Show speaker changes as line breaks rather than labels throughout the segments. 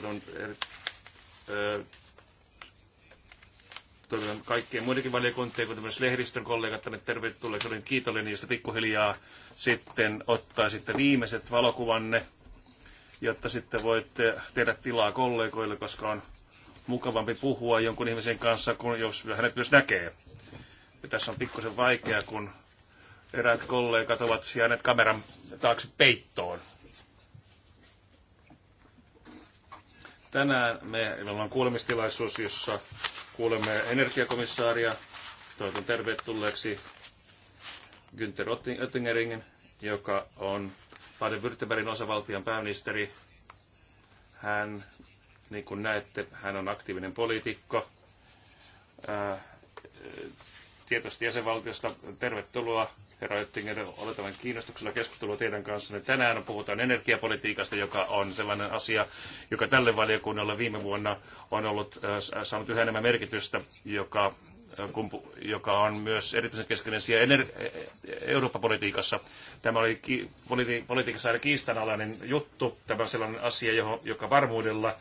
toivon, eh, eh, toivotan kaikkien muidenkin valiokuntien, kuten myös lehdistön kollegat tänne tervetulleeksi. Olen kiitollinen, josta pikkuhiljaa sitten ottaa sitten viimeiset valokuvanne, jotta sitten voitte tehdä tilaa kollegoille, koska on mukavampi puhua jonkun ihmisen kanssa, kun jos hänet myös näkee. Ja tässä on pikkusen vaikea, kun eräät kollegat ovat jääneet kameran taakse peittoon. Tänään meillä on kuulemistilaisuus, jossa kuulemme energiakomissaaria. Toivotan tervetulleeksi Günther Oettingerin, joka on Baden-Württembergin osavaltion pääministeri. Hän, niin kuin näette, hän on aktiivinen poliitikko tietoista jäsenvaltiosta. Tervetuloa, herra Oettinger. Oletan kiinnostuksella keskustelua teidän kanssanne. Tänään puhutaan energiapolitiikasta, joka on sellainen asia, joka tälle valiokunnalle viime vuonna on ollut, äh, saanut yhä enemmän merkitystä, joka äh, kumpu, joka on myös erityisen keskeinen siellä ener- e-, e-, Eurooppa-politiikassa. Tämä oli ki- politi- politiikassa aina kiistanalainen juttu, tämä on sellainen asia, johon, joka varmuudella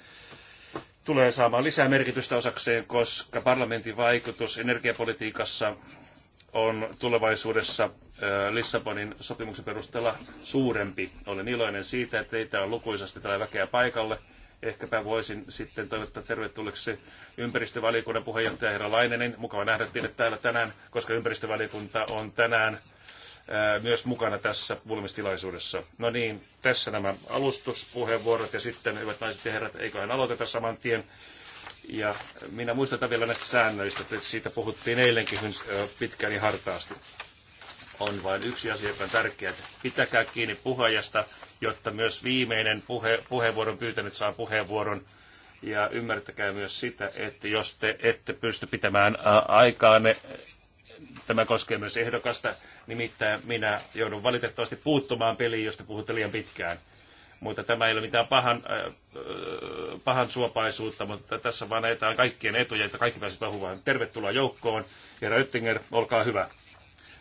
tulee saamaan lisää merkitystä osakseen, koska parlamentin vaikutus energiapolitiikassa on tulevaisuudessa Lissabonin sopimuksen perusteella suurempi. Olen iloinen siitä, että teitä on lukuisasti tällä väkeä paikalle. Ehkäpä voisin sitten toivottaa tervetulleeksi ympäristövaliokunnan puheenjohtaja Herra lainenin, Mukava nähdä teidät täällä tänään, koska ympäristövaliokunta on tänään myös mukana tässä kuulemistilaisuudessa. No niin, tässä nämä alustuspuheenvuorot ja sitten, hyvät naiset ja herrat, eiköhän aloiteta saman tien. Ja minä muistutan vielä näistä säännöistä, että siitä puhuttiin eilenkin pitkään ja hartaasti. On vain yksi asia, joka on tärkeä, että pitäkää kiinni puhajasta, jotta myös viimeinen puhe, puheenvuoron pyytänyt saa puheenvuoron. Ja ymmärtäkää myös sitä, että jos te ette pysty pitämään aikaanne tämä koskee myös ehdokasta, nimittäin minä joudun valitettavasti puuttumaan peliin, josta puhutte liian pitkään. Mutta tämä ei ole mitään pahan, äh, äh, pahan suopaisuutta, mutta tässä vaan ajetaan kaikkien etuja, että kaikki pääsevät puhumaan. Tervetuloa joukkoon. Herra Oettinger, olkaa hyvä.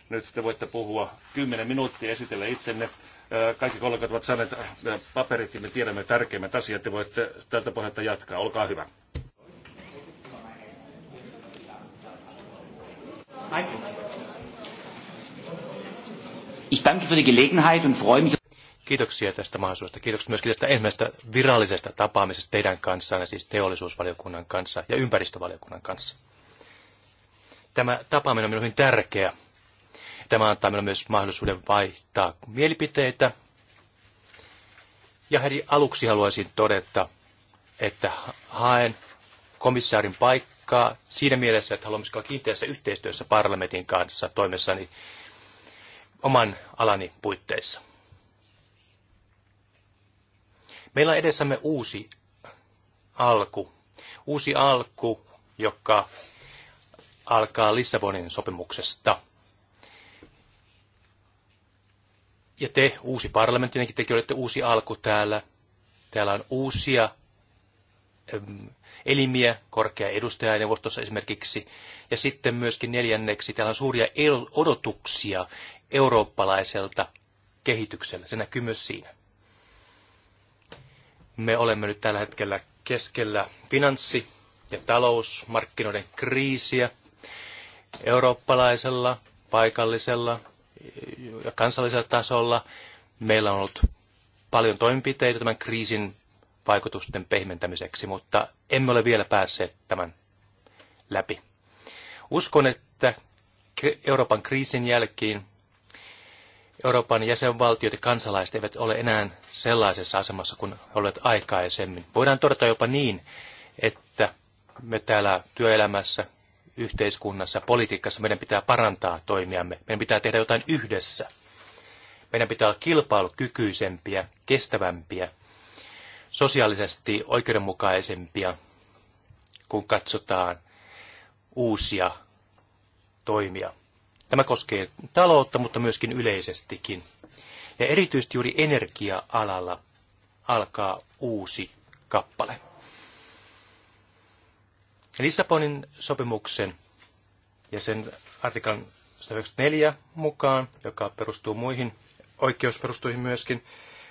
Nyt te voitte puhua 10 minuuttia, esitellä itsenne. Äh, kaikki kollegat ovat saaneet äh, paperit ja me tiedämme tärkeimmät asiat. Te voitte tältä pohjalta jatkaa. Olkaa hyvä.
Ich danke für die Gelegenheit und freue mich. Kiitoksia tästä mahdollisuudesta. Kiitoksia myöskin tästä ensimmäisestä virallisesta tapaamisesta teidän kanssanne, siis teollisuusvaliokunnan kanssa ja ympäristövaliokunnan kanssa. Tämä tapaaminen on minulle hyvin tärkeä. Tämä antaa minulle myös mahdollisuuden vaihtaa mielipiteitä. Ja heti aluksi haluaisin todeta, että haen komissaarin paikkaa jatkaa siinä mielessä, että haluamme olla kiinteässä yhteistyössä parlamentin kanssa toimessani oman alani puitteissa. Meillä on edessämme uusi alku. Uusi alku, joka alkaa Lissabonin sopimuksesta. Ja te, uusi parlamentti, te olette uusi alku täällä. Täällä on uusia elimiä, korkea edustaja neuvostossa esimerkiksi, ja sitten myöskin neljänneksi, täällä on suuria odotuksia eurooppalaiselta kehityksellä. Se näkyy myös siinä. Me olemme nyt tällä hetkellä keskellä finanssi- ja talousmarkkinoiden kriisiä eurooppalaisella, paikallisella e, ja kansallisella tasolla. Meillä on ollut paljon toimenpiteitä tämän kriisin vaikutusten pehmentämiseksi, mutta emme ole vielä päässeet tämän läpi. Uskon, että Euroopan kriisin jälkeen Euroopan jäsenvaltiot ja kansalaiset eivät ole enää sellaisessa asemassa kuin olleet aikaisemmin. Voidaan todeta jopa niin, että me täällä työelämässä, yhteiskunnassa, politiikassa meidän pitää parantaa toimiamme. Meidän pitää tehdä jotain yhdessä. Meidän pitää olla kilpailukykyisempiä, kestävämpiä sosiaalisesti oikeudenmukaisempia, kun katsotaan uusia toimia. Tämä koskee taloutta, mutta myöskin yleisestikin. Ja erityisesti juuri energia-alalla alkaa uusi kappale. Lissabonin sopimuksen ja sen artiklan 194 mukaan, joka perustuu muihin oikeusperustuihin myöskin,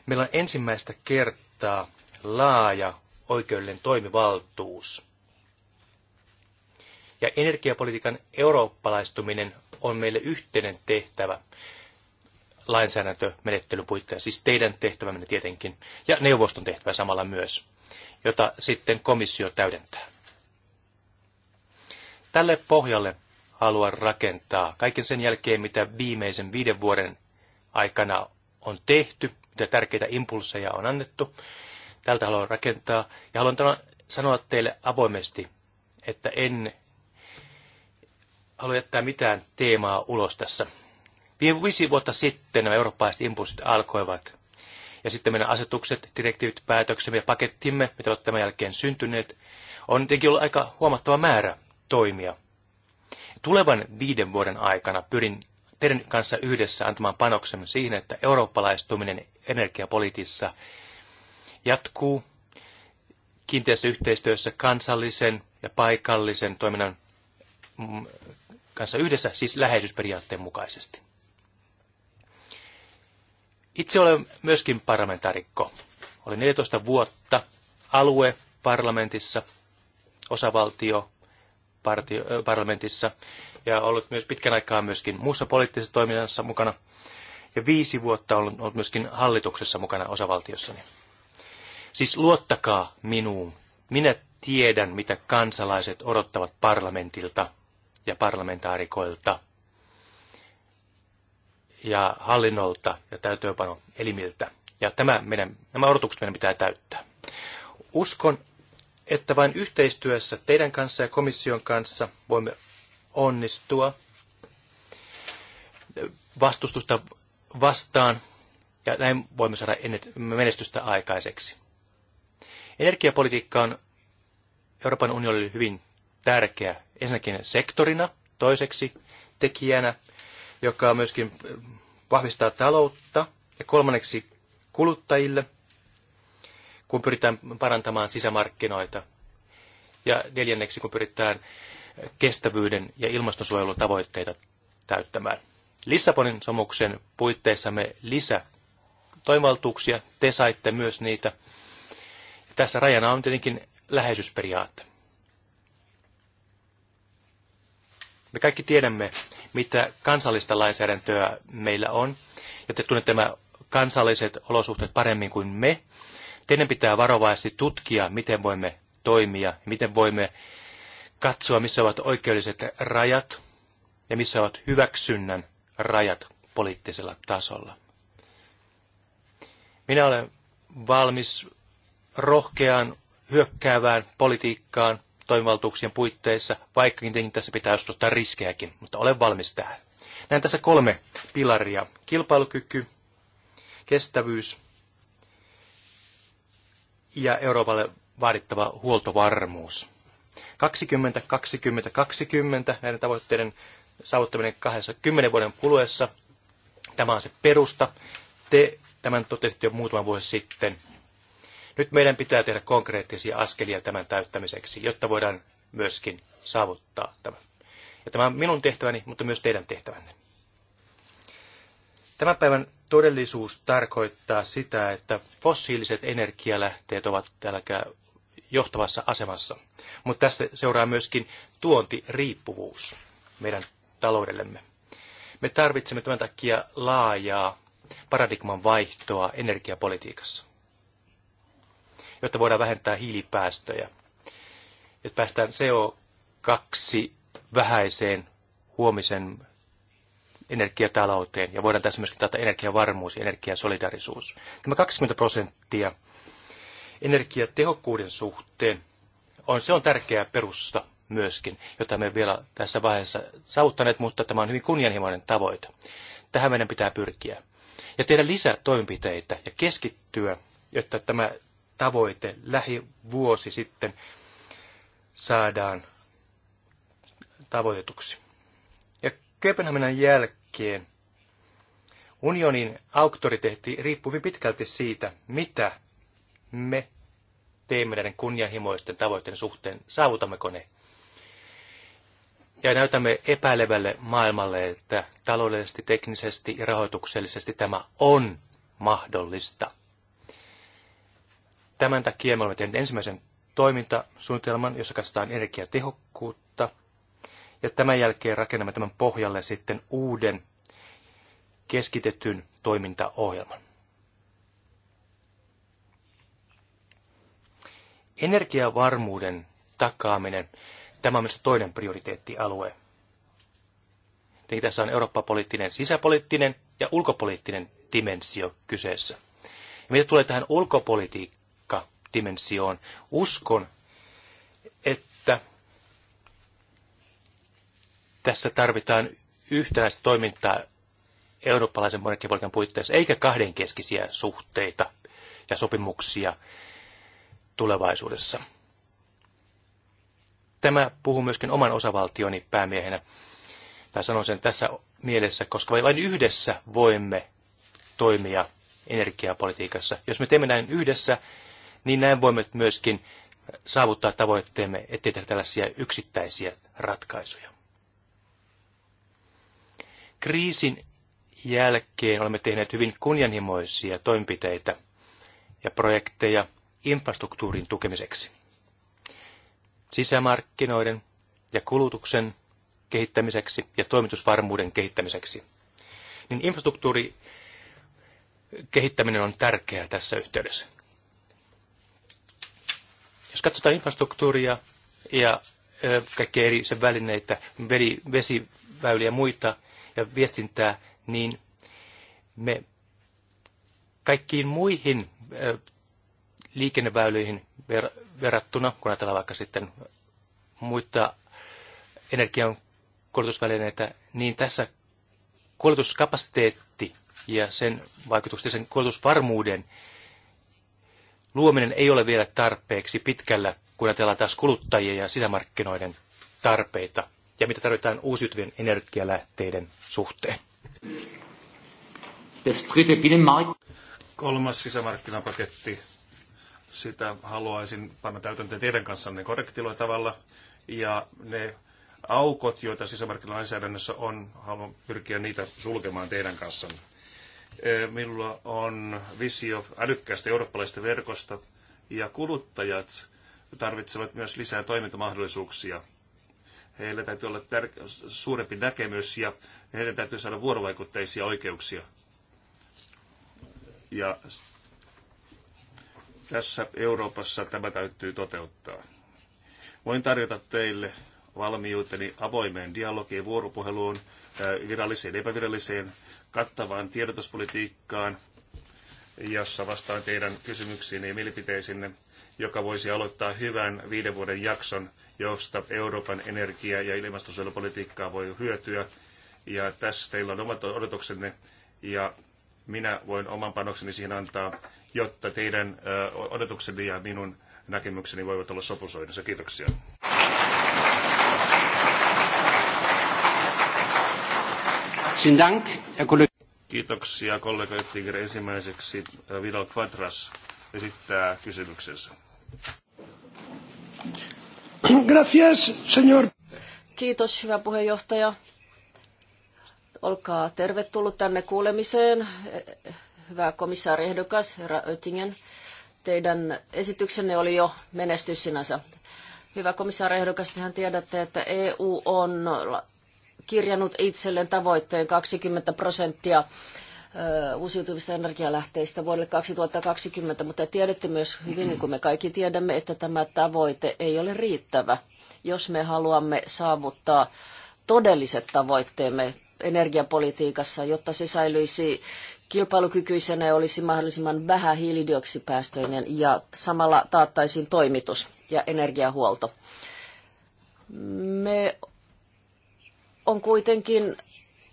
meillä on ensimmäistä kertaa laaja oikeudellinen toimivaltuus. Ja energiapolitiikan eurooppalaistuminen on meille yhteinen tehtävä lainsäädäntömenettelyn puitteissa, siis teidän tehtävämme tietenkin, ja neuvoston tehtävä samalla myös, jota sitten komissio täydentää. Tälle pohjalle haluan rakentaa kaiken sen jälkeen, mitä viimeisen viiden vuoden aikana on tehty, mitä tärkeitä impulseja on annettu, Tältä haluan rakentaa. Ja haluan tämän sanoa teille avoimesti, että en halua jättää mitään teemaa ulos tässä. Viisi vuotta sitten nämä eurooppalaiset impulssit alkoivat. Ja sitten meidän asetukset, direktiivit, päätöksemme ja pakettimme, mitä ovat tämän jälkeen syntyneet, on tietenkin ollut aika huomattava määrä toimia. Tulevan viiden vuoden aikana pyrin teidän kanssa yhdessä antamaan panoksemme siihen, että eurooppalaistuminen energiapolitiissa jatkuu kiinteässä yhteistyössä kansallisen ja paikallisen toiminnan mm, kanssa yhdessä, siis läheisyysperiaatteen mukaisesti. Itse olen myöskin parlamentaarikko. Olin 14 vuotta alue parlamentissa, osavaltio partio, parlamentissa ja ollut myös pitkän aikaa myöskin muussa poliittisessa toiminnassa mukana. Ja viisi vuotta olen ollut myöskin hallituksessa mukana osavaltiossani. Siis luottakaa minuun. Minä tiedän, mitä kansalaiset odottavat parlamentilta ja parlamentaarikoilta ja hallinnolta ja täytöpano elimiltä. Ja tämä meidän, nämä odotukset meidän pitää täyttää. Uskon, että vain yhteistyössä teidän kanssa ja komission kanssa voimme onnistua vastustusta vastaan ja näin voimme saada menestystä aikaiseksi. Energiapolitiikka on Euroopan unionille hyvin tärkeä ensinnäkin sektorina, toiseksi tekijänä, joka myöskin vahvistaa taloutta, ja kolmanneksi kuluttajille, kun pyritään parantamaan sisämarkkinoita, ja neljänneksi, kun pyritään kestävyyden ja ilmastonsuojelun tavoitteita täyttämään. Lissabonin sopimuksen puitteissa me lisä toimivaltuuksia, te saitte myös niitä, tässä rajana on tietenkin läheisyysperiaate. Me kaikki tiedämme, mitä kansallista lainsäädäntöä meillä on, ja te tunnette nämä kansalliset olosuhteet paremmin kuin me. Teidän pitää varovaisesti tutkia, miten voimme toimia, miten voimme katsoa, missä ovat oikeudelliset rajat ja missä ovat hyväksynnän rajat poliittisella tasolla. Minä olen valmis rohkeaan hyökkäävään politiikkaan toimivaltuuksien puitteissa, vaikkakin tietenkin tässä pitää ottaa riskejäkin, mutta olen valmis tähän. Näen tässä kolme pilaria. Kilpailukyky, kestävyys ja Euroopalle vaadittava huoltovarmuus. 20, 20, 20 näiden tavoitteiden saavuttaminen 20 vuoden kuluessa. Tämä on se perusta. Te tämän totesitte jo muutama vuosi sitten. Nyt meidän pitää tehdä konkreettisia askelia tämän täyttämiseksi, jotta voidaan myöskin saavuttaa tämä. Ja tämä on minun tehtäväni, mutta myös teidän tehtävänne. Tämän päivän todellisuus tarkoittaa sitä, että fossiiliset energialähteet ovat täälläkään johtavassa asemassa. Mutta tästä seuraa myöskin tuontiriippuvuus meidän taloudellemme. Me tarvitsemme tämän takia laajaa paradigman vaihtoa energiapolitiikassa jotta voidaan vähentää hiilipäästöjä. Että päästään CO2 vähäiseen huomisen energiatalouteen ja voidaan tässä myöskin taata energiavarmuus ja energiasolidarisuus. Tämä 20 prosenttia energiatehokkuuden suhteen on, se on tärkeä perusta myöskin, jota me vielä tässä vaiheessa saavuttaneet, mutta tämä on hyvin kunnianhimoinen tavoite. Tähän meidän pitää pyrkiä. Ja tehdä lisää toimenpiteitä ja keskittyä, jotta tämä tavoite lähivuosi sitten saadaan tavoitetuksi. Ja Kööpenhaminan jälkeen unionin auktoriteetti riippuu hyvin pitkälti siitä, mitä me teemme näiden kunnianhimoisten tavoitteiden suhteen, saavutammeko ne. Ja näytämme epäilevälle maailmalle, että taloudellisesti, teknisesti ja rahoituksellisesti tämä on mahdollista. Tämän takia me olemme tehneet ensimmäisen toimintasuunnitelman, jossa katsotaan energiatehokkuutta. Ja tämän jälkeen rakennamme tämän pohjalle sitten uuden keskitetyn toimintaohjelman. Energiavarmuuden takaaminen, tämä on myös toinen prioriteettialue. Eli tässä on eurooppapoliittinen, sisäpoliittinen ja ulkopoliittinen dimensio kyseessä. Ja mitä tulee tähän ulkopolitiikkaan, dimensioon. Uskon, että tässä tarvitaan yhtenäistä toimintaa eurooppalaisen monikkipolitiikan puitteissa, eikä kahdenkeskisiä suhteita ja sopimuksia tulevaisuudessa. Tämä puhuu myöskin oman osavaltioni päämiehenä, tai sanon sen tässä mielessä, koska vain yhdessä voimme toimia energiapolitiikassa. Jos me teemme näin yhdessä, niin näin voimme myöskin saavuttaa tavoitteemme, ettei tehdä tällaisia yksittäisiä ratkaisuja. Kriisin jälkeen olemme tehneet hyvin kunnianhimoisia toimenpiteitä ja projekteja infrastruktuurin tukemiseksi. Sisämarkkinoiden ja kulutuksen kehittämiseksi ja toimitusvarmuuden kehittämiseksi. Niin infrastruktuuri kehittäminen on tärkeää tässä yhteydessä katsotaan infrastruktuuria ja kaikkia eri sen välineitä, vesiväyliä ja muita ja viestintää, niin me kaikkiin muihin liikenneväyliin verrattuna, kun ajatellaan vaikka sitten muita energian kulutusvälineitä, niin tässä kulutuskapasiteetti ja sen vaikutukset ja sen kulutusvarmuuden luominen ei ole vielä tarpeeksi pitkällä, kun ajatellaan taas kuluttajia ja sisämarkkinoiden tarpeita ja mitä tarvitaan uusiutuvien energialähteiden suhteen.
Kolmas sisämarkkinapaketti. Sitä haluaisin panna täytäntöön teidän kanssanne korrektilla tavalla. Ja ne aukot, joita sisämarkkinalainsäädännössä on, haluan pyrkiä niitä sulkemaan teidän kanssanne. Eh, Minulla on visio älykkäästä eurooppalaisesta verkosta ja kuluttajat tarvitsevat myös lisää toimintamahdollisuuksia. Heillä täytyy olla tär- suurempi näkemys ja heidän täytyy saada vuorovaikutteisia oikeuksia. Ja tässä Euroopassa tämä täytyy toteuttaa. Voin tarjota teille valmiuteni avoimeen dialogiin, vuoropuheluun, eh, viralliseen ja epäviralliseen kattavaan tiedotuspolitiikkaan, jossa vastaan teidän kysymyksiin ja mielipiteisinne, joka voisi aloittaa hyvän viiden vuoden jakson, josta Euroopan energia- ja ilmastosuojelupolitiikkaa voi hyötyä. Ja tässä teillä on omat odotuksenne ja minä voin oman panokseni siihen antaa, jotta teidän odotukseni ja minun näkemykseni voivat olla sopusoinnissa. Kiitoksia.
Herzlichen Dank, Herr Kollege.
Kiitoksia kollega Oettinger. Ensimmäiseksi äh, Vidal Quadras esittää kysymyksensä.
Gracias, señor. Kiitos, hyvä puheenjohtaja. Olkaa tervetullut tänne kuulemiseen, eh, hyvä komissaari ehdokas, herra Oettingen. Teidän esityksenne oli jo menestys sinänsä. Hyvä komissaari ehdokas, tehän tiedätte, että EU on kirjannut itselleen tavoitteen 20 prosenttia uusiutuvista energialähteistä vuodelle 2020, mutta tiedätte myös hyvin, niin kuin me kaikki tiedämme, että tämä tavoite ei ole riittävä, jos me haluamme saavuttaa todelliset tavoitteemme energiapolitiikassa, jotta se säilyisi kilpailukykyisenä ja olisi mahdollisimman vähän hiilidioksipäästöinen ja samalla taattaisiin toimitus ja energiahuolto. Me on kuitenkin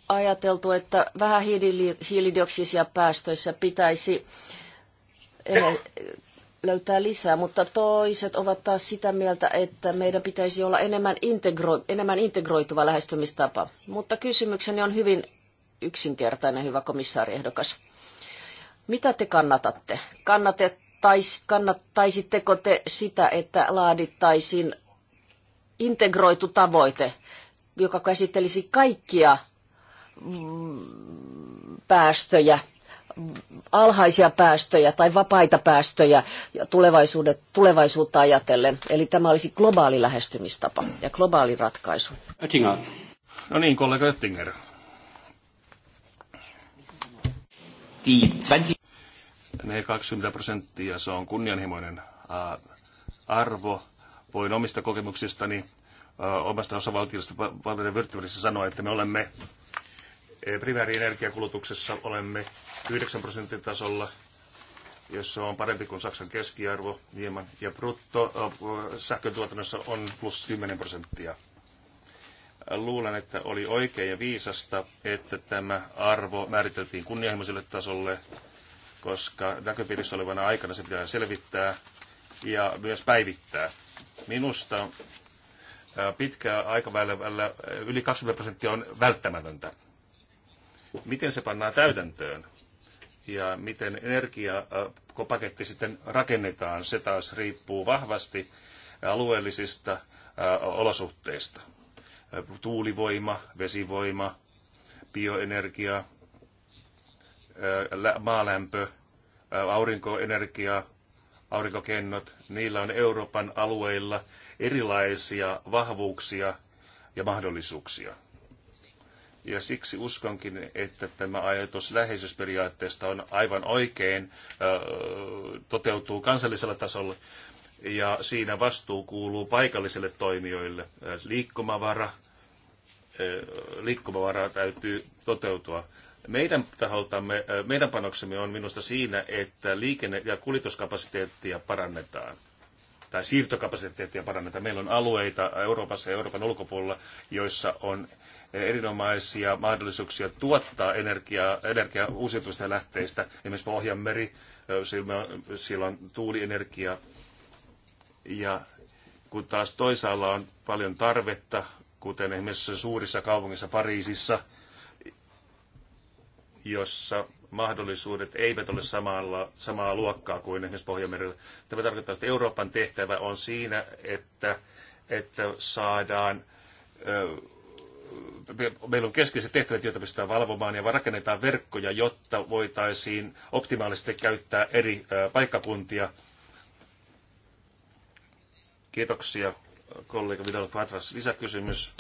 ajateltu, että vähän hiilidioksidisia päästöissä pitäisi löytää lisää, mutta toiset ovat taas sitä mieltä, että meidän pitäisi olla enemmän, integro, enemmän integroituva lähestymistapa. Mutta kysymykseni on hyvin yksinkertainen, hyvä komissaariehdokas. Mitä te kannatatte? Kannatettais, kannattaisitteko te sitä, että laadittaisiin integroitu tavoite joka käsittelisi kaikkia päästöjä, alhaisia päästöjä tai vapaita päästöjä tulevaisuudet, tulevaisuutta ajatellen. Eli tämä olisi globaali lähestymistapa ja globaali ratkaisu.
Oettinger. No niin, kollega Oettinger. Ne 20 prosenttia, se on kunnianhimoinen arvo. Voin omista kokemuksistani omasta osavaltiosta valtioiden vyöryttämisessä sanoa, että me olemme energiakulutuksessa olemme 9 prosentin tasolla, jossa on parempi kuin Saksan keskiarvo hieman, ja brutto sähköntuotannossa on plus 10 prosenttia. Luulen, että oli oikein ja viisasta, että tämä arvo määriteltiin kunnianhimoiselle tasolle, koska näköpiirissä olevana aikana se pitää selvittää ja myös päivittää. Minusta pitkällä aikavälillä yli 20 prosenttia on välttämätöntä. Miten se pannaan täytäntöön? Ja miten energiapaketti sitten rakennetaan, se taas riippuu vahvasti alueellisista olosuhteista. Tuulivoima, vesivoima, bioenergia, maalämpö, aurinkoenergia, aurinkokennot, niillä on Euroopan alueilla erilaisia vahvuuksia ja mahdollisuuksia. Ja siksi uskonkin, että tämä ajatus läheisyysperiaatteesta on aivan oikein, toteutuu kansallisella tasolla, ja siinä vastuu kuuluu paikallisille toimijoille. Liikkumavara, liikkumavara täytyy toteutua. Meidän, taholtamme, äh, meidän panoksemme on minusta siinä, että liikenne- ja kuljetuskapasiteettia parannetaan tai siirtokapasiteettia parannetaan. Meillä on alueita Euroopassa ja Euroopan ulkopuolella, joissa on erinomaisia mahdollisuuksia tuottaa energiaa, energiaa uusiutuvista lähteistä, esimerkiksi Pohjanmeri, äh, siellä on tuulienergia, ja kun taas toisaalla on paljon tarvetta, kuten esimerkiksi suurissa kaupungissa Pariisissa, jossa mahdollisuudet eivät ole samalla, samaa luokkaa kuin esimerkiksi Pohjanmerellä. Tämä tarkoittaa, että Euroopan tehtävä on siinä, että, että saadaan meillä on keskeiset tehtävät, joita pystytään valvomaan ja rakennetaan verkkoja, jotta voitaisiin optimaalisesti käyttää eri paikkakuntia. Kiitoksia kollega Vidal Quadras. Lisäkysymys.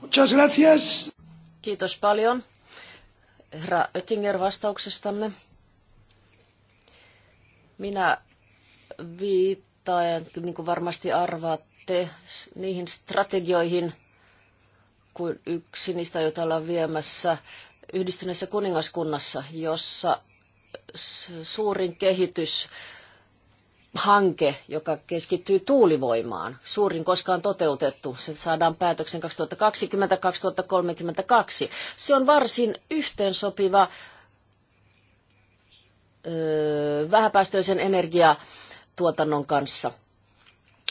Muchas gracias. Kiitos paljon, herra Oettinger, vastauksestanne. Minä viittaan, niin kuin varmasti arvaatte, niihin strategioihin, kuin yksi niistä, joita ollaan viemässä yhdistyneessä kuningaskunnassa, jossa suurin kehitys hanke, joka keskittyy tuulivoimaan. Suurin koskaan toteutettu. Se saadaan päätöksen 2020-2032. Se on varsin yhteensopiva öö, vähäpäästöisen energiatuotannon kanssa.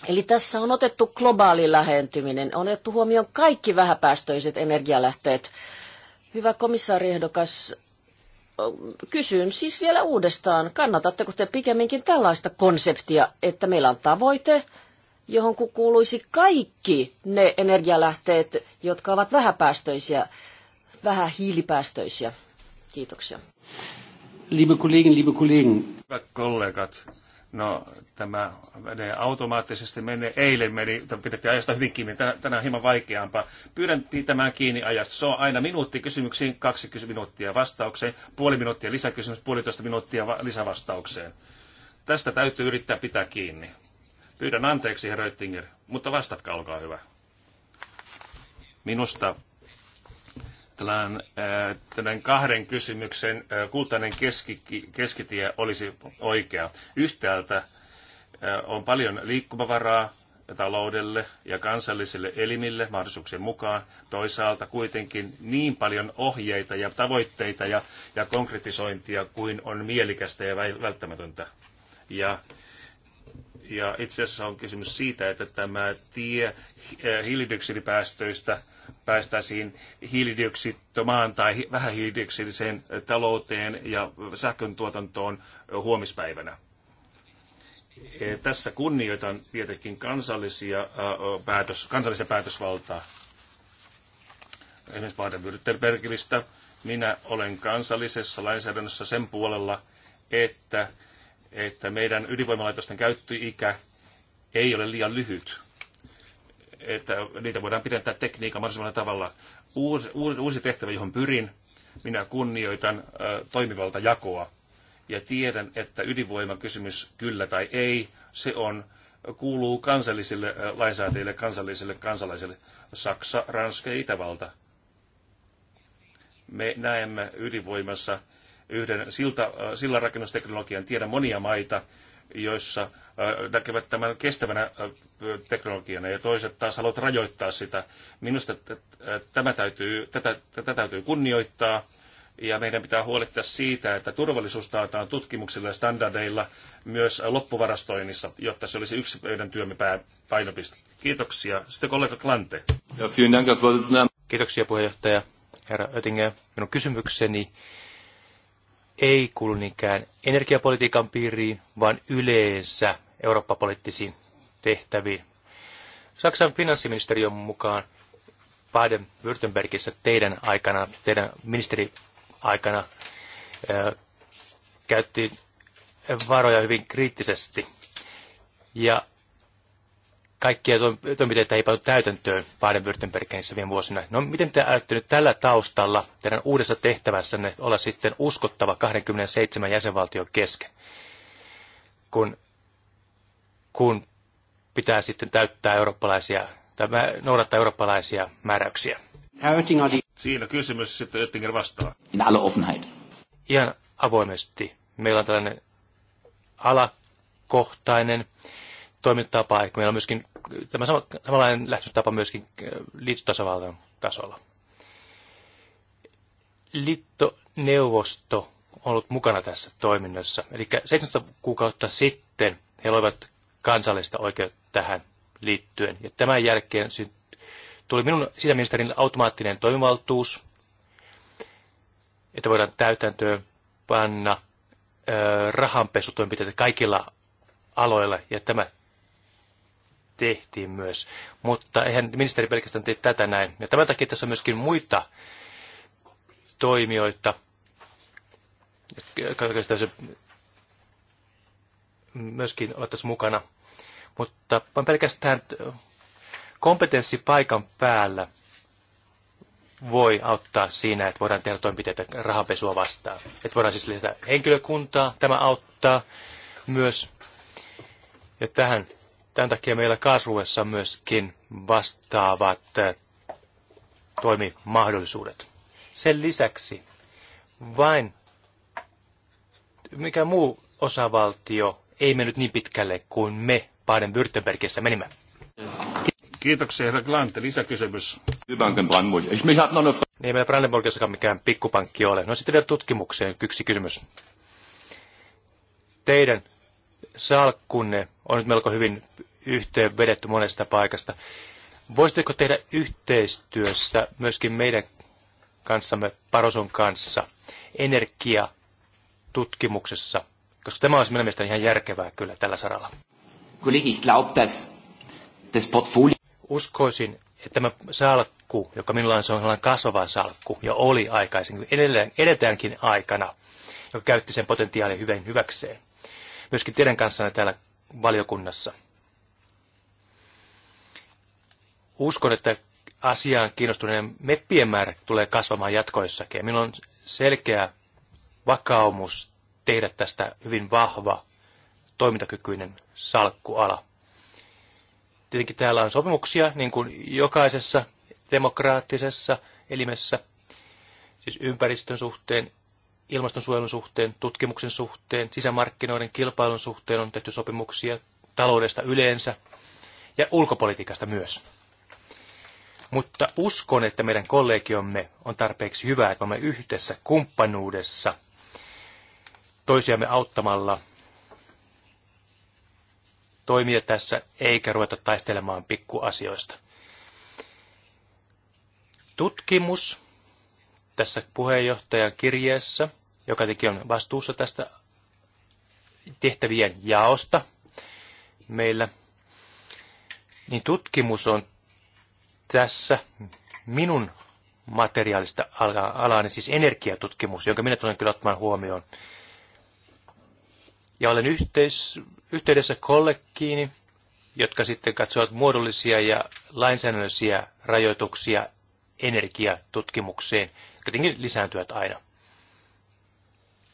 Eli tässä on otettu globaali lähentyminen, on otettu huomioon kaikki vähäpäästöiset energialähteet. Hyvä komissaariehdokas, kysyn siis vielä uudestaan, kannatatteko te pikemminkin tällaista konseptia, että meillä on tavoite, johon kuuluisi kaikki ne energialähteet, jotka ovat vähäpäästöisiä, vähän hiilipäästöisiä. Kiitoksia.
Liebe Kollegen, liebe Kollegen. Hyvät kollegat, No, tämä menee automaattisesti menee. Eilen meni, pidettiin ajasta hyvin kiinni, tänään on hieman vaikeampaa. Pyydän pitämään kiinni ajasta. Se on aina minuutti kysymyksiin, kaksi minuuttia vastaukseen, puoli minuuttia lisäkysymys, puolitoista minuuttia lisävastaukseen. Tästä täytyy yrittää pitää kiinni. Pyydän anteeksi, herra Röttinger, mutta vastatkaa, olkaa hyvä. Minusta tämän, äh, tämän kahden kysymyksen äh, kultainen keski, keskitie olisi oikea. Yhtäältä äh, on paljon liikkumavaraa taloudelle ja kansallisille elimille mahdollisuuksien mukaan. Toisaalta kuitenkin niin paljon ohjeita ja tavoitteita ja, ja konkretisointia kuin on mielikästä ja välttämätöntä. Ja ja itse asiassa on kysymys siitä, että tämä tie eh, hiilidioksidipäästöistä päästäisiin hiilidioksidittomaan tai vähähiilidioksidiseen talouteen ja sähkön tuotantoon huomispäivänä. Eh, tässä kunnioitan tietenkin kansallisia, eh, päätös, kansallisia päätösvaltaa. Esimerkiksi Baden-Württembergistä minä olen kansallisessa lainsäädännössä sen puolella, että että meidän ydinvoimalaitosten käyttöikä ei ole liian lyhyt, että niitä voidaan pidentää tekniikan mahdollisimman tavalla. Uusi, uusi tehtävä, johon pyrin, minä kunnioitan toimivalta jakoa ja tiedän, että ydinvoimakysymys kyllä tai ei, se on kuuluu kansallisille lainsäätäjille, kansallisille kansalaisille, Saksa, Ranska ja Itävalta. Me näemme ydinvoimassa yhden silta, äh, sillanrakennusteknologian. Tiedän monia maita, joissa äh, näkevät tämän kestävänä äh, teknologiana ja toiset taas haluavat rajoittaa sitä. Minusta tämä täytyy, tätä, tätä täytyy kunnioittaa ja meidän pitää huolehtia siitä, että turvallisuus taataan tutkimuksilla ja standardeilla myös loppuvarastoinnissa, jotta se olisi yksi meidän työmme pääpainopiste. Kiitoksia. Sitten kollega Klante.
Kiitoksia puheenjohtaja. Herra Oettinger, minun kysymykseni ei kuulu niinkään energiapolitiikan piiriin, vaan yleensä eurooppapoliittisiin tehtäviin. Saksan finanssiministeriön mukaan Baden-Württembergissä teidän aikana, teidän ministeri aikana käytti varoja hyvin kriittisesti. Ja kaikkia toimenpiteitä ei pantu täytäntöön Baden-Württembergissä viime vuosina. No miten te ajatte nyt tällä taustalla teidän uudessa tehtävässänne olla sitten uskottava 27 jäsenvaltion kesken, kun, kun pitää sitten täyttää eurooppalaisia tai noudattaa eurooppalaisia määräyksiä? Siinä kysymys sitten Oettinger vastaa. In alle Offenheit. Ihan avoimesti. Meillä on tällainen alakohtainen toimintatapa. Meillä on myöskin tämä sama, samanlainen lähtöstapa myöskin äh, liittotasavallan tasolla. Liittoneuvosto on ollut mukana tässä toiminnassa. Eli 17 kuukautta sitten he loivat kansallista oikeutta tähän liittyen. Ja tämän jälkeen tuli minun sisäministerin automaattinen toimivaltuus, että voidaan täytäntöön panna äh, rahanpesutoimenpiteitä kaikilla aloilla, ja tämä tehtiin myös. Mutta eihän ministeri pelkästään tee tätä näin. Ja tämän takia tässä on myöskin muita toimijoita, se myöskin olettaisiin mukana. Mutta on pelkästään kompetenssi paikan päällä voi auttaa siinä, että voidaan tehdä toimenpiteitä rahanpesua vastaan. Että voidaan siis lisätä henkilökuntaa, tämä auttaa myös. Ja tähän Tämän takia meillä kasvuessa myöskin vastaavat eh, toimimahdollisuudet. Sen lisäksi vain mikä muu osavaltio ei mennyt niin pitkälle kuin me Baden-Württembergissä menimme. Kiitoksia, herra Glante. Lisäkysymys. Ei niin, meillä Brandenburgissakaan mikään pikkupankki ole. No sitten vielä tutkimukseen yksi kysymys. Teidän salkkunne on nyt melko hyvin yhteen vedetty monesta paikasta. Voisitteko tehdä yhteistyössä myöskin meidän kanssamme Paroson kanssa energiatutkimuksessa? Koska tämä olisi mielestäni ihan järkevää kyllä tällä saralla. Uskoisin, että tämä salkku, joka minulla on, se on kasvava salkku, ja oli aikaisemmin, edelleen, edetäänkin aikana, joka käytti sen potentiaalin hyvin hyväkseen myöskin teidän kanssanne täällä valiokunnassa. Uskon, että asiaan kiinnostuneen meppien määrä tulee kasvamaan jatkoissakin. Ja minulla on selkeä vakaumus tehdä tästä hyvin vahva, toimintakykyinen salkkuala. Tietenkin täällä on sopimuksia, niin kuin jokaisessa demokraattisessa elimessä, siis ympäristön suhteen, ilmastonsuojelun suhteen, tutkimuksen suhteen, sisämarkkinoiden kilpailun suhteen on tehty sopimuksia, taloudesta yleensä ja ulkopolitiikasta myös. Mutta uskon, että meidän kollegiomme on tarpeeksi hyvä, että me yhdessä kumppanuudessa toisiamme auttamalla toimia tässä, eikä ruveta taistelemaan pikkuasioista. Tutkimus tässä puheenjohtajan kirjeessä – joka teki on vastuussa tästä tehtävien jaosta meillä, niin tutkimus on tässä minun materiaalista alaani, siis energiatutkimus, jonka minä tulen kyllä ottamaan huomioon. Ja olen yhteis, yhteydessä kollegiini, jotka sitten katsovat muodollisia ja lainsäädännöllisiä rajoituksia energiatutkimukseen, jotka tietenkin lisääntyvät aina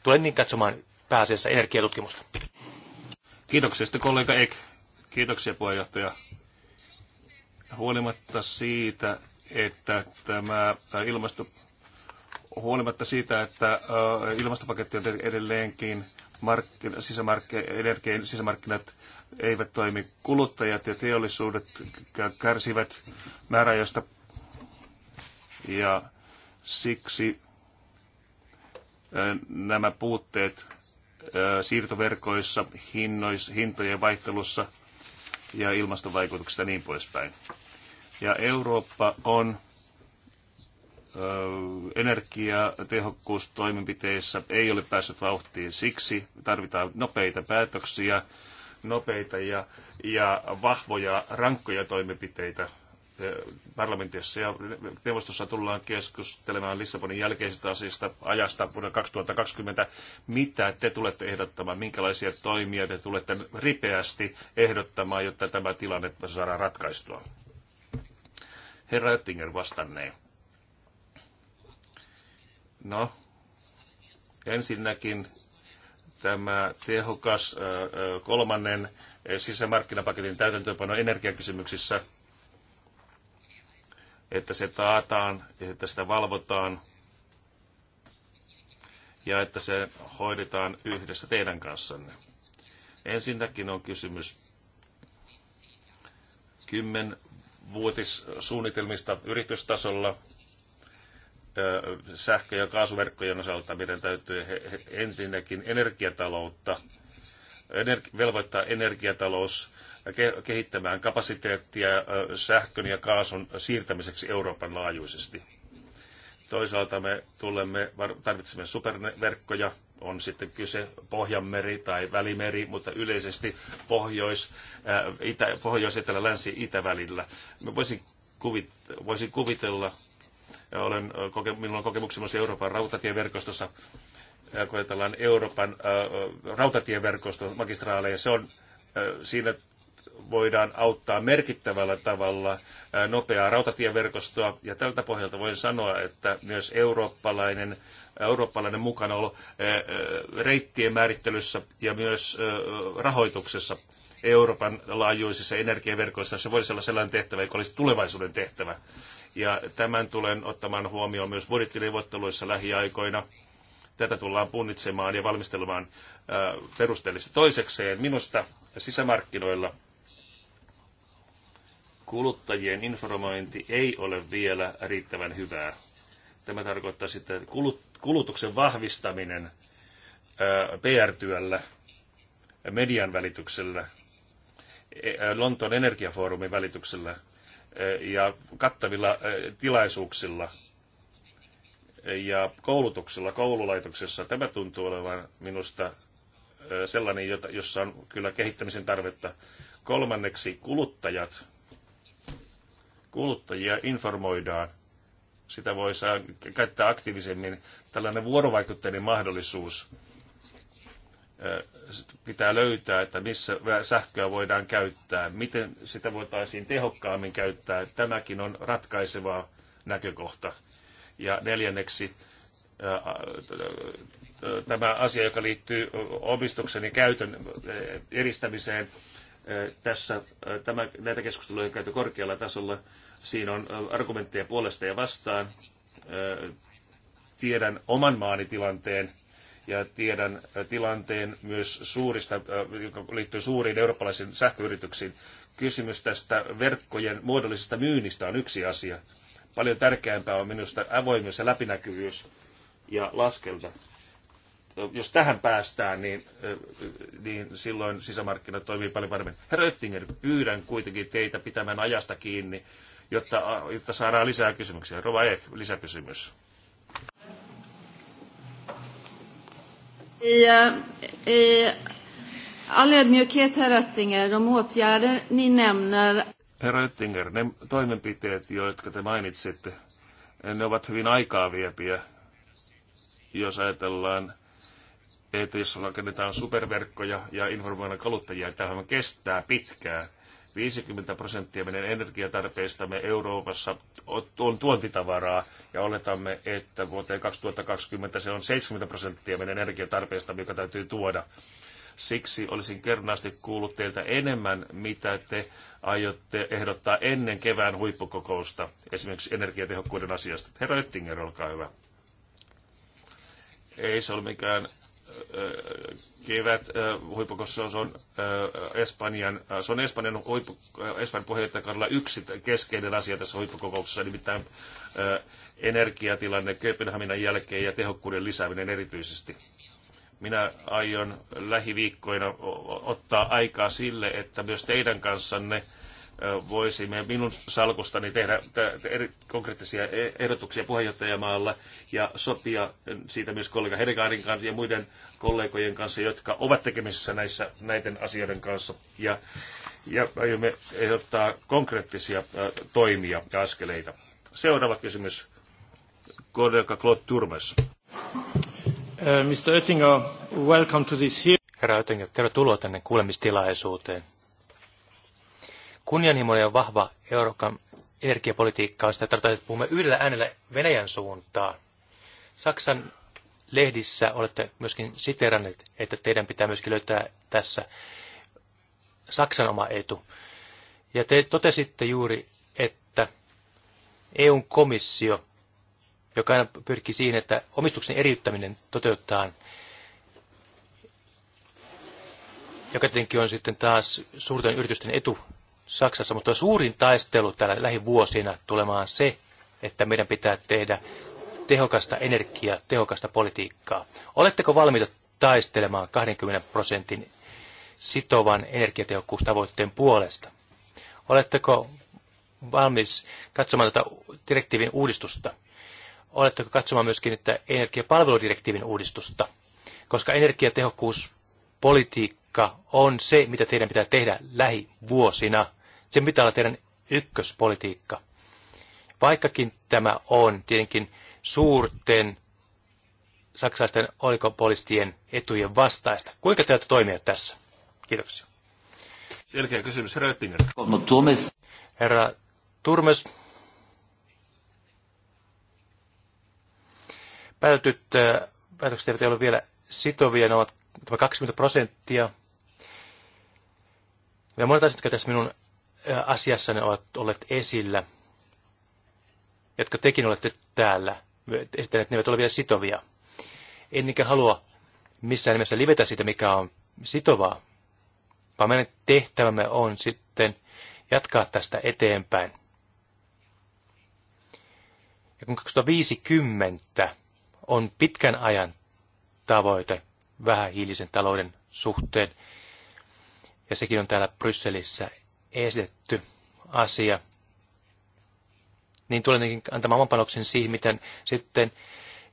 tulen niin katsomaan pääasiassa energiatutkimusta. Kiitoksia sitten
kollega Ek. Kiitoksia puheenjohtaja. Huolimatta siitä, että tämä äh, ilmasto, huolimatta siitä, että äh, ilmastopaketti on edelleenkin markkina, energian sisämarkkinat eivät toimi. Kuluttajat ja teollisuudet kärsivät määräajoista ja siksi nämä puutteet siirtoverkoissa, hinnois, hintojen vaihtelussa ja ilmastovaikutuksista ja niin poispäin. Ja Eurooppa on energiatehokkuustoimenpiteissä ei ole päässyt vauhtiin. Siksi tarvitaan nopeita päätöksiä, nopeita ja, ja vahvoja, rankkoja toimenpiteitä parlamentissa ja neuvostossa tullaan keskustelemaan Lissabonin jälkeisestä asiasta ajasta vuonna 2020. Mitä te tulette ehdottamaan, minkälaisia toimia te tulette ripeästi ehdottamaan, jotta tämä tilanne saadaan ratkaistua? Herra Oettinger vastannee. No, ensinnäkin tämä tehokas kolmannen sisämarkkinapaketin täytäntöönpano energiakysymyksissä – että se taataan ja että sitä valvotaan ja että se hoidetaan yhdessä teidän kanssanne. Ensinnäkin on kysymys kymmenvuotissuunnitelmista yritystasolla sähkö- ja kaasuverkkojen osalta meidän täytyy ensinnäkin energiataloutta, energi- velvoittaa energiatalous kehittämään kapasiteettia sähkön ja kaasun siirtämiseksi Euroopan laajuisesti. Toisaalta me tulemme, tarvitsemme superverkkoja, on sitten kyse Pohjanmeri tai Välimeri, mutta yleisesti Pohjois, itä, Pohjois, Etelä, Länsi, Itä välillä. Mä voisin, kuvit, voisin kuvitella, olen, koke, minulla on kokemuksia myös Euroopan rautatieverkostossa, kun ajatellaan Euroopan rautatieverkoston magistraaleja, se on, siinä voidaan auttaa merkittävällä tavalla nopeaa rautatieverkostoa. Ja tältä pohjalta voin sanoa, että myös eurooppalainen, eurooppalainen mukanaolo reittien määrittelyssä ja myös rahoituksessa Euroopan laajuisissa energiaverkoissa se voisi olla sellainen tehtävä, joka olisi tulevaisuuden tehtävä. Ja tämän tulen ottamaan huomioon myös budjettineuvotteluissa lähiaikoina tätä tullaan punnitsemaan ja valmistelemaan perusteellisesti. Toisekseen minusta sisämarkkinoilla kuluttajien informointi ei ole vielä riittävän hyvää. Tämä tarkoittaa sitä, että kulutuksen vahvistaminen PR-työllä, median välityksellä, e, Lontoon energiafoorumin välityksellä ja kattavilla tilaisuuksilla ja koulutuksella koululaitoksessa. Tämä tuntuu olevan minusta sellainen, jossa on kyllä kehittämisen tarvetta. Kolmanneksi kuluttajat kuluttajia informoidaan. Sitä voi saa käyttää aktiivisemmin. Tällainen vuorovaikutteinen mahdollisuus pitää löytää, että missä sähköä voidaan käyttää, miten sitä voitaisiin tehokkaammin käyttää. Tämäkin on ratkaiseva näkökohta. Ja neljänneksi tämä asia, joka liittyy omistuksen ja käytön eristämiseen. Tässä tämä, näitä keskusteluja on käyty korkealla tasolla. Siinä on argumentteja puolesta ja vastaan. Tiedän oman maani tilanteen ja tiedän tilanteen myös suurista, joka liittyy suuriin eurooppalaisiin sähköyrityksiin. Kysymys tästä verkkojen muodollisesta myynnistä on yksi asia. Paljon tärkeämpää on minusta avoimuus ja läpinäkyvyys ja laskelta jos tähän päästään, niin, niin silloin sisämarkkinat toimii paljon paremmin. Herra Oettinger, pyydän kuitenkin teitä pitämään ajasta kiinni, jotta, jotta saadaan lisää kysymyksiä. Rova Eek, lisäkysymys.
I, i all ödmjukhet, herr Oettinger, de åtgärder ni nämner...
Herra Oettinger, ne toimenpiteet, jotka te mainitsitte, ne ovat hyvin aikaa viepiä, jos ajatellaan että jos rakennetaan superverkkoja ja informoidaan kaluttajia, että tämä kestää pitkään. 50 prosenttia meidän energiatarpeistamme Euroopassa on tuontitavaraa ja oletamme, että vuoteen 2020 se on 70 prosenttia meidän energiatarpeistamme, joka täytyy tuoda. Siksi olisin kernaasti kuullut teiltä enemmän, mitä te aiotte ehdottaa ennen kevään huippukokousta, esimerkiksi energiatehokkuuden asiasta. Herra Oettinger, olkaa hyvä. Ei se ole mikään kevät huippukossa se on Espanjan, se on Espanjan, huippu, Espanjan puheenjohtajakaudella yksi keskeinen asia tässä huippukokouksessa, nimittäin energiatilanne Kööpenhaminan jälkeen ja tehokkuuden lisääminen erityisesti. Minä aion lähiviikkoina ottaa aikaa sille, että myös teidän kanssanne voisimme minun salkustani tehdä eri konkreettisia e, ehdotuksia puheenjohtajamaalla ja sopia siitä myös kollega Hedegaardin kanssa ja muiden kollegojen kanssa, jotka ovat tekemisissä näissä, näiden asioiden kanssa. Ja, ja aiomme ehdottaa konkreettisia toimia ja askeleita. Seuraava kysymys. Kollega Claude Turmes.
Mr. Oettinger, welcome to this here. Herra Oettinger, tervetuloa tänne kuulemistilaisuuteen kunnianhimoinen ja vahva Euroopan energiapolitiikka on sitä tarkoittaa, että puhumme yhdellä äänellä Venäjän suuntaan. Saksan lehdissä olette myöskin siteranneet, että teidän pitää myöskin löytää tässä Saksan oma etu. Ja te totesitte juuri, että EUn komissio, joka aina pyrkii siihen, että omistuksen eriyttäminen toteuttaa, joka tietenkin on sitten taas suurten yritysten etu Saksassa, mutta suurin taistelu täällä lähivuosina tulemaan se, että meidän pitää tehdä tehokasta energiaa, tehokasta politiikkaa. Oletteko valmiita taistelemaan 20 prosentin sitovan energiatehokkuustavoitteen puolesta? Oletteko valmis katsomaan tätä direktiivin uudistusta? Oletteko katsomaan myöskin että energiapalveludirektiivin uudistusta? Koska energiatehokkuuspolitiikka on se, mitä teidän pitää tehdä lähivuosina. Sen pitää olla teidän ykköspolitiikka. Vaikkakin tämä on tietenkin suurten saksalaisten oligopolistien etujen vastaista. Kuinka te toimia tässä? Kiitoksia. Selkeä kysymys, Röttinger. No, herra Turmes, päätetyt äh, päätökset eivät ole vielä sitovia, ne ovat 20 prosenttia. Ja monet asiat, jotka tässä minun asiassa ne ovat olleet esillä, jotka tekin olette täällä esittäneet, että ne eivät ole vielä sitovia. Ennikä halua missään nimessä livetä siitä, mikä on sitovaa, vaan meidän tehtävämme on sitten jatkaa tästä eteenpäin. Ja kun 2050 on pitkän ajan tavoite vähähiilisen talouden suhteen, ja sekin on täällä Brysselissä esitetty asia, niin tulen antamaan oman panoksen siihen, miten sitten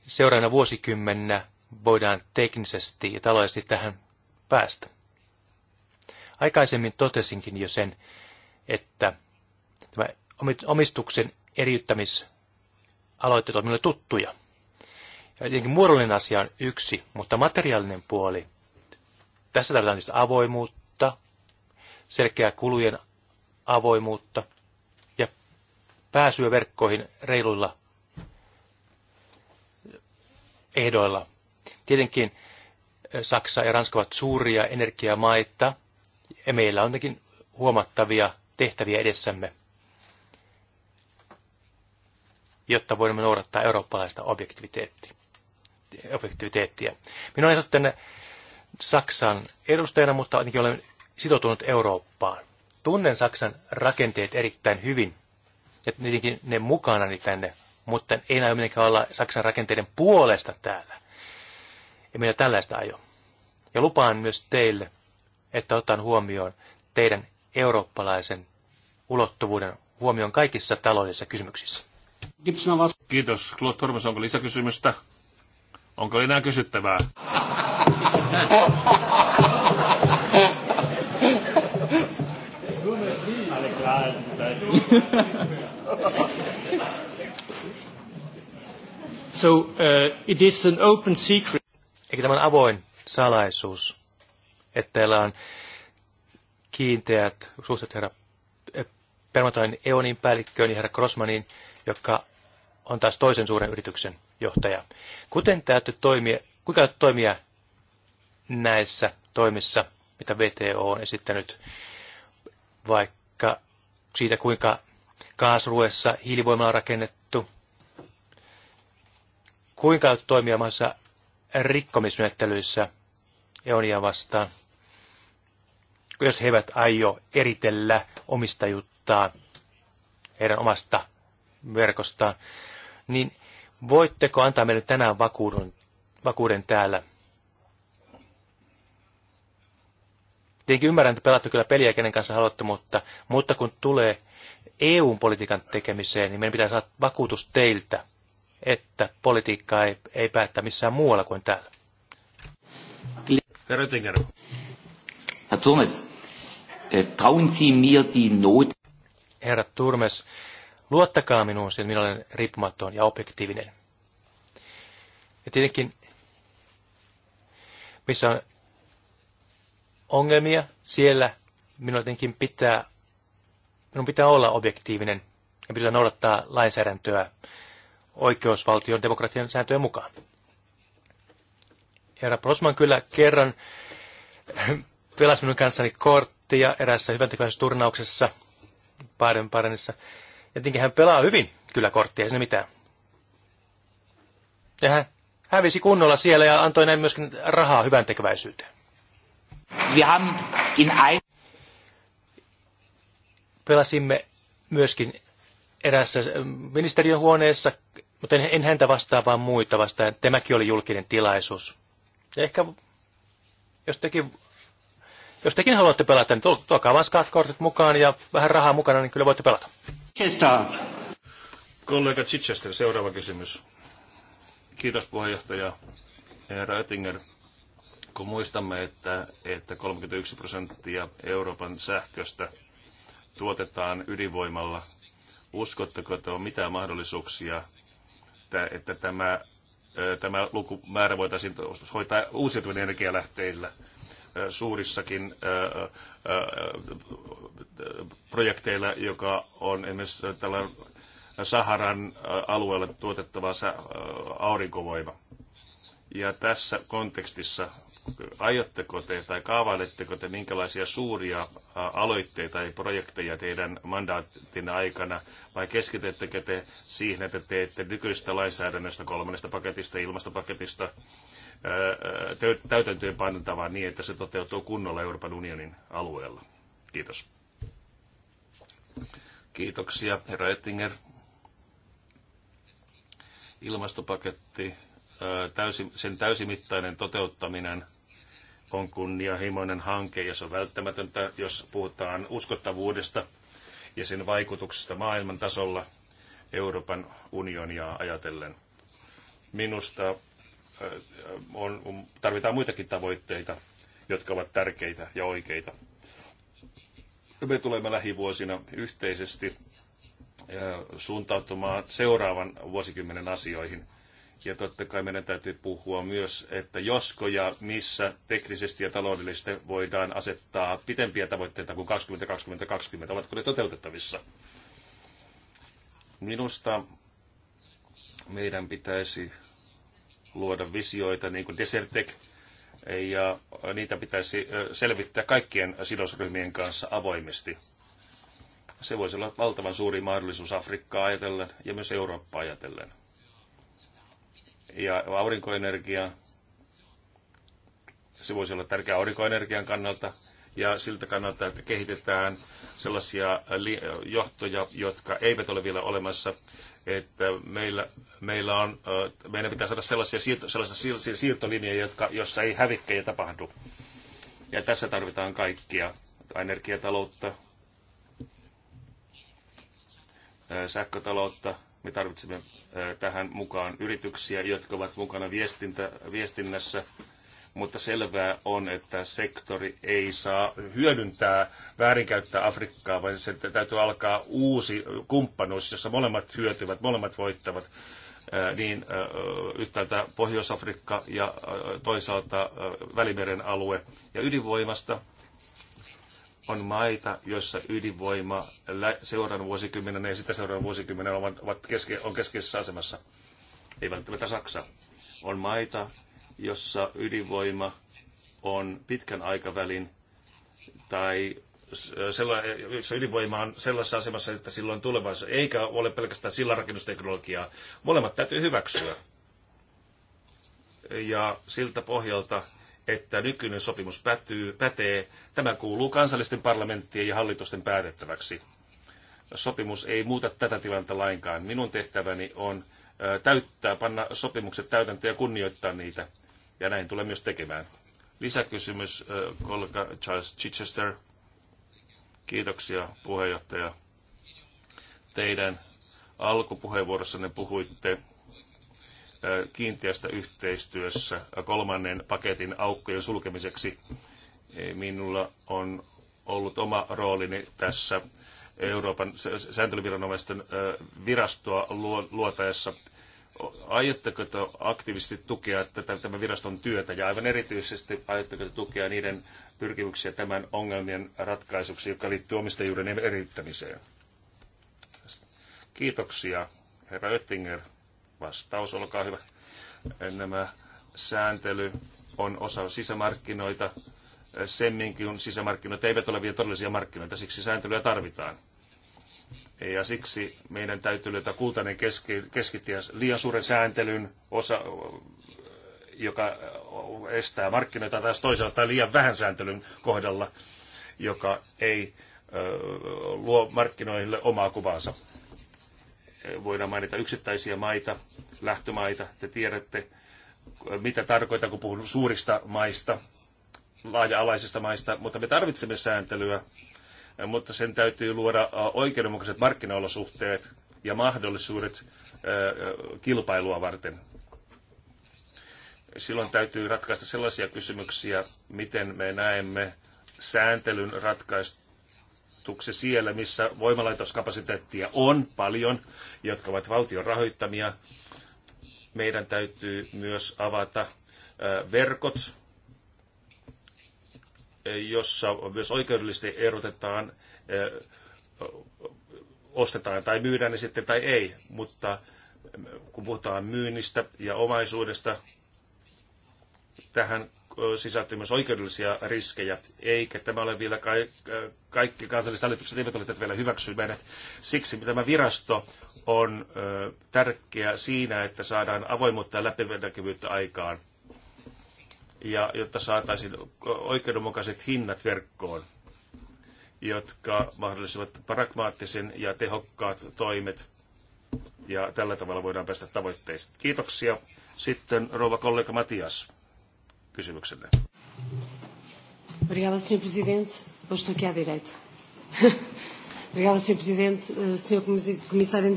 seuraavana vuosikymmenä voidaan teknisesti ja taloudellisesti tähän päästä. Aikaisemmin totesinkin jo sen, että tämä omistuksen eriyttämisaloitteet on minulle tuttuja. Ja tietenkin muodollinen asia on yksi, mutta materiaalinen puoli. Tässä tarvitaan avoimuutta, selkeää kulujen avoimuutta ja pääsyä verkkoihin reiluilla ehdoilla. Tietenkin eh, Saksa ja Ranska ovat suuria energiamaita ja meillä on nekin huomattavia tehtäviä edessämme, jotta voimme noudattaa eurooppalaista objektiviteettia. objektiviteettia. Minä olen tänne Saksan edustajana, mutta ainakin olen sitoutunut Eurooppaan tunnen Saksan rakenteet erittäin hyvin ja tietenkin ne mukana tänne, mutta ei näy mitenkään olla Saksan rakenteiden puolesta täällä. Ja minä tällaista aio. Ja lupaan myös teille, että otan huomioon teidän eurooppalaisen ulottuvuuden huomioon kaikissa taloudellisissa kysymyksissä.
Kiitos. Claude Tormes, onko lisäkysymystä? Onko enää kysyttävää?
so, uh, it is an open secret. Eikä tämä avoin salaisuus, että teillä on kiinteät suhteet herra eh, Permatoin Eonin päällikköön ja herra Crossmanin, joka on taas toisen suuren yrityksen johtaja. Kuten täytyy toimia, kuinka täytyy toimia näissä toimissa, mitä VTO on esittänyt, vai siitä, kuinka Kaasruessa hiilivoimalla on rakennettu, kuinka on toimia maassa rikkomismenettelyissä Eonia vastaan, jos he eivät aio eritellä omistajuuttaan heidän omasta verkostaan, niin voitteko antaa meille tänään vakuuden, vakuuden täällä – Tietenkin ymmärrän, että pelattu kyllä peliä, kenen kanssa haluatte, mutta, mutta kun tulee EU-politiikan tekemiseen, niin meidän pitää saada vakuutus teiltä, että politiikka ei, ei päättä missään muualla kuin täällä. Herr Herr Turmes, äh, trauen Sie mir die Not... Herra Turmes, luottakaa minuun, sillä minä olen riippumaton ja objektiivinen. Ja tietenkin, missä on ongelmia, siellä minun jotenkin pitää, minun pitää olla objektiivinen ja pitää noudattaa lainsäädäntöä oikeusvaltion demokratian sääntöjen mukaan. Herra Prosman kyllä kerran pelasi minun kanssani korttia erässä hyvän turnauksessa Baden-Badenissa. Jotenkin hän pelaa hyvin kyllä korttia, ei sinne mitään. Ja hän hävisi kunnolla siellä ja antoi näin myöskin rahaa hyvän tekeväisyyteen. Wir haben in ein... Pelasimme myöskin erässä äh, ministeriön huoneessa, mutta en häntä vastaa, vaan muita vastaan. Tämäkin oli julkinen tilaisuus. Ja ehkä, jos tekin, jos tekin haluatte pelata, niin tuokaa vain skatkortit mukaan ja vähän rahaa mukana, niin kyllä voitte pelata.
Chichester. Kollega Chichester, seuraava kysymys. Kiitos puheenjohtaja herra Oettinger kun muistamme, että, että 31 prosenttia Euroopan sähköstä tuotetaan ydinvoimalla, uskotteko, että on mitään mahdollisuuksia, että, että tämä, tämä lukumäärä voitaisiin hoitaa uusiutuvien energialähteillä suurissakin projekteilla, joka on esimerkiksi tällä Saharan alueella tuotettava aurinkovoima. Ja tässä kontekstissa aiotteko te tai kaavailetteko te, minkälaisia suuria aloitteita tai projekteja teidän mandaattin aikana, vai keskitettekö te siihen, että teette nykyistä lainsäädännöstä, kolmannesta paketista, ilmastopaketista, täytäntöön pantavaa niin, että se toteutuu kunnolla Euroopan unionin alueella? Kiitos. Kiitoksia, herra Ettinger. Ilmastopaketti sen täysimittainen toteuttaminen on kunnianhimoinen hanke ja se on välttämätöntä, jos puhutaan uskottavuudesta ja sen vaikutuksesta maailman tasolla Euroopan unionia ajatellen. Minusta on, tarvitaan muitakin tavoitteita, jotka ovat tärkeitä ja oikeita. Me tulemme lähivuosina yhteisesti suuntautumaan seuraavan vuosikymmenen asioihin – ja totta kai meidän täytyy puhua myös, että josko ja missä teknisesti ja taloudellisesti voidaan asettaa pitempiä tavoitteita kuin 2020 20, 20. Ovatko ne toteutettavissa? Minusta meidän pitäisi luoda visioita, niin kuin Desertec, ja niitä pitäisi selvittää kaikkien sidosryhmien kanssa avoimesti. Se voisi olla valtavan suuri mahdollisuus Afrikkaa ajatellen ja myös Eurooppaa ajatellen ja aurinkoenergia. Se voisi olla tärkeä aurinkoenergian kannalta ja siltä kannalta, että kehitetään sellaisia johtoja, jotka eivät ole vielä olemassa, että meillä, meillä on, meidän pitää saada sellaisia, siirto, sellaisia siis siirtolinjoja, jotka, jossa ei hävikkejä tapahdu. Ja tässä tarvitaan kaikkia energiataloutta, sähkötaloutta, me tarvitsemme tähän mukaan yrityksiä, jotka ovat mukana viestintä, viestinnässä, mutta selvää on, että sektori ei saa hyödyntää, väärinkäyttää Afrikkaa, vaan sen täytyy alkaa uusi kumppanuus, jossa molemmat hyötyvät, molemmat voittavat niin yhtäältä Pohjois-Afrikka ja toisaalta Välimeren alue. Ja ydinvoimasta on maita, joissa ydinvoima seuraavan vuosikymmenen ja sitä seuraavan vuosikymmenen on, keske, on keskeisessä asemassa. Ei välttämättä Saksa. On maita, jossa ydinvoima on pitkän aikavälin tai jossa ydinvoima on sellaisessa asemassa, että silloin tulevaisuus, eikä ole pelkästään sillanrakennusteknologiaa. Molemmat täytyy hyväksyä. Ja siltä pohjalta että nykyinen sopimus pätyy, pätee. Tämä kuuluu kansallisten parlamenttien ja hallitusten päätettäväksi. Sopimus ei muuta tätä tilannetta lainkaan. Minun tehtäväni on täyttää, panna sopimukset täytäntöön ja kunnioittaa niitä. Ja näin tulee myös tekemään. Lisäkysymys, kollega Charles Chichester. Kiitoksia puheenjohtaja. Teidän alkupuheenvuorossanne puhuitte kiinteästä yhteistyössä kolmannen paketin aukkojen sulkemiseksi. E, minulla on ollut oma roolini tässä Euroopan sääntelyviranomaisten virastoa luotaessa. Aiotteko te aktiivisesti tukea tämän viraston työtä ja aivan erityisesti aiotteko te tukea niiden pyrkimyksiä tämän ongelmien ratkaisuksi, joka liittyy omistajuuden eriyttämiseen? Kiitoksia, herra Oettinger. Vastaus, olkaa hyvä. Nämä sääntely on osa sisämarkkinoita. Semminkin kun sisämarkkinoita eivät ole vielä todellisia markkinoita, siksi sääntelyä tarvitaan. Ja siksi meidän täytyy löytää kultainen keski, keskitie liian suuren sääntelyn osa, joka estää markkinoita taas toisaalta tai liian vähän sääntelyn kohdalla, joka ei luo markkinoille omaa kuvaansa voidaan mainita yksittäisiä maita, lähtömaita. Te tiedätte, mitä tarkoitan, kun puhun suurista maista, laaja-alaisista maista, mutta me tarvitsemme sääntelyä, mutta sen täytyy luoda oikeudenmukaiset markkinaolosuhteet ja mahdollisuudet kilpailua varten. Silloin täytyy ratkaista sellaisia kysymyksiä, miten me näemme sääntelyn ratkaistu rahoituksen siellä, missä voimalaitoskapasiteettia on paljon, jotka ovat valtion rahoittamia. Meidän täytyy myös avata verkot, jossa myös oikeudellisesti erotetaan, ostetaan tai myydään ne niin sitten tai ei, mutta kun puhutaan myynnistä ja omaisuudesta, tähän sisältyy myös oikeudellisia riskejä, eikä tämä ole vielä ka- kaikki kansalliset hallitukset eivät ole tätä vielä hyväksyneet. Siksi tämä virasto on tärkeä siinä, että saadaan avoimuutta ja läpinäkyvyyttä aikaan, ja jotta saataisiin oikeudenmukaiset hinnat verkkoon jotka mahdollisivat pragmaattisen ja tehokkaat toimet. Ja tällä tavalla voidaan päästä tavoitteisiin. Kiitoksia. Sitten rouva kollega Matias kysymykselle.
Obrigada, senhor presidente. Posto aqui à direita. Obrigada, senhor presidente. Eh, senhor komissarin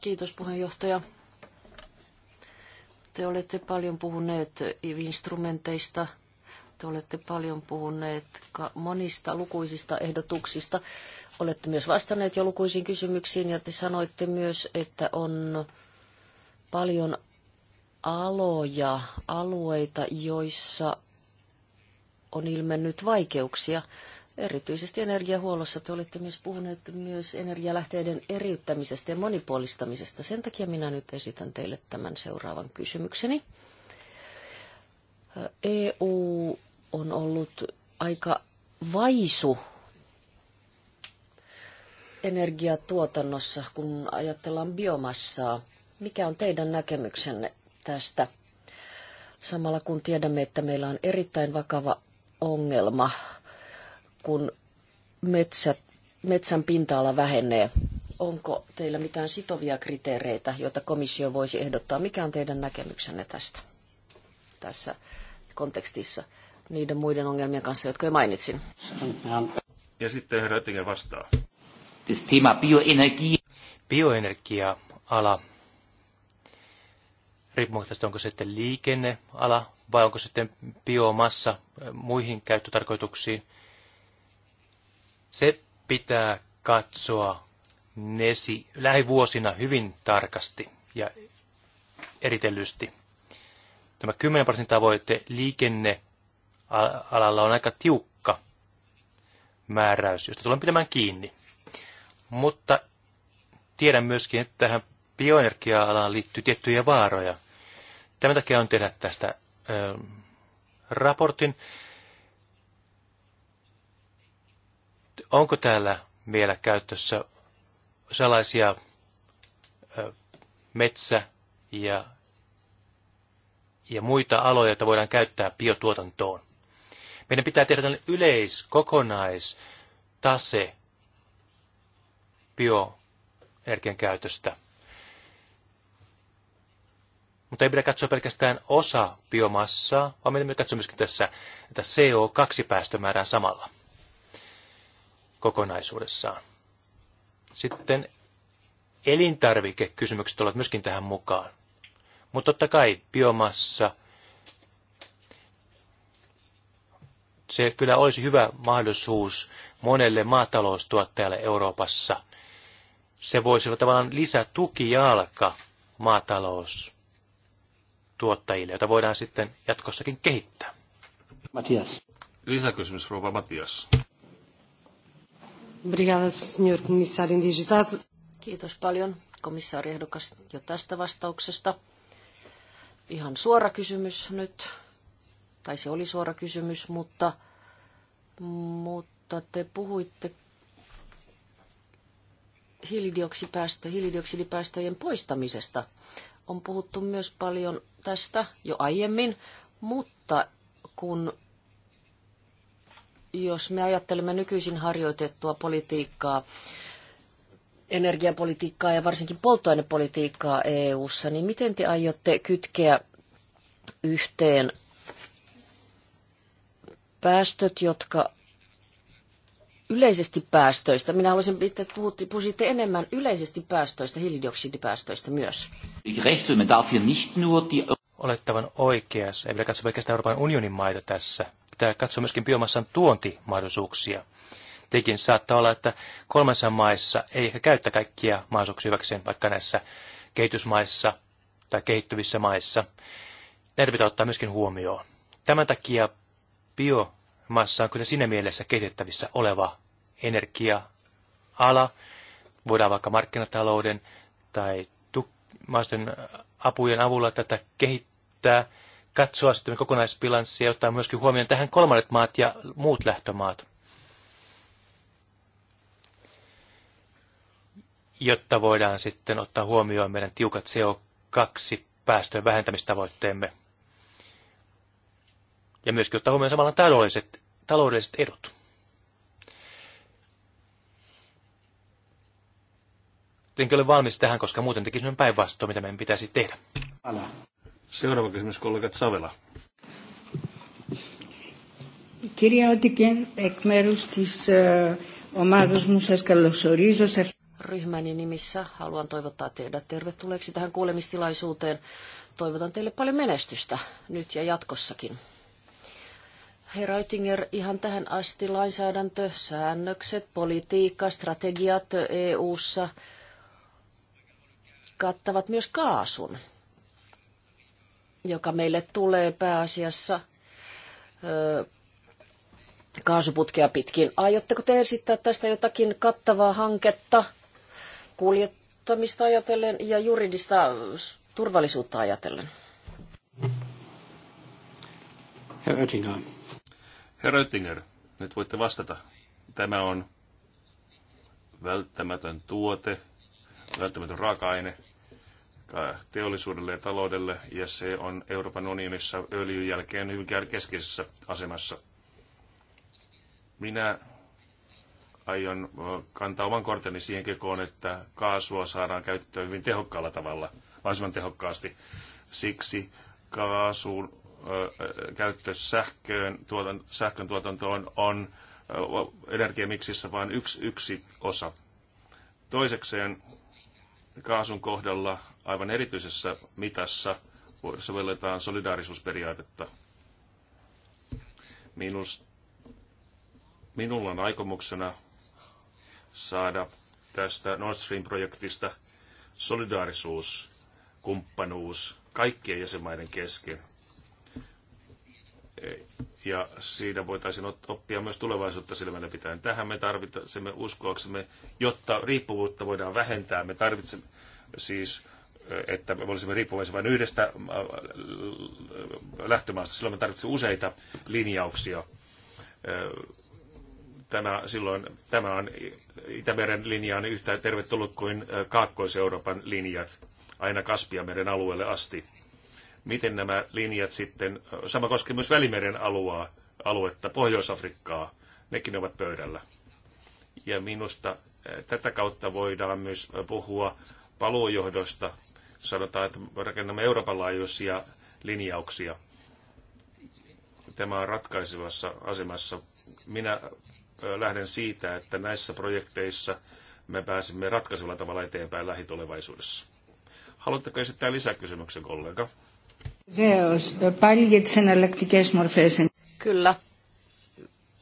Kiitos puheenjohtaja. Te olette paljon puhuneet instrumenteista, te olette paljon puhuneet monista lukuisista ehdotuksista. Olette myös vastanneet jo lukuisiin kysymyksiin ja te sanoitte myös, että on paljon aloja, alueita, joissa on ilmennyt vaikeuksia. Erityisesti energiahuollossa te olette myös puhuneet myös energialähteiden eriyttämisestä ja monipuolistamisesta. Sen takia minä nyt esitän teille tämän seuraavan kysymykseni. EU on ollut aika vaisu energiatuotannossa, kun ajatellaan biomassaa. Mikä on teidän näkemyksenne tästä. Samalla kun tiedämme, että meillä on erittäin vakava ongelma, kun metsät, metsän pinta-ala vähenee. Onko teillä mitään sitovia kriteereitä, joita komissio voisi ehdottaa? Mikä on teidän näkemyksenne tästä tässä kontekstissa niiden muiden ongelmien kanssa, jotka jo mainitsin? Ja
sitten herra Oettingen vastaa. Bioenergia-ala riippumatta tästä, onko se sitten liikenneala vai onko sitten biomassa muihin käyttötarkoituksiin. Se pitää katsoa nesi lähivuosina hyvin tarkasti ja eritellysti. Tämä 10 prosentin tavoite liikennealalla on aika tiukka määräys, josta tulen pitämään kiinni. Mutta tiedän myöskin, että tähän bioenergia-alaan liittyy tiettyjä vaaroja. Tämän takia on tehdä tästä ö, raportin. Onko täällä vielä käytössä sellaisia ö, metsä- ja, ja muita aloja, joita voidaan käyttää biotuotantoon? Meidän pitää tehdä tällainen yleiskokonaistase bioenergian käytöstä. Mutta ei pidä katsoa pelkästään osa biomassaa, vaan meidän katsoa myöskin tässä että CO2-päästömäärää samalla kokonaisuudessaan. Sitten elintarvikekysymykset tulevat myöskin tähän mukaan. Mutta totta kai biomassa, se kyllä olisi hyvä mahdollisuus monelle maataloustuottajalle Euroopassa. Se voisi olla tavallaan lisätukijalka maatalous tuottajille, jota voidaan sitten jatkossakin
kehittää. Matias. Lisäkysymys, Rouva Matias.
Obrigada, signor comissário indigitado. Kiitos paljon, komissaari ehdokas, jo tästä vastauksesta. Ihan suora kysymys nyt, tai se oli suora kysymys, mutta, mutta te puhuitte hiilidioksidipäästö, hiilidioksidipäästöjen poistamisesta. On puhuttu myös paljon tästä jo aiemmin, mutta kun jos me ajattelemme nykyisin harjoitettua politiikkaa, energiapolitiikkaa ja varsinkin polttoainepolitiikkaa EU:ssa, niin miten te aiotte kytkeä yhteen päästöt, jotka yleisesti päästöistä. Minä haluaisin, että puhutte enemmän yleisesti päästöistä, hiilidioksidipäästöistä myös.
Olettavan oikeassa. Ei pidä katsoa pelkästään Euroopan unionin maita tässä. Pitää katsoa myöskin biomassan tuontimahdollisuuksia. Tekin saattaa olla, että kolmessa maissa ei ehkä käyttä kaikkia mahdollisuuksia hyväkseen, vaikka näissä kehitysmaissa tai kehittyvissä maissa. Näitä pitää ottaa myöskin huomioon. Tämän takia bio maassa on kyllä siinä mielessä kehitettävissä oleva energia-ala. Voidaan vaikka markkinatalouden tai maisten apujen avulla tätä kehittää, katsoa sitten kokonaisbilanssia ja ottaa myöskin huomioon tähän kolmannet maat ja muut lähtömaat. jotta voidaan sitten ottaa huomioon meidän tiukat CO2-päästöjen vähentämistavoitteemme ja myöskin ottaa huomioon samalla taloudelliset, taloudelliset edut. Tietenkin olen valmis tähän, koska muuten tekisimme päinvastoin, mitä meidän pitäisi tehdä. Älä. Seuraava kysymys, kollega Savela.
Κυρία ekmerustis εκ μέρους της ομάδος μου σας καλωσορίζω. Ryhmäni nimissä haluan toivottaa teidät tervetulleeksi tähän kuulemistilaisuuteen. Toivotan teille paljon menestystä nyt ja jatkossakin. Herra Oettinger, ihan tähän asti lainsäädäntö, säännökset, politiikka, strategiat EU-ssa kattavat myös kaasun, joka meille tulee pääasiassa ö, kaasuputkea pitkin. Aiotteko te esittää tästä jotakin kattavaa hanketta kuljettamista ajatellen ja juridista turvallisuutta ajatellen?
Herr Oettinger.
Herra Oettinger, nyt voitte vastata. Tämä on välttämätön tuote, välttämätön raaka-aine teollisuudelle ja taloudelle, ja se on Euroopan unionissa öljyn jälkeen hyvin keskeisessä asemassa. Minä aion kantaa oman korteni siihen kekoon, että kaasua saadaan käytettyä hyvin tehokkaalla tavalla, mahdollisimman tehokkaasti. Siksi kaasuun käyttö sähköön, tuotan, sähkön tuotantoon on energiamiksissä vain yksi, yksi osa. Toisekseen kaasun kohdalla aivan erityisessä mitassa sovelletaan solidaarisuusperiaatetta. Minus, minulla on aikomuksena saada tästä Nord Stream-projektista solidaarisuus, kumppanuus kaikkien jäsenmaiden kesken ja siitä voitaisiin oppia myös tulevaisuutta silmällä pitäen. Tähän me tarvitsemme uskoaksemme, jotta riippuvuutta voidaan vähentää. Me tarvitsemme siis, että me olisimme riippuvaisia vain yhdestä lähtömaasta. Silloin me tarvitsemme useita linjauksia. Tämä, silloin, tämä on Itämeren linjaan yhtä tervetullut kuin Kaakkois-Euroopan linjat aina Kaspiameren alueelle asti miten nämä linjat sitten, sama koskee myös Välimeren alueaa, aluetta, Pohjois-Afrikkaa, nekin ovat pöydällä. Ja minusta eh, tätä kautta voidaan myös puhua paluujohdosta. Sanotaan, että rakennamme Euroopan laajuisia linjauksia. Tämä on ratkaisevassa asemassa. Minä eh, lähden siitä, että näissä projekteissa me pääsemme ratkaisevalla tavalla eteenpäin lähitulevaisuudessa. Haluatteko esittää lisäkysymyksen, kollega?
Kyllä,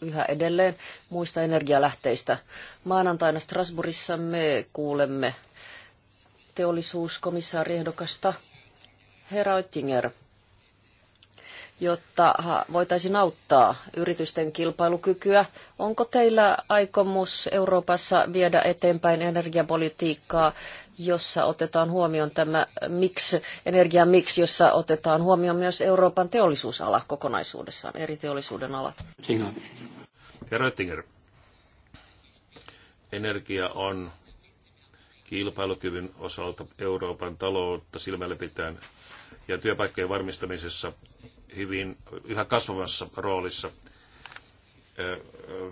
yhä edelleen muista energialähteistä. Maanantaina Strasbourgissa me kuulemme teollisuuskomissaariehdokasta Herra Oettinger, jotta voitaisiin auttaa yritysten kilpailukykyä. Onko teillä aikomus Euroopassa viedä eteenpäin energiapolitiikkaa jossa otetaan huomioon tämä mix, energian mix, jossa otetaan huomioon myös Euroopan teollisuusala kokonaisuudessaan, eri teollisuuden alat.
Herra energia on kilpailukyvyn osalta Euroopan taloutta silmällä pitäen ja työpaikkojen varmistamisessa hyvin yhä kasvavassa roolissa.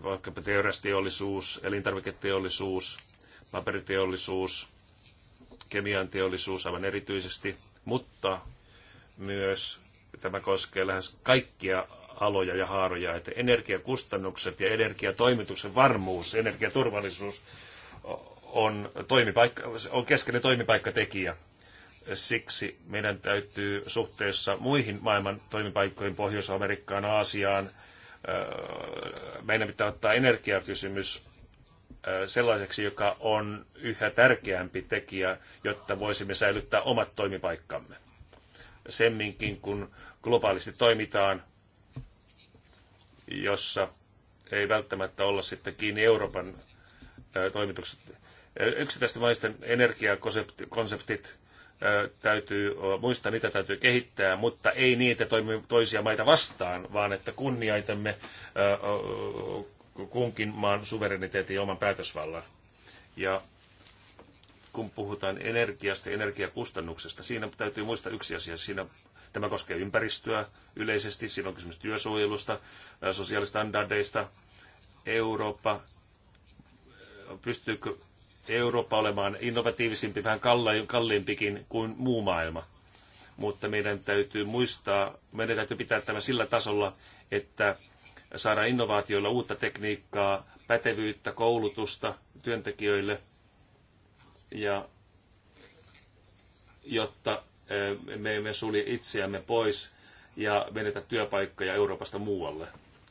Vaikkapa terästeollisuus, elintarviketeollisuus, paperiteollisuus, kemian teollisuus aivan erityisesti, mutta myös tämä koskee lähes kaikkia aloja ja haaroja, että energiakustannukset ja energiatoimituksen varmuus, energiaturvallisuus on, toimipaikka, on keskeinen toimipaikkatekijä. Siksi meidän täytyy suhteessa muihin maailman toimipaikkoihin, Pohjois-Amerikkaan, Aasiaan, meidän pitää ottaa energiakysymys sellaiseksi, joka on yhä tärkeämpi tekijä, jotta voisimme säilyttää omat toimipaikkamme. Semminkin, kun globaalisti toimitaan, jossa ei välttämättä olla sitten kiinni Euroopan toimitukset. Yksittäisten maisten energiakonseptit täytyy, muistaa niitä täytyy kehittää, mutta ei niitä toisia maita vastaan, vaan että kunnioitamme kunkin maan suvereniteetin ja oman päätösvallan. Ja kun puhutaan energiasta ja energiakustannuksesta, siinä täytyy muistaa yksi asia. Siinä tämä koskee ympäristöä yleisesti, siinä on kysymys työsuojelusta, sosiaalistandardeista. Eurooppa, pystyykö Eurooppa olemaan innovatiivisempi, vähän kalliimpikin kuin muu maailma? Mutta meidän täytyy muistaa, meidän täytyy pitää tämä sillä tasolla, että saada innovaatioilla uutta tekniikkaa, pätevyyttä, koulutusta työntekijöille, ja jotta eh, me emme sulje itseämme pois ja menetä työpaikkoja Euroopasta muualle.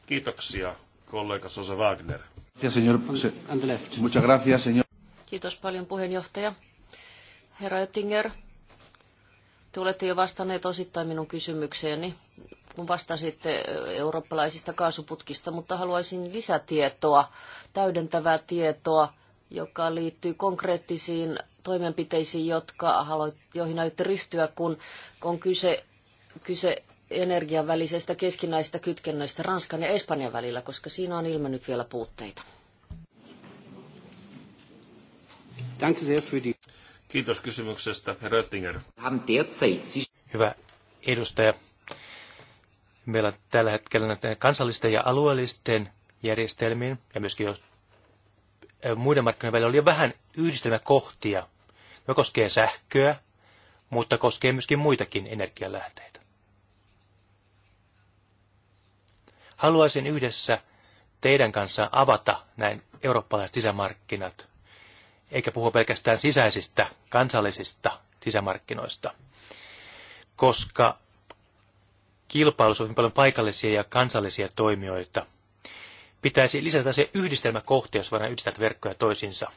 Kiitoksia, kollega Sosa Wagner.
Kiitos paljon puheenjohtaja. Herra Oettinger, te olette jo vastanneet osittain minun kysymykseeni kun vastasitte eurooppalaisista kaasuputkista, mutta haluaisin lisätietoa, täydentävää tietoa, joka liittyy konkreettisiin toimenpiteisiin, jotka haluat, joihin aiotte ryhtyä, kun, on kyse, kyse energian välisestä keskinäisestä kytkennöistä Ranskan ja Espanjan välillä, koska siinä on ilmennyt vielä puutteita.
Kiitos kysymyksestä, Herr Röttinger.
Hyvä edustaja. Meillä on tällä hetkellä näiden kansallisten ja alueellisten järjestelmien ja myöskin jo muiden markkinoiden välillä oli jo vähän yhdistelmäkohtia. Ne koskee sähköä, mutta koskee myöskin muitakin energialähteitä. Haluaisin yhdessä teidän kanssa avata näin eurooppalaiset sisämarkkinat, eikä puhua pelkästään sisäisistä, kansallisista sisämarkkinoista, koska kilpailussa on paljon paikallisia ja kansallisia toimijoita. Pitäisi lisätä se yhdistelmäkohtia, jos voidaan yhdistää verkkoja toisiinsa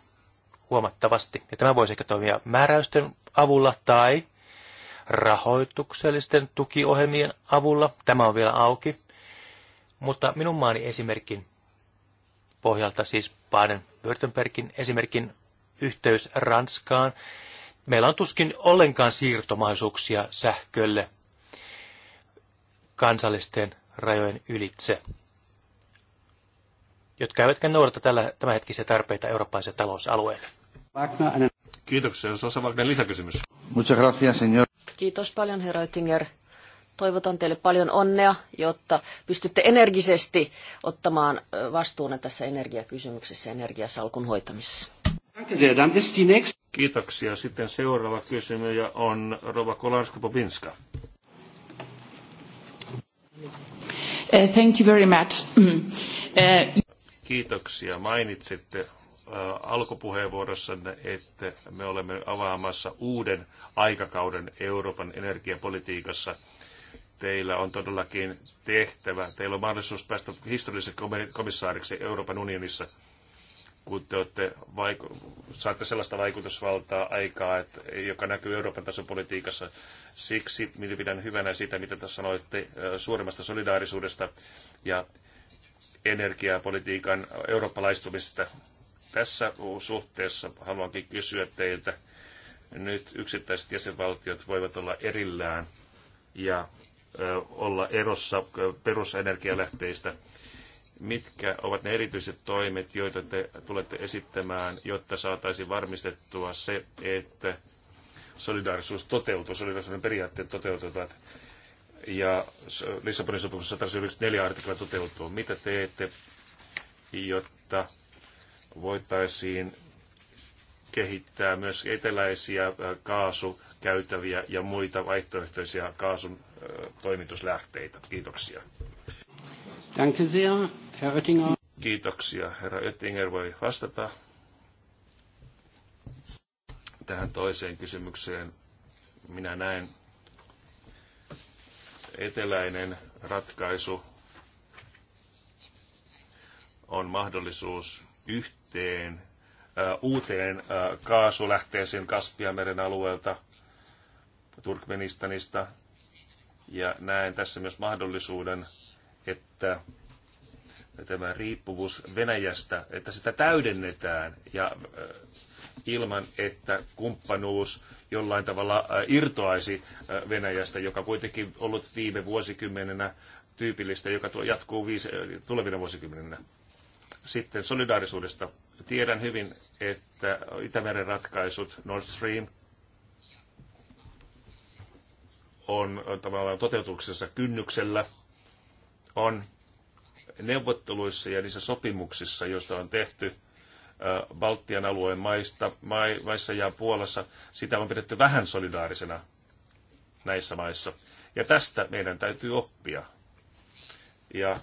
huomattavasti. Ja tämä voisi ehkä toimia määräysten avulla tai rahoituksellisten tukiohjelmien avulla. Tämä on vielä auki. Mutta minun maani esimerkin pohjalta, siis Baden-Württembergin esimerkin yhteys Ranskaan, meillä on tuskin ollenkaan siirtomahdollisuuksia sähkölle – kansallisten rajojen ylitse, jotka eivätkä noudata tällä, tämänhetkisiä tarpeita eurooppalaisille talousalueille. Kiitoksia. Sosa Wagner, lisäkysymys. Muchas gracias, señor.
Kiitos paljon, herra Oettinger. Toivotan teille paljon onnea, jotta pystytte energisesti ottamaan vastuun tässä energiakysymyksessä ja energiasalkun hoitamisessa.
Kiitoksia. Sitten seuraava kysymys on Rova Kolarska-Popinska. Uh, thank you very much. Mm. Uh, Kiitoksia. Mainitsitte uh, alkupuheenvuorossanne, että me olemme avaamassa uuden aikakauden Euroopan energiapolitiikassa. Teillä on todellakin tehtävä, teillä on mahdollisuus päästä historialliseksi komissaariksi Euroopan unionissa – kun te olette vaiku- saatte sellaista vaikutusvaltaa aikaa, että, joka näkyy Euroopan tason politiikassa. Siksi minä pidän hyvänä sitä, mitä tässä sanoitte suuremmasta solidaarisuudesta ja energiapolitiikan eurooppalaistumista. Tässä suhteessa haluankin kysyä teiltä, nyt yksittäiset jäsenvaltiot voivat olla erillään ja olla erossa perusenergialähteistä mitkä ovat ne erityiset toimet, joita te tulette esittämään, jotta saataisiin varmistettua se, että solidaarisuus toteutuu, solidaarisuuden periaatteet toteutuvat ja Lissabonin sopimus 194 artikla toteutuu. Mitä teette, jotta voitaisiin kehittää myös eteläisiä äh, kaasukäytäviä ja muita vaihtoehtoisia kaasun äh, toimituslähteitä? Kiitoksia.
Danke sehr. Herr Oettinger.
Kiitoksia. Herra Oettinger voi vastata tähän toiseen kysymykseen. Minä näen eteläinen ratkaisu on mahdollisuus yhteen äh, uuteen äh, kaasulähteeseen Kaspiameren alueelta, Turkmenistanista. Ja näen tässä myös mahdollisuuden, että tämä riippuvuus Venäjästä, että sitä täydennetään ja äh, ilman, että kumppanuus jollain tavalla äh, irtoaisi äh, Venäjästä, joka kuitenkin ollut viime vuosikymmenenä tyypillistä, joka jatkuu viisi, tulevina vuosikymmeninä. Sitten solidaarisuudesta. Tiedän hyvin, että Itämeren ratkaisut, Nord Stream, on tavallaan toteutuksessa kynnyksellä, on neuvotteluissa ja niissä sopimuksissa, joista on tehty Baltian alueen maista, maissa ja Puolassa, sitä on pidetty vähän solidaarisena näissä maissa. Ja tästä meidän täytyy oppia. Ja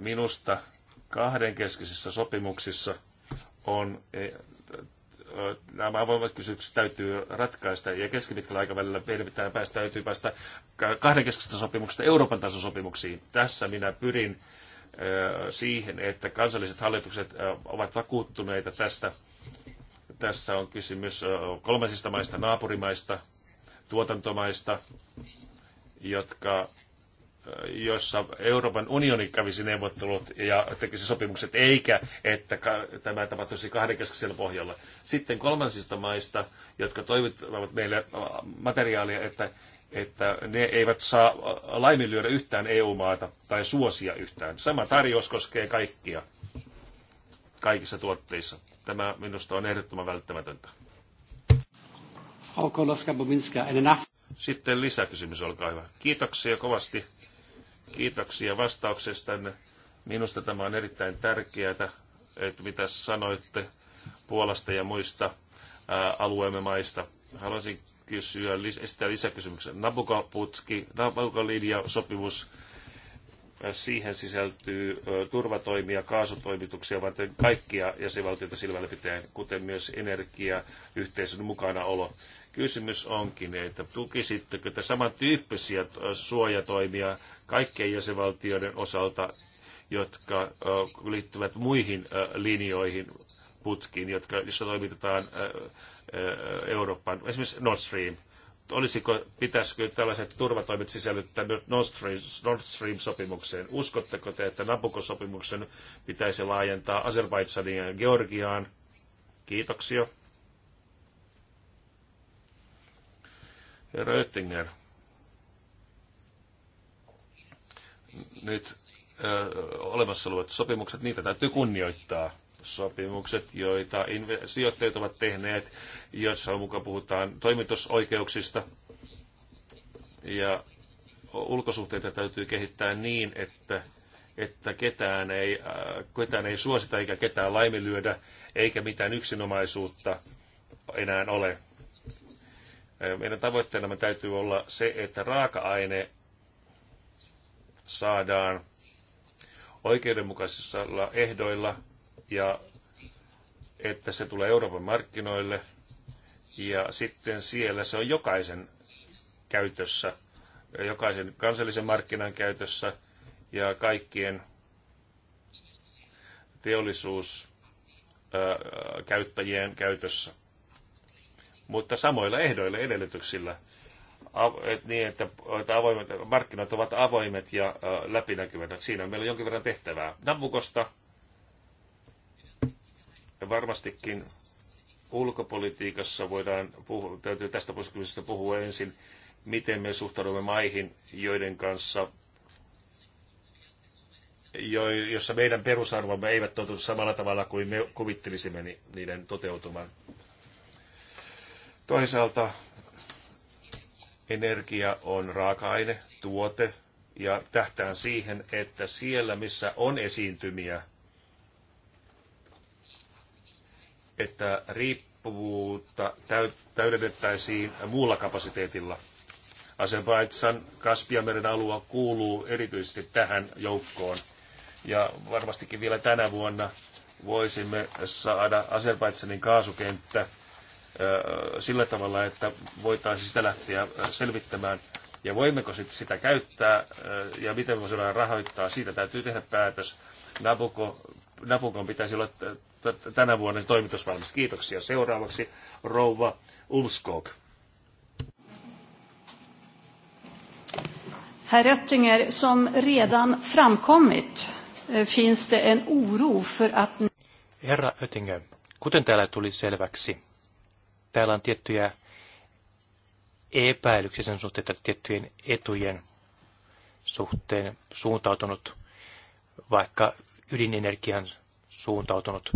minusta kahdenkeskisissä sopimuksissa on e, nämä avoimet kysymykset täytyy ratkaista ja keskipitkällä aikavälillä meidän pitää päästä, täytyy päästä kahdenkeskisestä sopimuksesta Euroopan tason sopimuksiin. Tässä minä pyrin siihen, että kansalliset hallitukset ovat vakuuttuneita tästä. Tässä on kysymys kolmansista maista, naapurimaista, tuotantomaista, jotka jossa Euroopan unioni kävisi neuvottelut ja tekisi sopimukset, eikä että tämä tapahtuisi kahdenkeskisellä pohjalla. Sitten kolmansista maista, jotka toivottavat meille materiaalia, että, että ne eivät saa laiminlyödä yhtään EU-maata tai suosia yhtään. Sama tarjous koskee kaikkia, kaikissa tuotteissa. Tämä minusta on ehdottoman välttämätöntä. Sitten lisäkysymys, olkaa hyvä. Kiitoksia kovasti Kiitoksia vastauksestanne. Minusta tämä on erittäin tärkeää, että mitä sanoitte Puolasta ja muista alueemme maista. Haluaisin kysyä, esittää lisäkysymyksen. Nabukaputski, Nabukalinja-sopimus, siihen sisältyy turvatoimia, kaasutoimituksia, vaan kaikkia jäsenvaltioita silmällä pitäen, kuten myös energiayhteisön mukanaolo. Kysymys onkin, että tukisitteko te samantyyppisiä suojatoimia kaikkien jäsenvaltioiden osalta, jotka liittyvät muihin linjoihin, putkiin, jotka, jossa toimitetaan Eurooppaan, esimerkiksi Nord Stream. Olisiko, pitäisikö tällaiset turvatoimet sisällyttää Nord Stream, Nord Stream sopimukseen? Uskotteko te, että Nabukosopimuksen pitäisi laajentaa Azerbaidsaniin ja Georgiaan? Kiitoksia. Herra Oettinger, nyt ö, olemassa olevat sopimukset, niitä täytyy kunnioittaa. Sopimukset, joita sijoittajat ovat tehneet, joissa mukaan puhutaan toimitusoikeuksista. Ja ulkosuhteita täytyy kehittää niin, että, että ketään, ei, ketään ei suosita eikä ketään laiminlyödä, eikä mitään yksinomaisuutta enää ole meidän tavoitteenamme täytyy olla se, että raaka-aine saadaan oikeudenmukaisilla ehdoilla ja että se tulee Euroopan markkinoille ja sitten siellä se on jokaisen käytössä, jokaisen kansallisen markkinan käytössä ja kaikkien teollisuuskäyttäjien käytössä mutta samoilla ehdoilla edellytyksillä, niin että avoimet, markkinat ovat avoimet ja läpinäkyvät. Siinä meillä on jonkin verran tehtävää. Nabukosta varmastikin ulkopolitiikassa voidaan puhua, täytyy tästä kysymyksestä puhua ensin, miten me suhtaudumme maihin, joiden kanssa jo, jossa meidän perusarvomme eivät toteutu samalla tavalla kuin me kuvittelisimme niiden toteutumaan. Toisaalta energia on raaka-aine, tuote, ja tähtään siihen, että siellä, missä on esiintymiä, että riippuvuutta täydennettäisiin muulla kapasiteetilla. Azerbaidsan Kaspiameren alue kuuluu erityisesti tähän joukkoon. Ja varmastikin vielä tänä vuonna voisimme saada Azerbaidsanin kaasukenttä sillä tavalla, että voitaisiin sitä lähteä selvittämään ja voimmeko sit sitä käyttää ja miten voisi rahoittaa, siitä täytyy tehdä päätös. Nabuko, Nabukon pitäisi olla tänä vuonna toimitusvalmis. Kiitoksia. Seuraavaksi rouva Ulskog.
Herr Röttinger, som redan framkommit finns det en oro för att...
Herra Röttinger, kuten täällä tuli selväksi, täällä on tiettyjä epäilyksiä sen suhteen, että tiettyjen etujen suhteen suuntautunut, vaikka ydinenergian suuntautunut.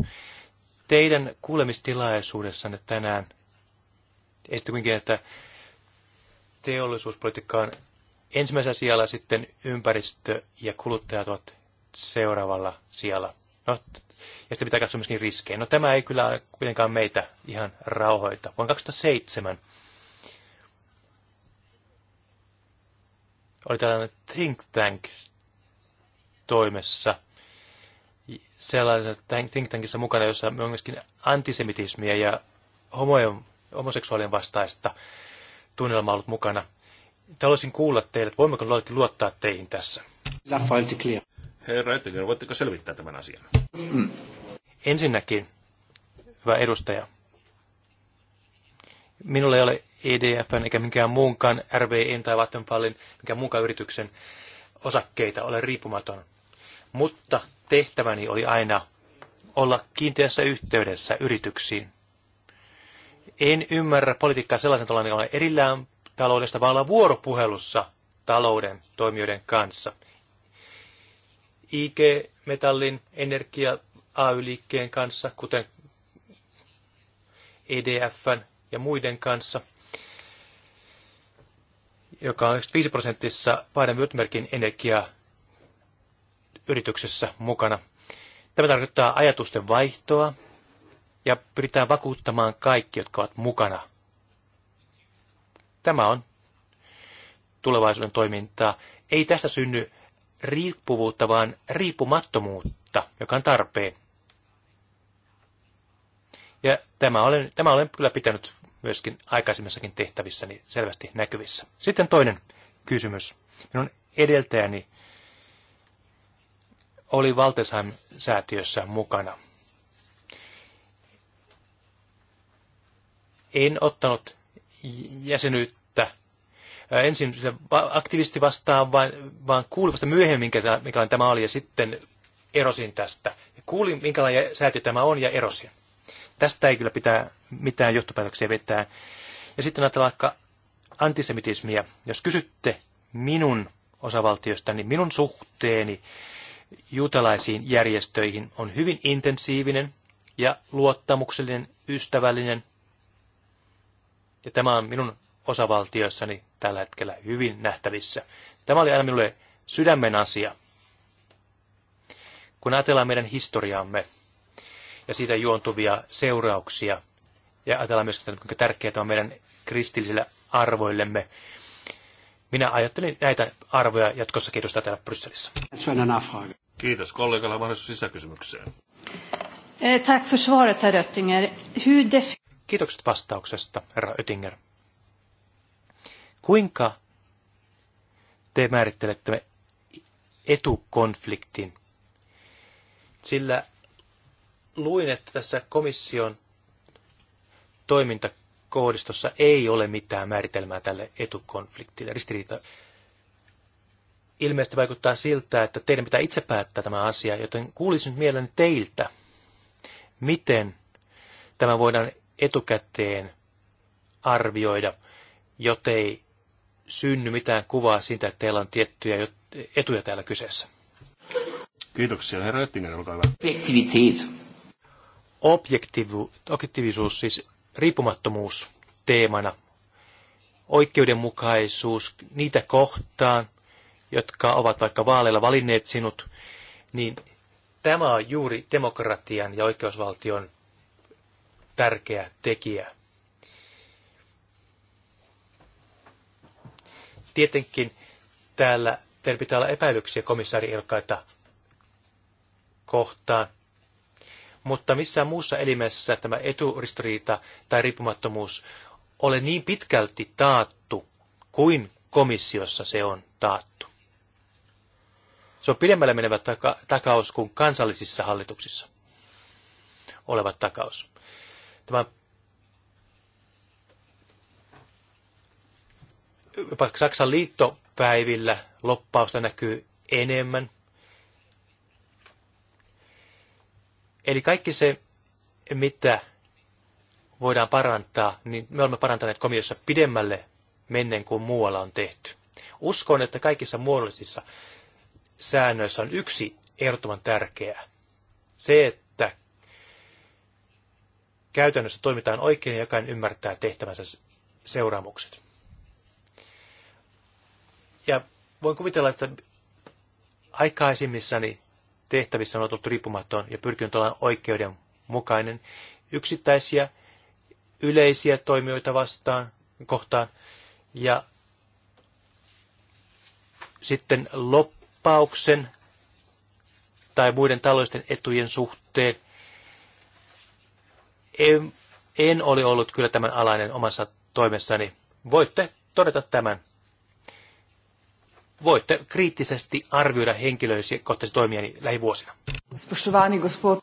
Teidän kuulemistilaisuudessanne tänään esitti kuitenkin, että teollisuuspolitiikka on ensimmäisellä sijalla, sitten ympäristö ja kuluttajat ovat seuraavalla sijalla. No, ja sitten pitää katsoa myöskin riskejä. No tämä ei kyllä kuitenkaan meitä ihan rauhoita. Vuonna 2007 oli tällainen think tank toimessa, sellaisessa think tankissa mukana, jossa on myöskin antisemitismiä ja homojen, homoseksuaalien vastaista tunnelmaa ollut mukana. Haluaisin kuulla teille, että voimmeko luottaa teihin tässä. That file to clear.
Herra Ettinger, voitteko selvittää tämän asian? Mm.
Ensinnäkin, hyvä edustaja, minulla ei ole EDF eikä minkään muunkaan RBIn tai Vattenfallin, minkään muunkaan yrityksen osakkeita, ole riippumaton. Mutta tehtäväni oli aina olla kiinteässä yhteydessä yrityksiin. En ymmärrä politiikkaa sellaisen tavalla, että olen erillään taloudesta, vaan olla vuoropuhelussa talouden toimijoiden kanssa. IG Metallin energia AY-liikkeen kanssa, kuten EDFn ja muiden kanssa, joka on 5 prosentissa Baden-Württembergin energiayrityksessä mukana. Tämä tarkoittaa ajatusten vaihtoa ja pyritään vakuuttamaan kaikki, jotka ovat mukana. Tämä on tulevaisuuden toimintaa. Ei tästä synny riippuvuutta, vaan riippumattomuutta, joka on tarpeen. Ja tämä olen, tämä olen kyllä pitänyt myöskin aikaisemmissakin tehtävissäni selvästi näkyvissä. Sitten toinen kysymys. Minun edeltäjäni oli Valtesheim-säätiössä mukana. En ottanut jäsenyyttä ensin aktivisti vastaan, vaan, vaan kuulin vasta myöhemmin, minkälainen tämä oli, ja sitten erosin tästä. Kuulin, minkälainen säätiö tämä on, ja erosin. Tästä ei kyllä pitää mitään johtopäätöksiä vetää. Ja sitten ajatellaan vaikka antisemitismiä. Jos kysytte minun osavaltiosta, niin minun suhteeni juutalaisiin järjestöihin on hyvin intensiivinen ja luottamuksellinen, ystävällinen. Ja tämä on minun osavaltioissani tällä hetkellä hyvin nähtävissä. Tämä oli aina minulle sydämen asia. Kun ajatellaan meidän historiaamme ja siitä juontuvia seurauksia, ja ajatellaan myös, kuinka tärkeää on meidän kristillisille arvoillemme, minä ajattelin näitä arvoja jatkossa kiitostaa täällä Brysselissä. Kiitos kollegalla mahdollisuus sisäkysymykseen.
Eh, tack för svaret, herr Oettinger.
Kiitokset vastauksesta, herra Oettinger. Kuinka te määrittelette etukonfliktin? Sillä luin, että tässä komission toimintakoodistossa ei ole mitään määritelmää tälle etukonfliktille, ristiriita. Ilmeisesti vaikuttaa siltä, että teidän pitää itse päättää tämä asia, joten kuulisin nyt mielen teiltä, miten tämä voidaan etukäteen arvioida, jotei synny mitään kuvaa siitä, että teillä on tiettyjä etuja täällä kyseessä. Kiitoksia. Herra Ettinen, olkaa hyvä. Objektivitet. Objektivu, objektiivisuus, siis riippumattomuus teemana. Oikeudenmukaisuus niitä kohtaan, jotka ovat vaikka vaaleilla valinneet sinut, niin tämä on juuri demokratian ja oikeusvaltion tärkeä tekijä. Tietenkin täällä teillä pitää olla epäilyksiä komissaari Ilkaita kohtaan, mutta missään muussa elimessä tämä eturistoriita tai riippumattomuus ole niin pitkälti taattu kuin komissiossa se on taattu. Se on pidemmälle menevä taka- takaus kuin kansallisissa hallituksissa olevat takaus. Tämä jopa Saksan liittopäivillä loppausta näkyy enemmän. Eli kaikki se, mitä voidaan parantaa, niin me olemme parantaneet komiossa pidemmälle menneen kuin muualla on tehty. Uskon, että kaikissa muodollisissa säännöissä on yksi ehdottoman tärkeää. Se, että käytännössä toimitaan oikein ja jokainen ymmärtää tehtävänsä seuraamukset. Ja voin kuvitella, että aikaisemmissani tehtävissä on ollut riippumaton ja pyrkinyt olla oikeudenmukainen yksittäisiä yleisiä toimijoita vastaan, kohtaan. Ja sitten loppauksen tai muiden taloudellisten etujen suhteen. En, en ole ollut kyllä tämän alainen omassa toimessani. Voitte todeta tämän voitte kriittisesti arvioida kohtaisia toimia niin lähivuosina.
Spoštovani gospod,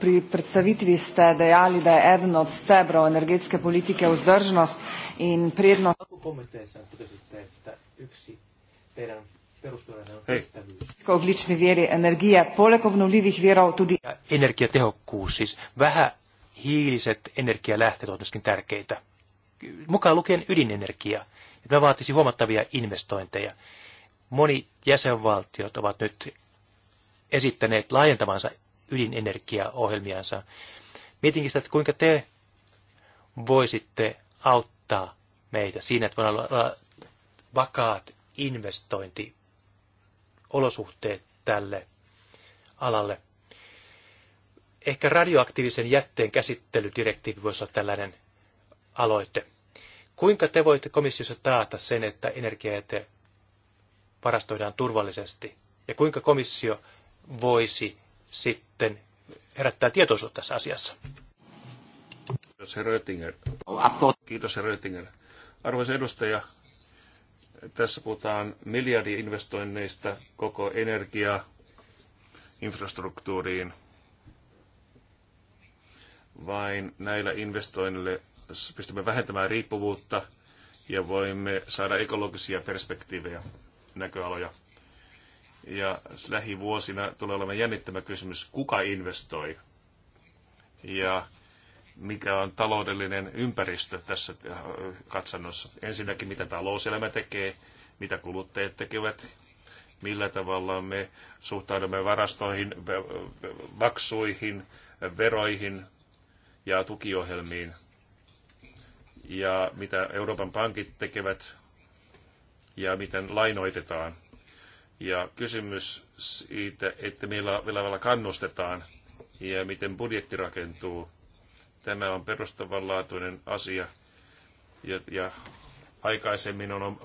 pri predstavitvi ste dejali, da je eden od stebrov energetske politike vzdržnost in prednost. Oglični veri energije, poleg obnovljivih verov tudi.
Energiatehokkuus, siis hiiliset energialähteet ovat myöskin tärkeitä, mukaan lukien ydinenergia Tämä vaatisi huomattavia investointeja. Moni jäsenvaltiot ovat nyt esittäneet laajentavansa ydinenergiaohjelmiansa. Mietinkin sitä, että kuinka te voisitte auttaa meitä siinä, että voidaan olla vakaat investointiolosuhteet tälle alalle. Ehkä radioaktiivisen jätteen käsittelydirektiivi voisi olla tällainen aloite. Kuinka te voitte komissiossa taata sen, että energiajäte varastoidaan turvallisesti? Ja kuinka komissio voisi sitten herättää tietoisuutta
tässä asiassa? Kiitos, Kiitos, herra Arvoisa edustaja, tässä puhutaan miljardiinvestoinneista koko energia infrastruktuuriin. Vain näillä investoinneilla pystymme vähentämään riippuvuutta ja voimme saada ekologisia perspektiivejä, näköaloja. Ja lähivuosina tulee olemaan jännittämä kysymys, kuka investoi ja mikä on taloudellinen ympäristö tässä äh, katsannossa. Ensinnäkin, mitä talouselämä tekee, mitä kuluttajat tekevät, millä tavalla me suhtaudumme varastoihin, maksuihin, veroihin ja tukiohjelmiin – ja mitä Euroopan pankit tekevät ja miten lainoitetaan. Ja kysymys siitä, että millä tavalla kannustetaan ja miten budjetti rakentuu. Tämä on perustavanlaatuinen asia ja, ja aikaisemmin on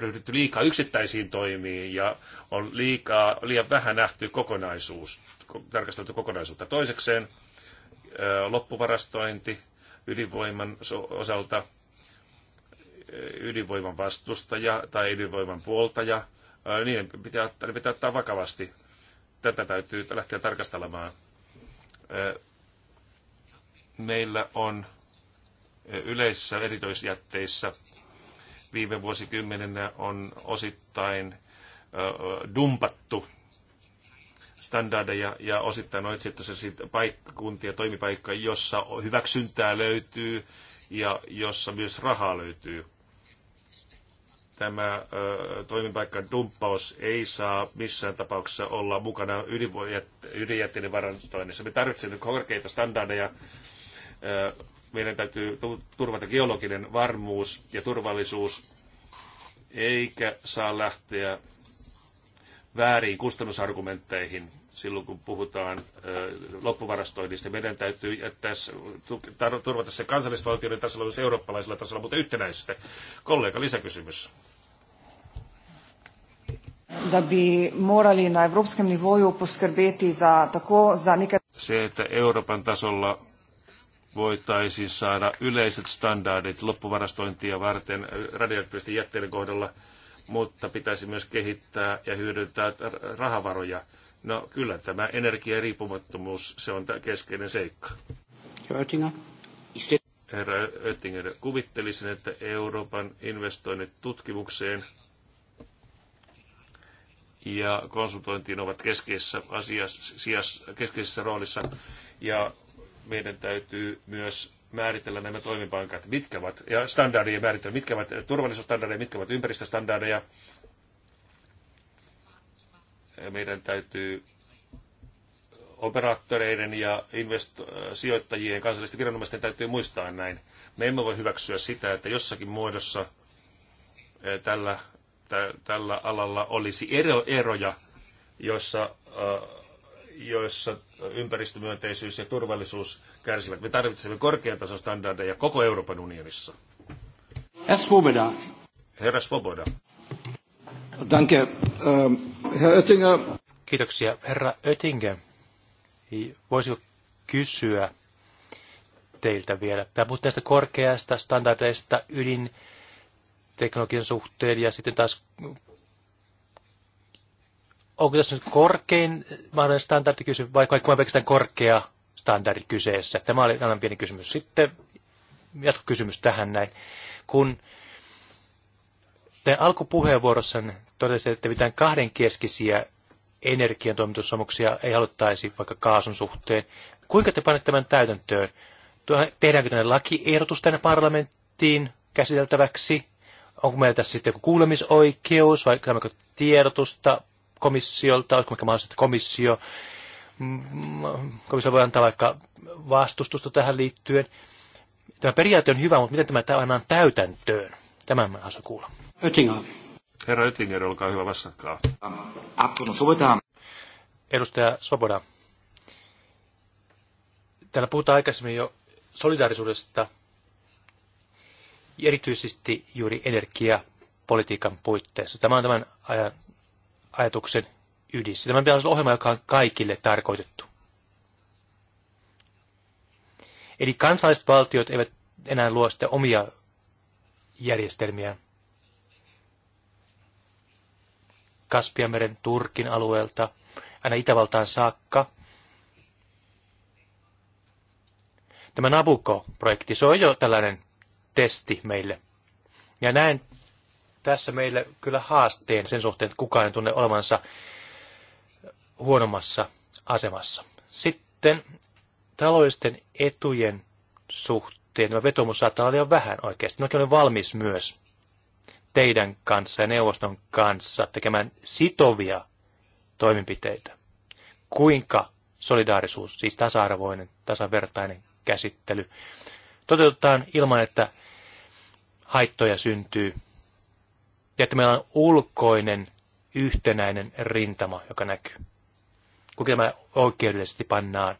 ryhdytty liikaa yksittäisiin toimiin ja on liikaa, liian vähän nähty kokonaisuus, tarkasteltu kokonaisuutta. Toisekseen loppuvarastointi ydinvoiman osalta e, ydinvoiman vastustaja tai ydinvoiman puoltaja, niiden pitää, ne pitää ottaa vakavasti. Tätä täytyy lähteä tarkastelemaan. Meillä on yleisissä erityisjätteissä viime vuosikymmenenä on osittain dumpattu standardeja ja osittain on sitten se paikkakuntia, toimipaikka, jossa hyväksyntää löytyy ja jossa myös rahaa löytyy. Tämä ö, toimipaikan dumppaus ei saa missään tapauksessa olla mukana ydinjätteiden varastoinnissa. Me tarvitsemme korkeita standardeja. Ö, meidän täytyy turvata geologinen varmuus ja turvallisuus, eikä saa lähteä väärin kustannusargumentteihin silloin, kun puhutaan loppuvarastoinnista. Meidän täytyy jättää, turvata se kansallisvaltioiden tasolla, myös eurooppalaisella tasolla, mutta yhtenäisesti. Kollega, lisäkysymys.
Da bi morali na evropskem nivoju poskrbeti za tako za neke...
Se, että Euroopan tasolla voitaisiin saada yleiset standardit loppuvarastointia varten radioaktiivisten jätteiden kohdalla, mutta pitäisi myös kehittää ja hyödyntää rahavaroja – No kyllä tämä energiariippumattomuus, se on keskeinen seikka. Herra Oettinger, kuvittelisin, että Euroopan investoinnit tutkimukseen ja konsultointiin ovat keskeisessä, asiassa, keskeisessä roolissa. Ja meidän täytyy myös määritellä nämä toimipankat, mitkä ovat, ja standardeja määritellä, mitkä ovat turvallisuusstandardeja, mitkä ovat ympäristöstandardeja, meidän täytyy operaattoreiden ja invest- sijoittajien kansallisten viranomaisten täytyy muistaa näin. Me emme voi hyväksyä sitä, että jossakin muodossa eh, tällä, tällä alalla olisi ero, eroja, joissa, eh, joissa ympäristömyönteisyys ja
turvallisuus
kärsivät. Me tarvitsemme korkean tason standardeja koko Euroopan unionissa. Herra Svoboda.
Danke, ähm,
Herr Oettinger. Kiitoksia. Herra Oettinger, voisiko kysyä teiltä vielä? Tämä puhut näistä korkeasta standardeista ydinteknologian suhteen ja sitten taas onko tässä nyt korkein mahdollinen standardi kysy, vai kaikki on pelkästään korkea standardi kyseessä? Tämä oli aivan pieni kysymys. Sitten jatkokysymys tähän näin. Kun te alkupuheenvuorossanne totesitte, että mitään kahdenkeskisiä energiantoimitussamuksia ei haluttaisi vaikka kaasun suhteen. Kuinka te panette tämän täytäntöön? Tehdäänkö tänne lakiehdotus tänne parlamenttiin käsiteltäväksi? Onko meillä tässä sitten joku kuulemisoikeus vai saammeko tiedotusta komissiolta? Olisiko mahdollista, että komissio, komissio voi antaa vaikka vastustusta tähän liittyen? Tämä periaate on hyvä, mutta miten tämä pannaan täytäntöön? Tämän mä haluaisin kuulla.
Oettinger. Herra Oettinger, olkaa hyvä, vastatkaa.
Edustaja Svoboda. Täällä puhutaan aikaisemmin jo solidaarisuudesta, erityisesti juuri energiapolitiikan puitteissa. Tämä on tämän ajan, ajatuksen ydin. Tämä on olla ohjelma, joka on kaikille tarkoitettu. Eli kansalliset valtiot eivät enää luo sitä omia järjestelmiään. Kaspiameren Turkin alueelta aina Itävaltaan saakka. Tämä Nabucco-projekti, se on jo tällainen testi meille. Ja näen tässä meille kyllä haasteen sen suhteen, että kukaan ei tunne olevansa huonommassa asemassa. Sitten taloudellisten etujen suhteen tämä vetomus saattaa olla liian vähän oikeasti. Mäkin olen valmis myös teidän kanssa ja neuvoston kanssa tekemään sitovia toimenpiteitä. Kuinka solidaarisuus, siis tasa-arvoinen, tasavertainen käsittely, toteutetaan ilman, että haittoja syntyy. Ja että meillä on ulkoinen yhtenäinen rintama, joka näkyy. Kun tämä oikeudellisesti pannaan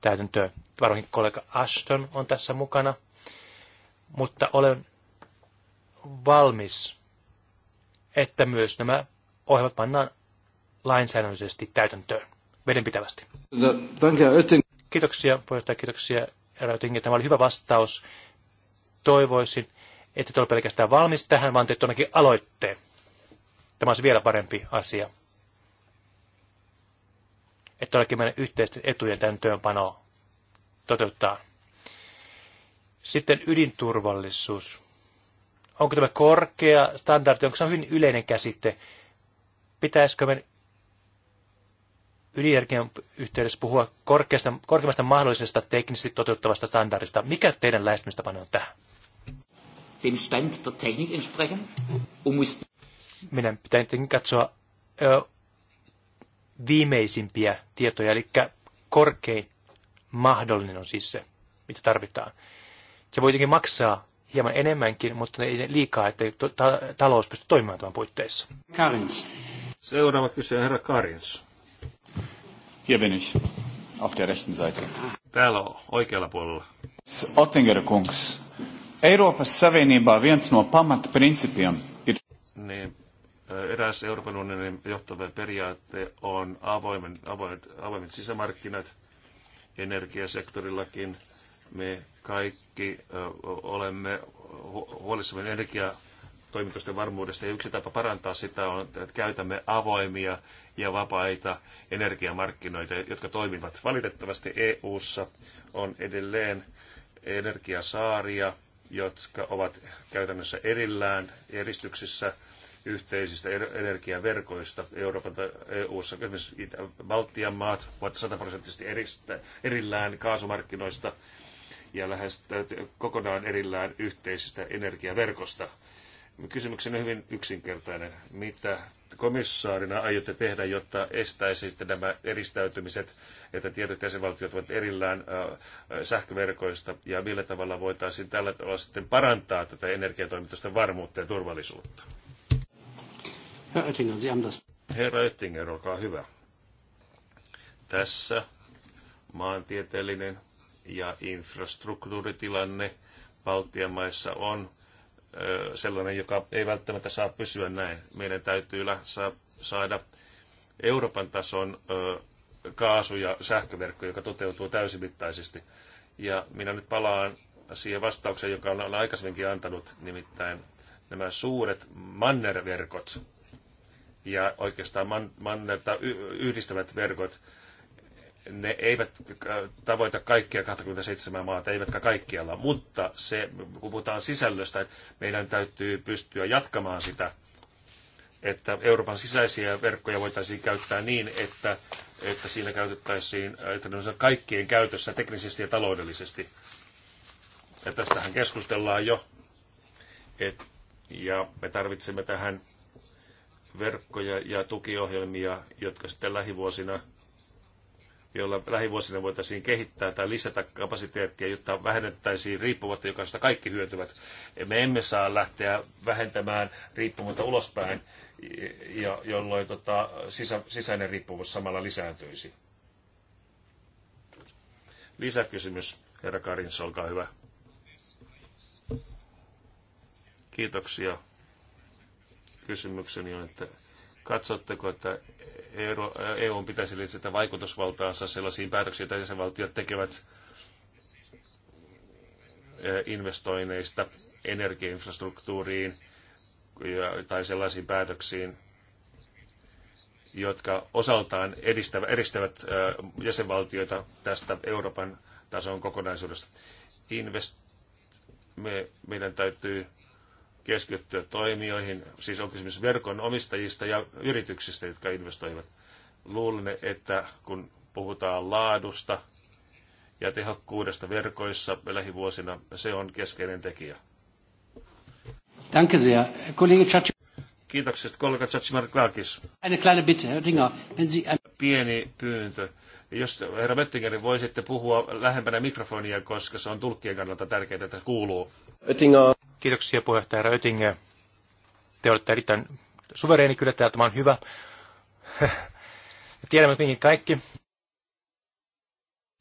täytäntöön. Varoinkin kollega Ashton on tässä mukana. Mutta olen valmis, että myös nämä ohjelmat pannaan lainsäädännöllisesti täytäntöön vedenpitävästi. Kiitoksia puheenjohtaja, kiitoksia herra Oettinger. Tämä oli hyvä vastaus. Toivoisin, että te ole pelkästään valmis tähän, vaan teet ainakin aloitteen. Tämä olisi vielä parempi asia. Että olekin meidän yhteisten etujen tämän työnpanoa toteuttaa. Sitten ydinturvallisuus onko tämä korkea standardi, onko se hyvin yleinen käsite? Pitäisikö me ydinenergian yhteydessä puhua korkeasta, korkeimmasta mahdollisesta teknisesti toteuttavasta standardista? Mikä teidän lähestymistapanne on tähän? Dem Stand der Technik entsprechen? Meidän um pitää tietenkin katsoa ö, viimeisimpiä tietoja, eli korkein mahdollinen on siis se, mitä tarvitaan. Se voi jotenkin maksaa hieman enemmänkin, mutta ei liikaa, että talous pystyy toimimaan tämän puitteissa. Karins. Seuraava
kysyjä herra Karins.
Hier bin ich. Auf der rechten Seite.
Täällä on, oikealla puolella.
Ottinger kungs. Euroopan Savienībā viens nuo pamatprinsipiem ir...
Niin, eräs Euroopan unionin johtava periaate on avoimen, avoimet, avoimet sisämarkkinat energiasektorillakin. Me kaikki olemme huolissamme energia varmuudesta. Ja yksi tapa parantaa sitä on, että käytämme avoimia ja vapaita energiamarkkinoita, jotka toimivat. Valitettavasti EU:ssa on edelleen energiasaaria, jotka ovat käytännössä erillään eristyksissä yhteisistä er-, energiaverkoista Euroopan tai EU-ssa. Esimerkiksi Baltian maat ovat sataprosenttisesti erillään kaasumarkkinoista – ja lähes kokonaan erillään yhteisestä energiaverkosta. Kysymykseni on hyvin yksinkertainen. Mitä komissaarina aiotte tehdä, jotta estäisitte nämä eristäytymiset, että tietyt jäsenvaltiot ovat erillään sähköverkoista ja millä tavalla voitaisiin tällä tavalla sitten parantaa tätä energiatoimitusten varmuutta ja turvallisuutta? Herra Oettinger, olkaa hyvä. Tässä maantieteellinen ja infrastruktuuritilanne Baltian maissa on sellainen, joka ei välttämättä saa pysyä näin. Meidän täytyy saada Euroopan tason kaasu- ja sähköverkko, joka toteutuu täysimittaisesti. Ja minä nyt palaan siihen vastaukseen, joka on aikaisemminkin antanut, nimittäin nämä suuret mannerverkot ja oikeastaan man, mannerta yhdistävät verkot, ne eivät äh, tavoita kaikkia 27 maata, eivätkä kaikkialla, mutta se, kun puhutaan sisällöstä, meidän täytyy pystyä jatkamaan sitä, että Euroopan sisäisiä verkkoja voitaisiin käyttää niin, että, että siinä käytettäisiin, että ne on kaikkien käytössä teknisesti ja taloudellisesti. Ja tästähän keskustellaan jo. Et, ja me tarvitsemme tähän verkkoja ja tukiohjelmia, jotka sitten lähivuosina – jolla lähivuosina voitaisiin kehittää tai lisätä kapasiteettia, jotta vähennettäisiin riippumatta, jokaista kaikki hyötyvät. Me emme saa lähteä vähentämään riippumatta ulospäin, ja, jolloin tota, sisä, sisäinen riippuvuus samalla lisääntyisi. Lisäkysymys, herra Karins, olkaa hyvä. Kiitoksia. Kysymykseni on, että Katsotteko, että EU e pitäisi lisätä vaikutusvaltaansa sellaisiin päätöksiin, joita jäsenvaltiot tekevät e, investoinneista energiainfrastruktuuriin tai sellaisiin päätöksiin, jotka osaltaan edistävät, edistävät jäsenvaltioita tästä Euroopan tason kokonaisuudesta. Invest, me, meidän täytyy keskittyä toimijoihin, siis on kysymys verkon omistajista ja yrityksistä, jotka investoivat. Luulen, että kun puhutaan laadusta ja tehokkuudesta verkoissa lähivuosina, se on keskeinen tekijä. Kiitoksia kollega Chachimarkakis. Pieni pyyntö. Jos herra Möttingerin voisitte puhua lähempänä mikrofonia, koska se on tulkkien kannalta tärkeää, että kuuluu. Oettinger. Kiitoksia
puheenjohtaja Rötinger. Te olette erittäin suvereeni kyllä, että tämä on hyvä. Tiedämme mihin kaikki.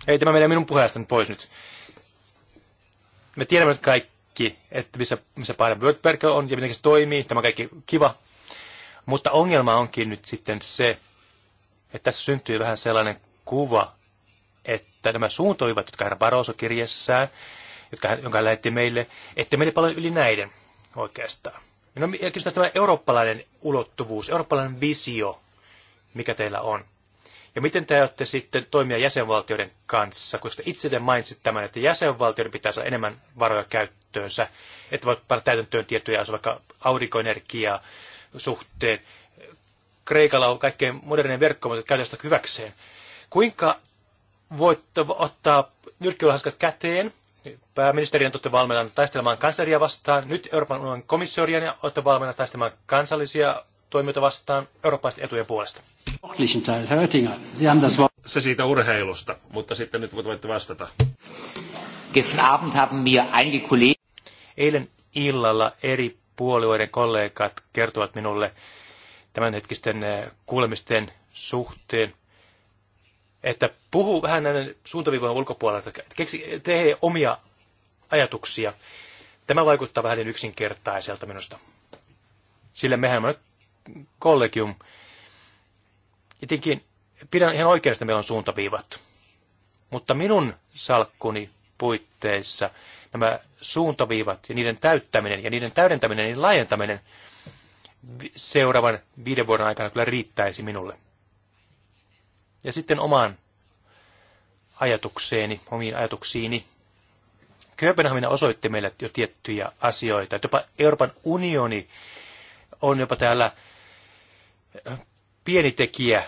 Ei tämä mene minun puheestani pois nyt. Me tiedämme nyt kaikki, että missä, missä Baden Wordberg on ja miten se toimii. Tämä kaikki kiva. Mutta ongelma onkin nyt sitten se, että tässä syntyy vähän sellainen kuva, että nämä suuntoivat, jotka herra Barroso kirjessään jotka jonka hän lähetti meille, että meille paljon yli näiden oikeastaan. Minua no, kiinnostaa tämä eurooppalainen ulottuvuus, eurooppalainen visio, mikä teillä on. Ja miten te olette sitten toimia jäsenvaltioiden kanssa, koska itse te mainitsit tämän, että jäsenvaltioiden pitää saada enemmän varoja käyttöönsä, että voit panna täytäntöön tiettyjä asioita, vaikka aurinkoenergiaa suhteen. Kreikalla on kaikkein modernin verkko, mutta käytetään sitä hyväkseen. Kuinka voitte ottaa nyrkkiulhaskat käteen pääministeri on valmiina taistelemaan kansleria vastaan, nyt Euroopan unionin komissioria ja niin olette valmiina taistelemaan kansallisia toimijoita vastaan eurooppalaisten etujen puolesta.
Se siitä urheilusta, mutta sitten nyt voitte vastata. Eilen illalla
eri puolueiden kollegat kertovat minulle tämänhetkisten eh, kuulemisten suhteen että puhu vähän näiden suuntaviivojen ulkopuolelta, että keksi, tee omia ajatuksia. Tämä vaikuttaa vähän niin yksinkertaiselta minusta. Sillä mehän on kollegium. Jotenkin pidän ihan oikein, että meillä on suuntaviivat. Mutta minun salkkuni puitteissa nämä suuntaviivat ja niiden täyttäminen ja niiden täydentäminen ja niiden laajentaminen seuraavan viiden vuoden aikana kyllä riittäisi minulle. Ja sitten omaan ajatukseeni, omiin ajatuksiini. Kööpenhamina osoitti meille jo tiettyjä asioita. jopa Euroopan unioni on jopa täällä pieni tekijä,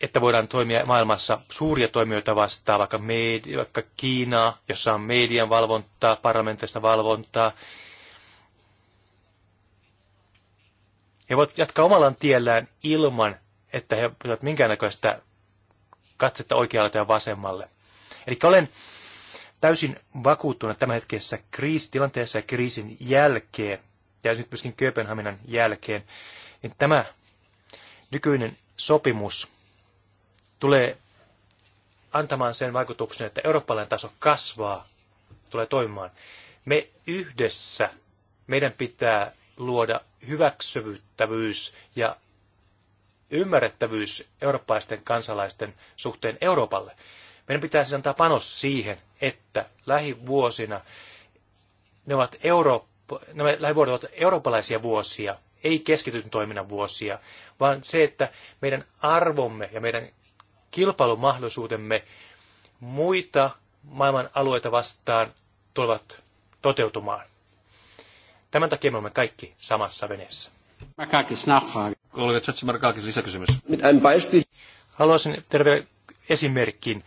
että voidaan toimia maailmassa suuria toimijoita vastaan, vaikka, med- vaikka Kiinaa, jossa on median valvontaa, parlamentaista valvontaa. He voivat jatkaa omallaan tiellään ilman, että he ovat minkäännäköistä katsetta oikealle ja vasemmalle. Eli olen täysin vakuuttunut hetkessä kriisitilanteessa ja kriisin jälkeen, ja nyt myöskin Kööpenhaminan jälkeen, niin tämä nykyinen sopimus tulee antamaan sen vaikutuksen, että eurooppalainen taso kasvaa, tulee toimimaan. Me yhdessä, meidän pitää luoda hyväksyvyyttävyys ja ymmärrettävyys eurooppalaisten kansalaisten suhteen Euroopalle. Meidän pitää siis antaa panos siihen, että lähivuosina ne ovat Euroop... nämä lähivuodet ovat eurooppalaisia vuosia, ei keskityn toiminnan vuosia, vaan se, että meidän arvomme ja meidän kilpailumahdollisuutemme muita maailman alueita vastaan tulevat toteutumaan. Tämän takia me olemme kaikki samassa veneessä. Makakis, nachfrage. Kollega Chachimarkakis, lisäkysymys. Haluaisin terveellä esimerkin.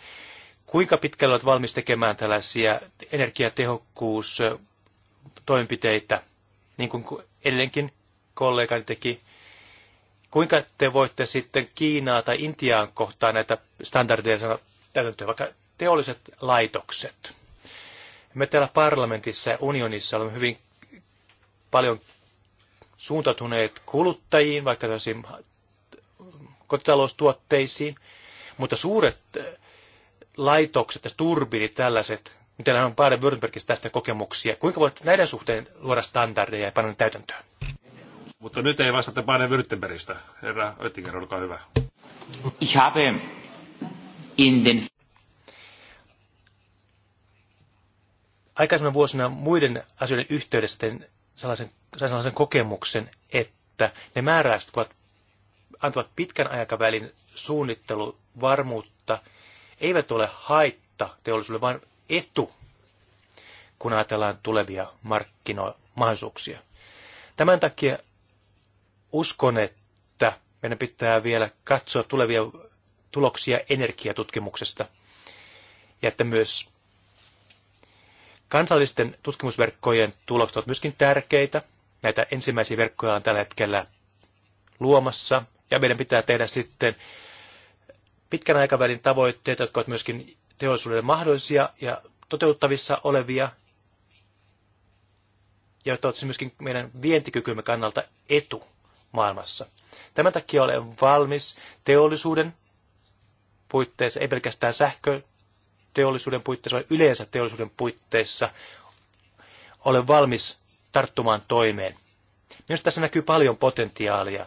Kuinka pitkälle olet valmis tekemään tällaisia energiatehokkuustoimenpiteitä, niin kuin edelleenkin kollegani teki? Kuinka te voitte sitten Kiinaa tai Intiaan kohtaan näitä standardeja täytäntöön, vaikka teolliset laitokset? Me täällä parlamentissa ja unionissa olemme hyvin paljon suuntautuneet kuluttajiin, vaikka tällaisiin kotitaloustuotteisiin, mutta suuret äh, laitokset, tässä turbiinit, tällaiset, mitä on paljon Württembergissä tästä kokemuksia, kuinka voit näiden suhteen luoda standardeja
ja panna ne täytäntöön? Mutta nyt ei vastata paljon Württembergistä. Herra Oettinger, olkaa hyvä. Ich habe in den...
Aikaisemmin vuosina muiden asioiden yhteydessä sellaisen, sellaisen kokemuksen, että ne määräykset ovat, antavat pitkän aikavälin suunnitteluvarmuutta, eivät ole haitta teollisuudelle, vaan etu, kun ajatellaan tulevia markkinomahdollisuuksia. Tämän takia uskon, että meidän pitää vielä katsoa tulevia tuloksia energiatutkimuksesta ja että myös Kansallisten tutkimusverkkojen tulokset ovat myöskin tärkeitä. Näitä ensimmäisiä verkkoja on tällä hetkellä luomassa, ja meidän pitää tehdä sitten pitkän aikavälin tavoitteita, jotka ovat myöskin teollisuudelle mahdollisia ja toteuttavissa olevia, ja jotta olisi siis myöskin meidän vientikykymme kannalta etu maailmassa. Tämän takia olen valmis teollisuuden puitteissa, ei pelkästään sähkö, teollisuuden puitteissa, vaan yleensä teollisuuden puitteissa ole valmis tarttumaan toimeen. Myös tässä näkyy paljon potentiaalia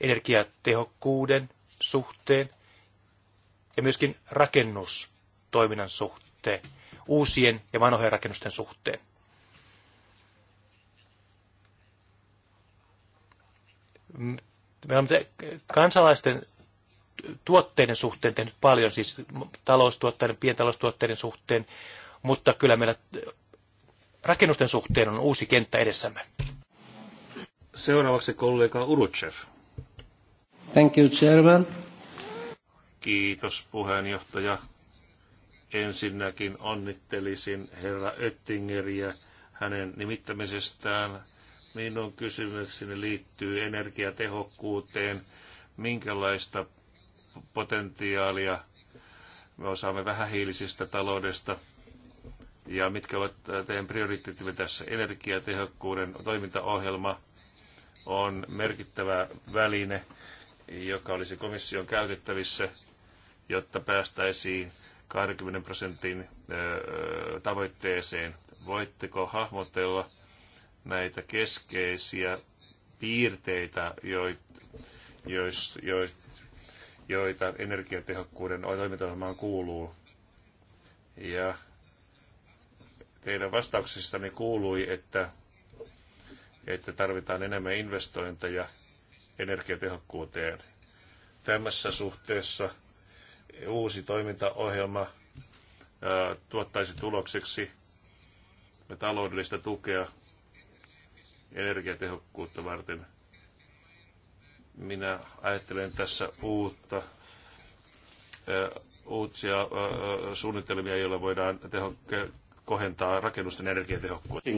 energiatehokkuuden suhteen ja myöskin rakennustoiminnan suhteen, uusien ja vanhojen rakennusten suhteen. Me olemme kansalaisten tuotteiden suhteen tehnyt paljon, siis taloustuotteiden, pientaloustuotteiden suhteen, mutta kyllä meillä rakennusten suhteen on
uusi kenttä edessämme. Seuraavaksi kollega Uruchev.
Thank you, Chairman.
Kiitos puheenjohtaja. Ensinnäkin onnittelisin herra Oettingeriä hänen nimittämisestään. Minun kysymykseni liittyy energiatehokkuuteen. Minkälaista potentiaalia, me osaamme vähähiilisistä taloudesta ja mitkä ovat äh, teidän prioriteettimme tässä. Energiatehokkuuden toimintaohjelma on merkittävä väline, joka olisi komission käytettävissä, jotta päästäisiin 20 prosentin äh, tavoitteeseen. Voitteko hahmotella näitä keskeisiä piirteitä, joita jois, joita energiatehokkuuden toimintaohjelmaan kuuluu. Ja teidän vastauksistanne kuului, että, että tarvitaan enemmän investointeja energiatehokkuuteen. Tämässä suhteessa uusi toimintaohjelma ää, tuottaisi tulokseksi taloudellista tukea energiatehokkuutta varten – minä ajattelen tässä uutta, uusia suunnitelmia, joilla voidaan teho, kohentaa rakennusten energiatehokkuutta.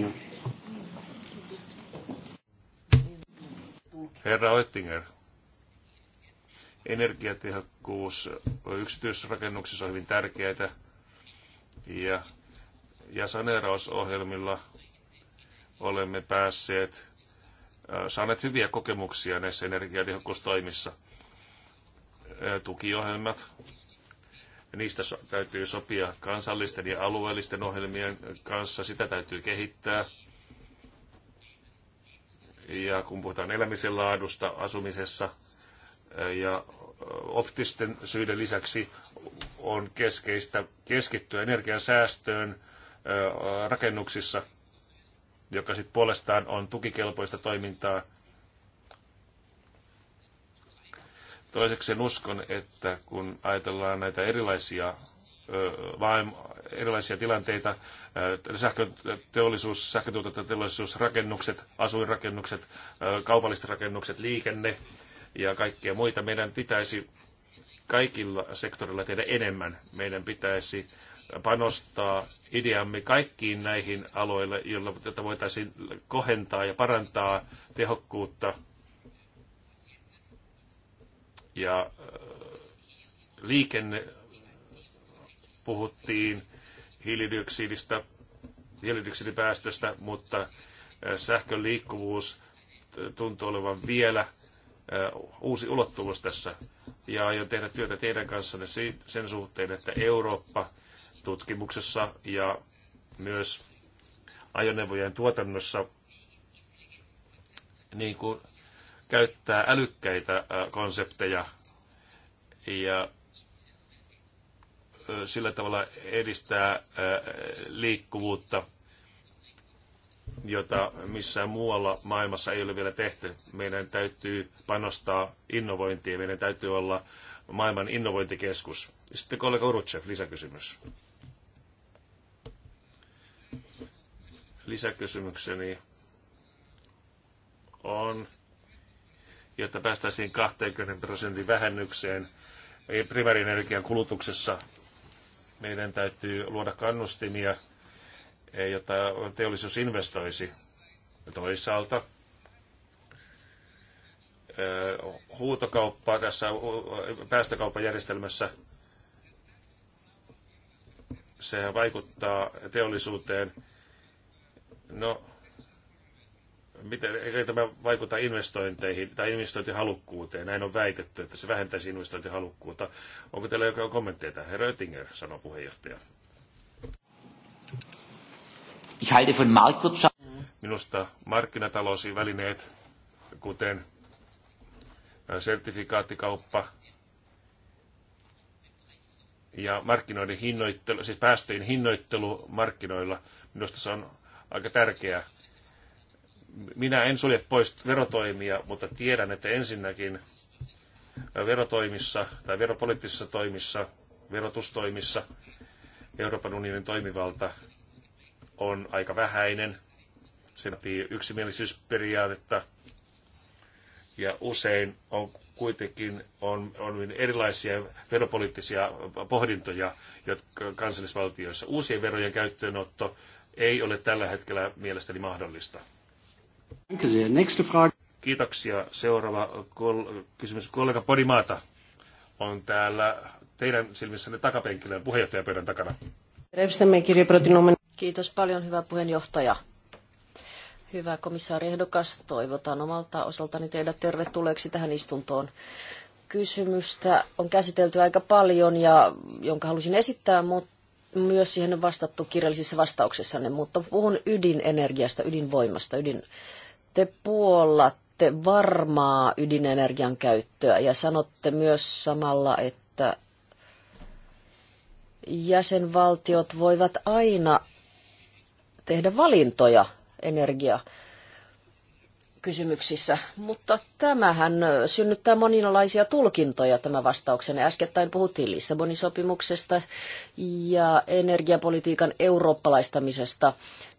Herra Oettinger, energiatehokkuus yksityisrakennuksissa on hyvin tärkeää ja, ja saneerausohjelmilla olemme päässeet saaneet hyviä kokemuksia näissä energiatehokkuustoimissa. Tukiohjelmat, niistä täytyy sopia kansallisten ja alueellisten ohjelmien kanssa, sitä täytyy kehittää. Ja kun puhutaan elämisen laadusta asumisessa ja optisten syiden lisäksi on keskeistä keskittyä energiansäästöön rakennuksissa joka sitten puolestaan on tukikelpoista toimintaa. Toiseksi uskon, että kun ajatellaan näitä erilaisia erilaisia tilanteita, sähköteollisuus, sähkötuotantoteollisuus, rakennukset, asuinrakennukset, kaupalliset rakennukset, liikenne ja kaikkia muita. Meidän pitäisi kaikilla sektorilla tehdä enemmän. Meidän pitäisi panostaa ideamme kaikkiin näihin aloille, joilla jota voitaisiin kohentaa ja parantaa tehokkuutta ja äh, liikenne puhuttiin hiilidioksidista, hiilidioksidipäästöstä, mutta äh, sähkön liikkuvuus äh, tuntuu olevan vielä uusi ulottuvuus tässä. Ja aion tehdä työtä teidän kanssanne sen suhteen, että Eurooppa tutkimuksessa ja myös ajoneuvojen tuotannossa niin kuin käyttää älykkäitä konsepteja ja sillä tavalla edistää liikkuvuutta, jota missään muualla maailmassa ei ole vielä tehty. Meidän täytyy panostaa innovointiin, meidän täytyy olla maailman innovointikeskus. Sitten kollega Urutsev, lisäkysymys. lisäkysymykseni on, jotta päästäisiin 20 prosentin vähennykseen primäärienergian kulutuksessa, meidän täytyy luoda kannustimia, jotta teollisuus investoisi. Toisaalta huutokauppa tässä päästökauppajärjestelmässä se vaikuttaa teollisuuteen No, miten, ei tämä vaikuta investointeihin tai investointihalukkuuteen? Näin on väitetty, että se vähentäisi investointihalukkuutta. Onko teillä jotain kommentteja tähän? Herra Oettinger, sanoi puheenjohtaja. Minusta markkinatalousin välineet, kuten äh, sertifikaattikauppa ja markkinoiden hinnoittelu, siis päästöjen hinnoittelu markkinoilla, minusta se on aika tärkeä. Minä en sulje pois verotoimia, mutta tiedän, että ensinnäkin verotoimissa tai veropoliittisissa toimissa, verotustoimissa Euroopan unionin toimivalta on aika vähäinen. Se vaatii yksimielisyysperiaatetta ja usein on kuitenkin on, on erilaisia veropoliittisia pohdintoja jotka kansallisvaltioissa. Uusien verojen käyttöönotto ei ole tällä hetkellä mielestäni mahdollista. Kiitoksia. Seuraava kysymys. Kollega Podimaata on täällä teidän silmissänne takapenkillä puheenjohtajapöydän
takana. Kiitos paljon, hyvä puheenjohtaja. Hyvä komissaari ehdokas, toivotan omalta osaltani teidät tervetulleeksi tähän istuntoon. Kysymystä on käsitelty aika paljon, ja jonka halusin esittää, mutta myös siihen on vastattu kirjallisissa vastauksissanne, mutta puhun ydinenergiasta, ydinvoimasta. Ydin... Te puollatte varmaa ydinenergian käyttöä ja sanotte myös samalla, että jäsenvaltiot voivat aina tehdä valintoja energiaa kysymyksissä, mutta tämähän synnyttää moninlaisia tulkintoja tämä vastauksen. Äskettäin puhuttiin Lissabonin sopimuksesta ja energiapolitiikan eurooppalaistamisesta.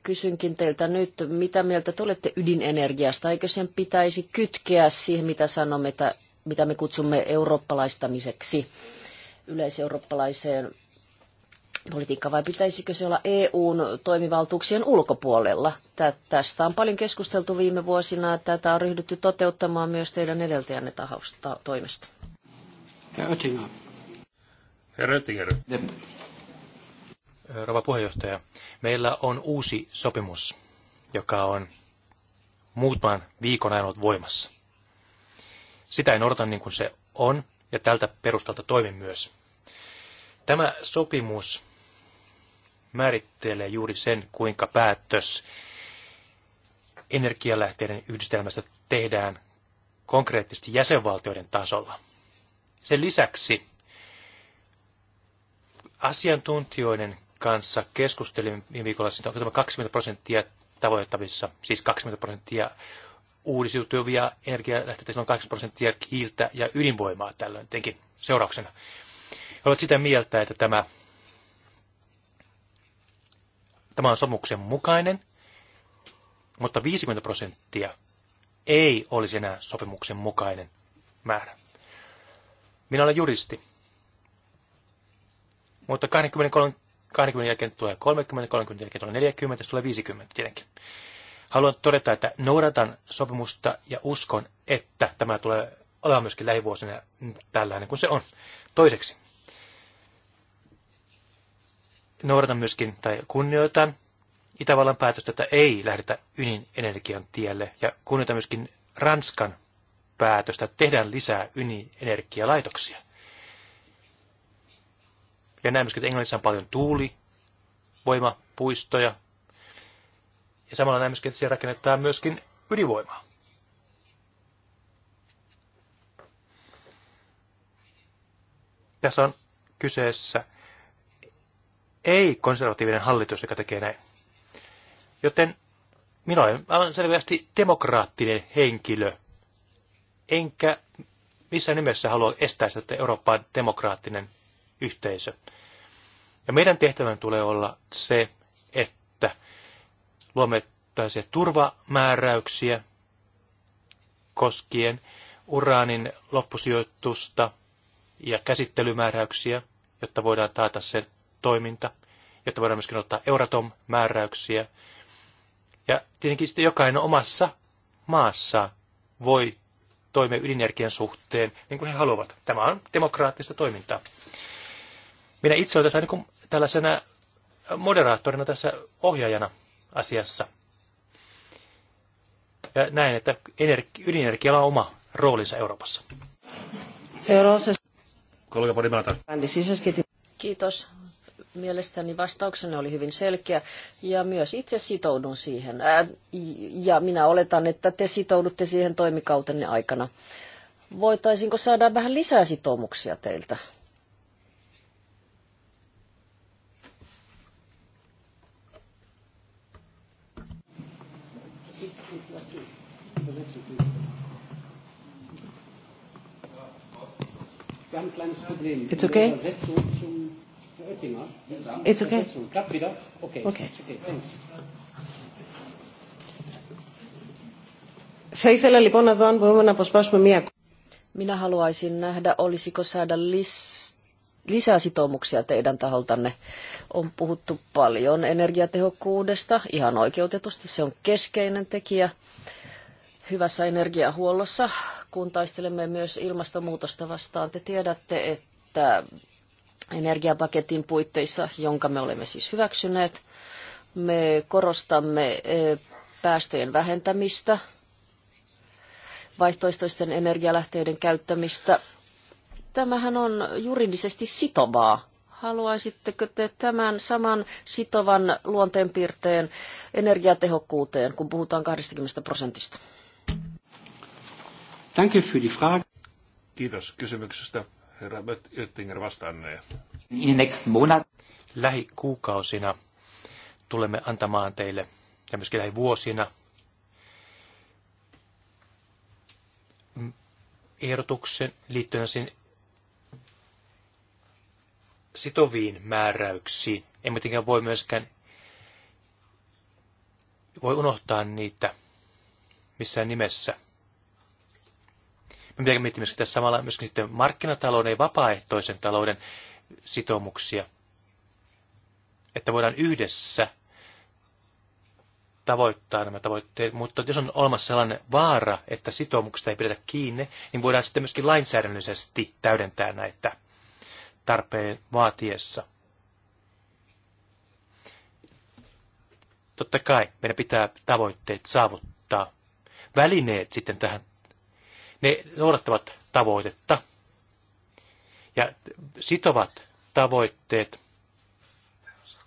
Kysynkin teiltä nyt, mitä mieltä te olette ydinenergiasta? Eikö sen pitäisi kytkeä siihen, mitä sanomme, että mitä me kutsumme eurooppalaistamiseksi yleiseurooppalaiseen politiikka vai pitäisikö se olla EUn toimivaltuuksien ulkopuolella? Tästä on paljon keskusteltu viime vuosina, että tätä on ryhdytty toteuttamaan myös teidän edeltäjänne tahausta toimesta.
Herr Oettinger. Herra Oettinger.
Rova puheenjohtaja, meillä on uusi sopimus, joka on muutaman viikon ajan ollut voimassa. Sitä ei noudata niin kuin se on, ja tältä perustalta toimin myös. Tämä sopimus määrittelee juuri sen, kuinka päätös energialähteiden yhdistelmästä tehdään konkreettisesti jäsenvaltioiden tasolla. Sen lisäksi asiantuntijoiden kanssa keskustelin viime viikolla, että onko tämä 20 prosenttia tavoittavissa, siis 20 prosenttia uudistuutuvia energialähteitä, on 20 prosenttia kiiltä ja ydinvoimaa tällöin tietenkin seurauksena. He ovat sitä mieltä, että tämä tämä on sopimuksen mukainen, mutta 50 prosenttia ei olisi enää sopimuksen mukainen määrä. Minä olen juristi, mutta 23, 20 jälkeen tulee 30, 30 jälkeen tulee 40, tulee 50 tietenkin. Haluan todeta, että noudatan sopimusta ja uskon, että tämä tulee olemaan myöskin lähivuosina tällainen kuin se on. Toiseksi, noudatan myöskin tai kunnioitan Itävallan päätöstä, että ei lähdetä ydinenergian tielle ja kunnioitan myöskin Ranskan päätöstä, että tehdään lisää ydinenergialaitoksia. Ja näin myöskin, että Englannissa on paljon tuuli, puistoja Ja samalla näin myöskin, että siellä rakennetaan myöskin ydinvoimaa. Tässä on kyseessä ei konservatiivinen hallitus, joka tekee näin. Joten minä olen aivan selvästi demokraattinen henkilö, enkä missään nimessä halua estää sitä, että Eurooppa on demokraattinen yhteisö. Ja meidän tehtävän tulee olla se, että luomme tällaisia turvamääräyksiä koskien uraanin loppusijoitusta ja käsittelymääräyksiä, jotta voidaan taata sen toiminta, jotta voidaan myöskin ottaa Euratom-määräyksiä. Ja tietenkin sitten jokainen omassa maassa voi toimia ydinenergian suhteen niin kuin he haluavat. Tämä on demokraattista toimintaa. Minä itse olen tässä niin kuin tällaisena moderaattorina tässä ohjaajana asiassa. Ja näen, että energi- ydinenergialla on oma roolinsa Euroopassa.
Siis Kiitos. Mielestäni vastauksenne oli hyvin selkeä ja myös itse sitoudun siihen. Ää, ja minä oletan, että te sitoudutte siihen toimikautenne aikana. Voitaisinko saada vähän lisää sitoumuksia teiltä?
It's okay. It's okay. Okay. okay.
Θα ήθελα λοιπόν να δω αν μπορούμε να αποσπάσουμε μία. Minä haluaisin nähdä, olisiko saada lis- lisää sitoumuksia teidän taholtanne. On puhuttu paljon energiatehokkuudesta, ihan oikeutetusti se on keskeinen tekijä hyvässä energiahuollossa, kun taistelemme myös ilmastonmuutosta vastaan. Te tiedätte, että energiapaketin puitteissa, jonka me olemme siis hyväksyneet. Me korostamme e, päästöjen vähentämistä, vaihtoehtoisten energialähteiden käyttämistä. Tämähän on juridisesti sitovaa. Haluaisitteko te tämän saman sitovan luonteenpiirteen energiatehokkuuteen, kun puhutaan 20 prosentista?
Kiitos kysymyksestä. Herra Öttinger vastannee.
Next monat. Lähikuukausina tulemme antamaan teille ja myöskin lähivuosina ehdotuksen liittyen sen sitoviin määräyksiin. Emme tietenkään voi myöskään voi unohtaa niitä missään nimessä. Me pitää miettiä myöskin tässä samalla myöskin sitten markkinatalouden ja vapaaehtoisen talouden sitoumuksia, että voidaan yhdessä tavoittaa nämä tavoitteet, mutta jos on olemassa sellainen vaara, että sitoumuksista ei pidetä kiinni, niin voidaan sitten myöskin lainsäädännöllisesti täydentää näitä tarpeen vaatiessa. Totta kai meidän pitää tavoitteet saavuttaa. Välineet sitten tähän ne noudattavat tavoitetta ja sitovat tavoitteet.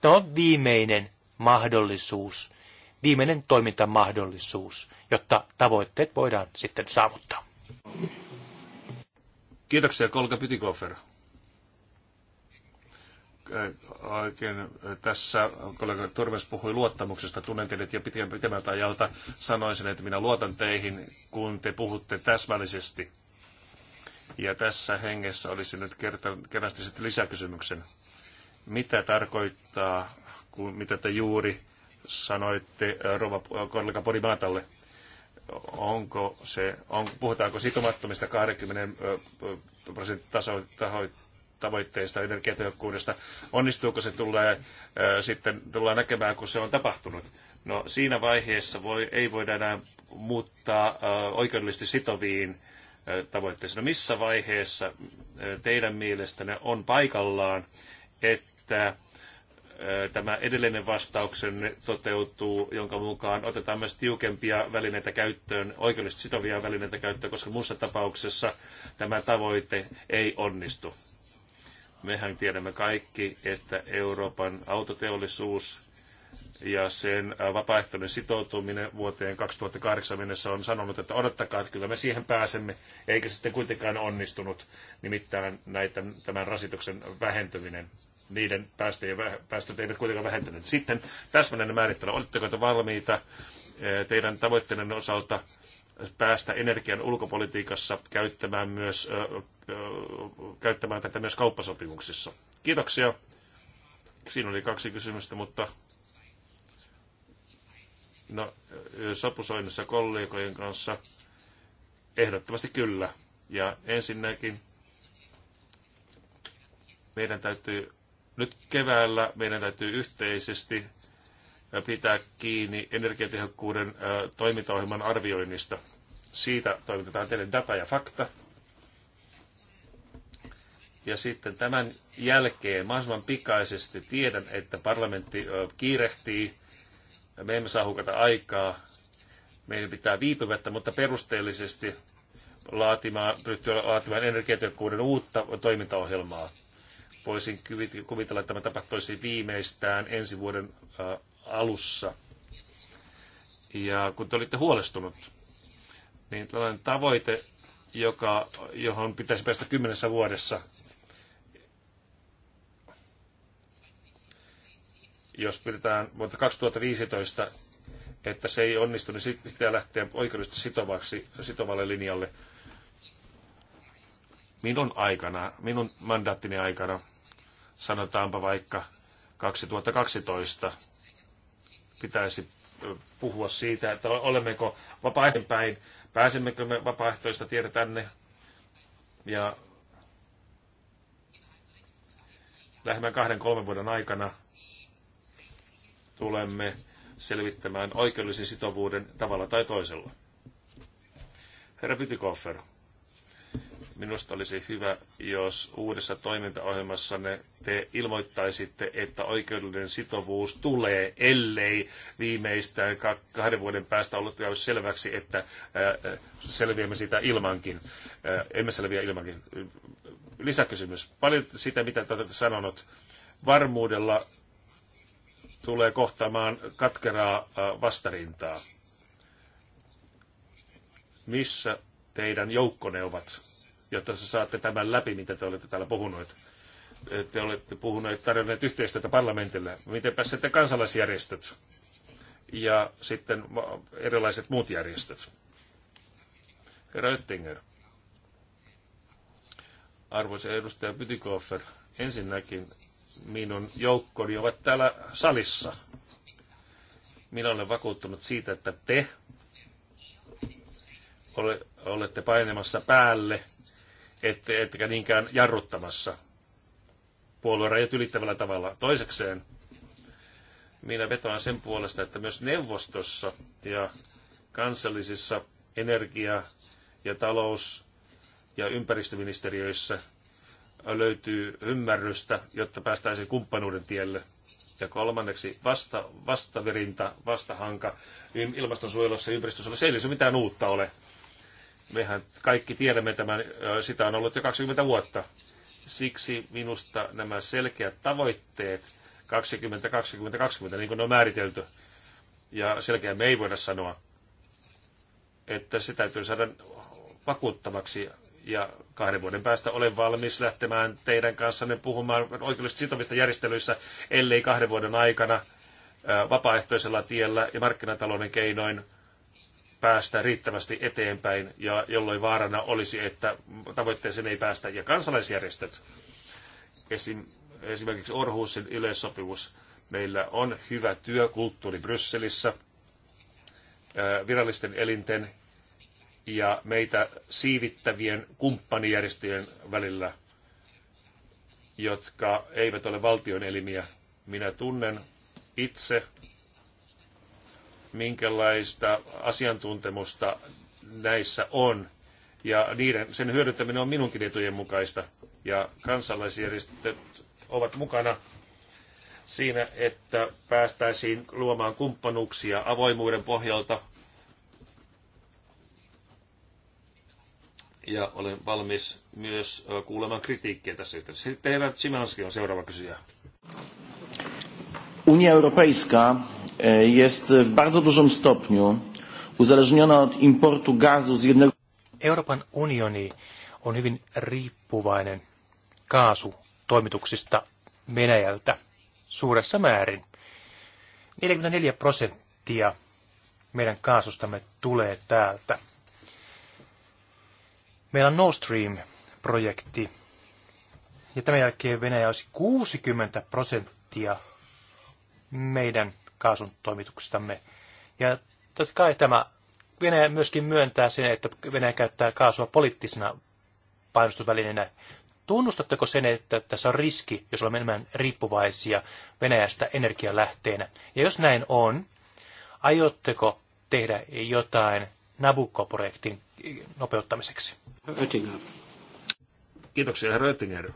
Ne on viimeinen mahdollisuus, viimeinen toimintamahdollisuus, jotta tavoitteet voidaan sitten saavuttaa.
Kiitoksia Kolka Pytikoffer. Äh, oikein äh, tässä kollega Turves puhui luottamuksesta. Tunnen teidät jo pitemmältä ajalta. Sanoisin, että minä luotan teihin, kun te puhutte täsmällisesti. Ja tässä hengessä olisin nyt kerrasti sitten lisäkysymyksen. Mitä tarkoittaa, kun, mitä te juuri sanoitte äh, Rova kollega Podimaatalle? onko se, on, puhutaanko sitomattomista 20 prosentin tavoitteista, energiatehokkuudesta. Onnistuuko se tulee, äh, sitten tullaan näkemään, kun se on tapahtunut. No siinä vaiheessa voi, ei voida enää muuttaa äh, oikeudellisesti sitoviin äh, tavoitteisiin. No missä vaiheessa teidän mielestänne on paikallaan, että tämä edellinen vastauksen toteutuu, jonka mukaan otetaan myös tiukempia välineitä käyttöön, oikeudellisesti sitovia välineitä käyttöön, koska muussa tapauksessa tämä tavoite ei onnistu. Mehän tiedämme kaikki, että Euroopan autoteollisuus ja sen äh, vapaaehtoinen sitoutuminen vuoteen 2008 mennessä on sanonut, että odottakaa, että kyllä me siihen pääsemme, eikä sitten kuitenkaan onnistunut, nimittäin näitä, tämän rasituksen vähentyminen. Niiden päästöjen, päästöt eivät kuitenkaan vähentyneet. Sitten täsmällinen määrittely, oletteko te valmiita äh, teidän tavoitteiden osalta päästä energian ulkopolitiikassa käyttämään, myös, käyttämään tätä myös kauppasopimuksissa. Kiitoksia. Siinä oli kaksi kysymystä, mutta no, sopusoinnissa kollegojen kanssa ehdottomasti kyllä. Ja ensinnäkin meidän täytyy nyt keväällä meidän täytyy yhteisesti pitää kiinni energiatehokkuuden toimintaohjelman arvioinnista. Siitä toimitetaan teille data ja fakta. Ja sitten tämän jälkeen mahdollisimman pikaisesti tiedän, että parlamentti kiirehtii. Me emme saa hukata aikaa. Meidän pitää viipymättä, mutta perusteellisesti laatimaan, ryhtyä laatimaan energiatehokkuuden uutta toimintaohjelmaa. Voisin kuvitella, että tämä tapahtuisi viimeistään ensi vuoden alussa. Ja kun te olitte huolestunut, niin tällainen tavoite, joka, johon pitäisi päästä kymmenessä vuodessa, jos pidetään vuotta 2015, että se ei onnistu, niin sitten pitää lähteä oikeudellisesti sitovaksi, sitovalle linjalle. Minun aikana, minun mandaattini aikana, sanotaanpa vaikka 2012, pitäisi puhua siitä, että olemmeko vapaiden päin, pääsemmekö me vapaaehtoista tietä tänne ja lähemmän kahden kolmen vuoden aikana tulemme selvittämään oikeudellisen sitovuuden tavalla tai toisella. Herra Pytikoffer, Minusta olisi hyvä, jos uudessa toimintaohjelmassanne te ilmoittaisitte, että oikeudellinen sitovuus tulee, ellei viimeistään kahden vuoden päästä ollut selväksi, että selviämme siitä ilmankin. Emme selviä ilmankin. Lisäkysymys. Paljon sitä, mitä olette sanonut, varmuudella tulee kohtaamaan katkeraa vastarintaa missä teidän joukkonne ovat jotta saatte tämän läpi, mitä te olette täällä puhuneet. Eh, te olette puhuneet, tarjonneet yhteistyötä parlamentille. Mitenpä sitten kansalaisjärjestöt ja sitten erilaiset muut järjestöt? Herra Oettinger, arvoisa edustaja Pytikoffer, ensinnäkin minun joukkoni ovat täällä salissa. Minä olen vakuuttunut siitä, että te olette painamassa päälle ette, ettekä niinkään jarruttamassa puoluerajat ylittävällä tavalla. Toisekseen minä vetoan sen puolesta, että myös neuvostossa ja kansallisissa energia- ja talous- ja ympäristöministeriöissä löytyy ymmärrystä, jotta päästäisiin kumppanuuden tielle. Ja kolmanneksi vasta, vastavirinta, vastahanka ilmastonsuojelussa ja ympäristössä, ei se mitään uutta ole Mehän kaikki tiedämme tämän, sitä on ollut jo 20 vuotta. Siksi minusta nämä selkeät tavoitteet 2020 20, 20, niin kuin ne on määritelty, ja selkeä me ei voida sanoa, että se täytyy saada vakuuttavaksi ja kahden vuoden päästä olen valmis lähtemään teidän kanssanne puhumaan oikeudellisesti sitovista järjestelyissä, ellei kahden vuoden aikana vapaaehtoisella tiellä ja markkinatalouden keinoin päästä riittävästi eteenpäin, ja jolloin vaarana olisi, että tavoitteeseen ei päästä. Ja kansalaisjärjestöt, esim, esimerkiksi Orhusin yleissopimus, meillä on hyvä työkulttuuri Brysselissä, virallisten elinten ja meitä siivittävien kumppanijärjestöjen välillä, jotka eivät ole valtion elimiä. Minä tunnen itse minkälaista asiantuntemusta näissä on. Ja niiden, sen hyödyntäminen on minunkin etujen mukaista. Ja kansalaisjärjestöt ovat mukana siinä, että päästäisiin luomaan kumppanuuksia avoimuuden pohjalta. Ja olen valmis myös kuulemaan kritiikkiä tässä yhteydessä. Sitten Herra Simanski on seuraava kysyjä. Unia Europejska E, jest w bardzo dużym stopniu uzależniona od importu gazu z jednego...
Euroopan unioni on hyvin riippuvainen kaasutoimituksista Venäjältä suuressa määrin. 44 prosenttia meidän kaasustamme tulee täältä. Meillä on Nord Stream-projekti, ja tämän jälkeen Venäjä olisi 60 prosenttia meidän kaasun toimituksistamme. Ja totta kai tämä Venäjä myöskin myöntää sen, että Venäjä käyttää kaasua poliittisena painostusvälineenä. Tunnustatteko sen, että tässä on riski, jos olemme enemmän riippuvaisia Venäjästä energialähteenä? Ja jos näin on, aiotteko tehdä jotain Nabucco-projektin nopeuttamiseksi? Oettinger. Kiitoksia, herra Oettinger.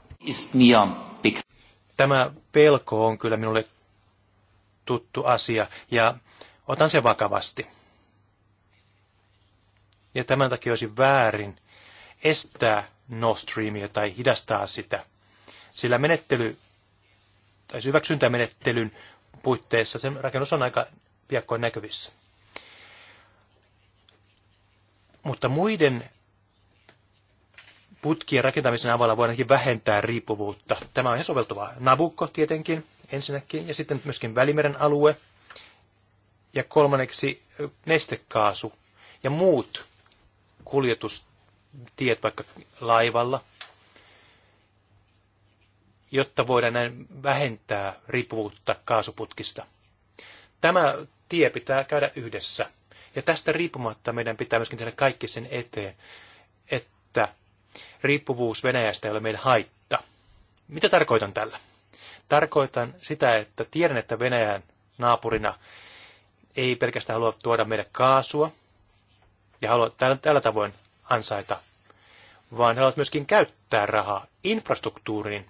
Tämä pelko on kyllä minulle tuttu asia ja otan sen vakavasti. Ja tämän takia olisi väärin estää Nord Streamia tai hidastaa sitä, sillä menettely tai hyväksyntämenettelyn puitteissa sen rakennus on aika piakkoin näkyvissä. Mutta muiden putkien rakentamisen avulla voidaankin vähentää riippuvuutta. Tämä on ihan soveltuvaa. Nabukko tietenkin, ensinnäkin, ja sitten myöskin Välimeren alue, ja kolmanneksi nestekaasu ja muut kuljetustiet vaikka laivalla, jotta voidaan näin vähentää riippuvuutta kaasuputkista. Tämä tie pitää käydä yhdessä. Ja tästä riippumatta meidän pitää myöskin tehdä kaikki sen eteen, että riippuvuus Venäjästä ei ole meidän haitta. Mitä tarkoitan tällä? Tarkoitan sitä, että tiedän, että Venäjän naapurina ei pelkästään halua tuoda meille kaasua ja halua tällä, tällä tavoin ansaita, vaan haluat myöskin käyttää rahaa infrastruktuuriin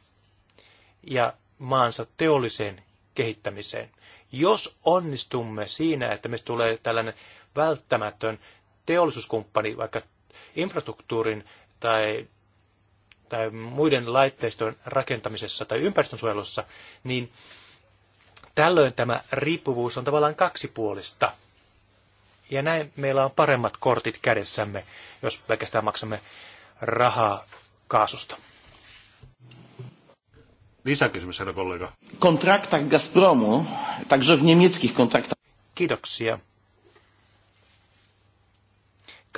ja maansa teolliseen kehittämiseen. Jos onnistumme siinä, että meistä tulee tällainen välttämätön teollisuuskumppani vaikka infrastruktuurin tai tai muiden laitteiston rakentamisessa tai ympäristönsuojelussa, niin tällöin tämä riippuvuus on tavallaan kaksipuolista. Ja näin meillä on paremmat kortit kädessämme, jos pelkästään maksamme rahaa kaasusta. Lisäkysymys, herra kollega. Kontrakta Gazpromu, także w niemieckich kontrakta. Kiitoksia.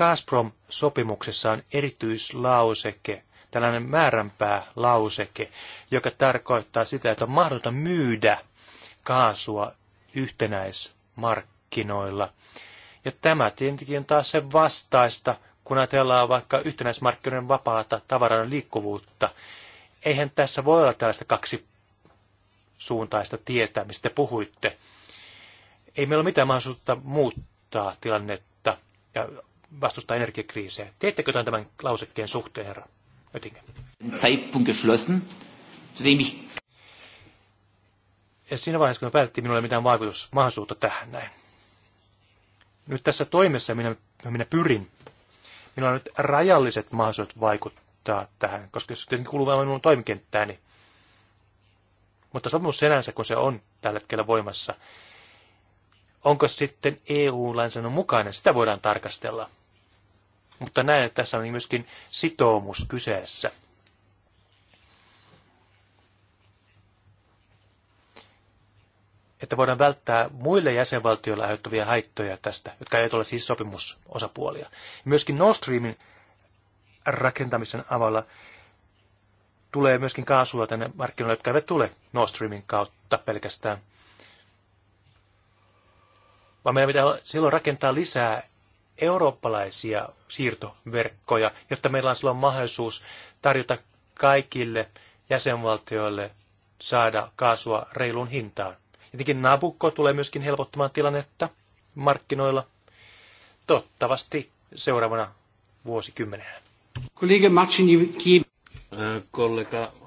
Gazprom-sopimuksessa on erityislauseke, tällainen määränpää lauseke, joka tarkoittaa sitä, että on mahdotonta myydä kaasua yhtenäismarkkinoilla. Ja tämä tietenkin on taas sen vastaista, kun ajatellaan vaikka yhtenäismarkkinoiden vapaata tavaran liikkuvuutta. Eihän tässä voi olla tällaista kaksi suuntaista tietää, mistä te puhuitte. Ei meillä ole mitään mahdollisuutta muuttaa tilannetta ja vastustaa energiakriisejä. Teettekö tämän lausekkeen suhteen, herra? Oettingen. Zeitpunkt geschlossen, zu dem ich... Ja siinä vaiheessa, kun me päätettiin, minulla ei mitään vaikutusmahdollisuutta tähän näin. Nyt tässä toimessa, minä, minä pyrin, minulla on nyt rajalliset mahdollisuudet vaikuttaa tähän, koska jos tietenkin kuuluu vain minun toimikenttääni, niin mutta sopimus senänsä, kun se on tällä hetkellä voimassa, onko sitten EU-lainsäädännön mukainen, sitä voidaan tarkastella mutta näen, että tässä on myöskin sitoumus kyseessä. Että voidaan välttää muille jäsenvaltioille aiheuttavia haittoja tästä, jotka eivät ole siis sopimusosapuolia. Myöskin Nord Streamin rakentamisen avalla tulee myöskin kaasua tänne markkinoille, jotka eivät tule Nord Streamin kautta pelkästään. Vaan meidän pitää silloin rakentaa lisää eurooppalaisia siirtoverkkoja, jotta meillä on silloin mahdollisuus tarjota kaikille jäsenvaltioille saada kaasua reilun hintaan. Jotenkin Nabukko tulee myöskin helpottamaan tilannetta markkinoilla.
Tottavasti seuraavana vuosikymmenenä.
Kollega Macin
äh, Kollega äh,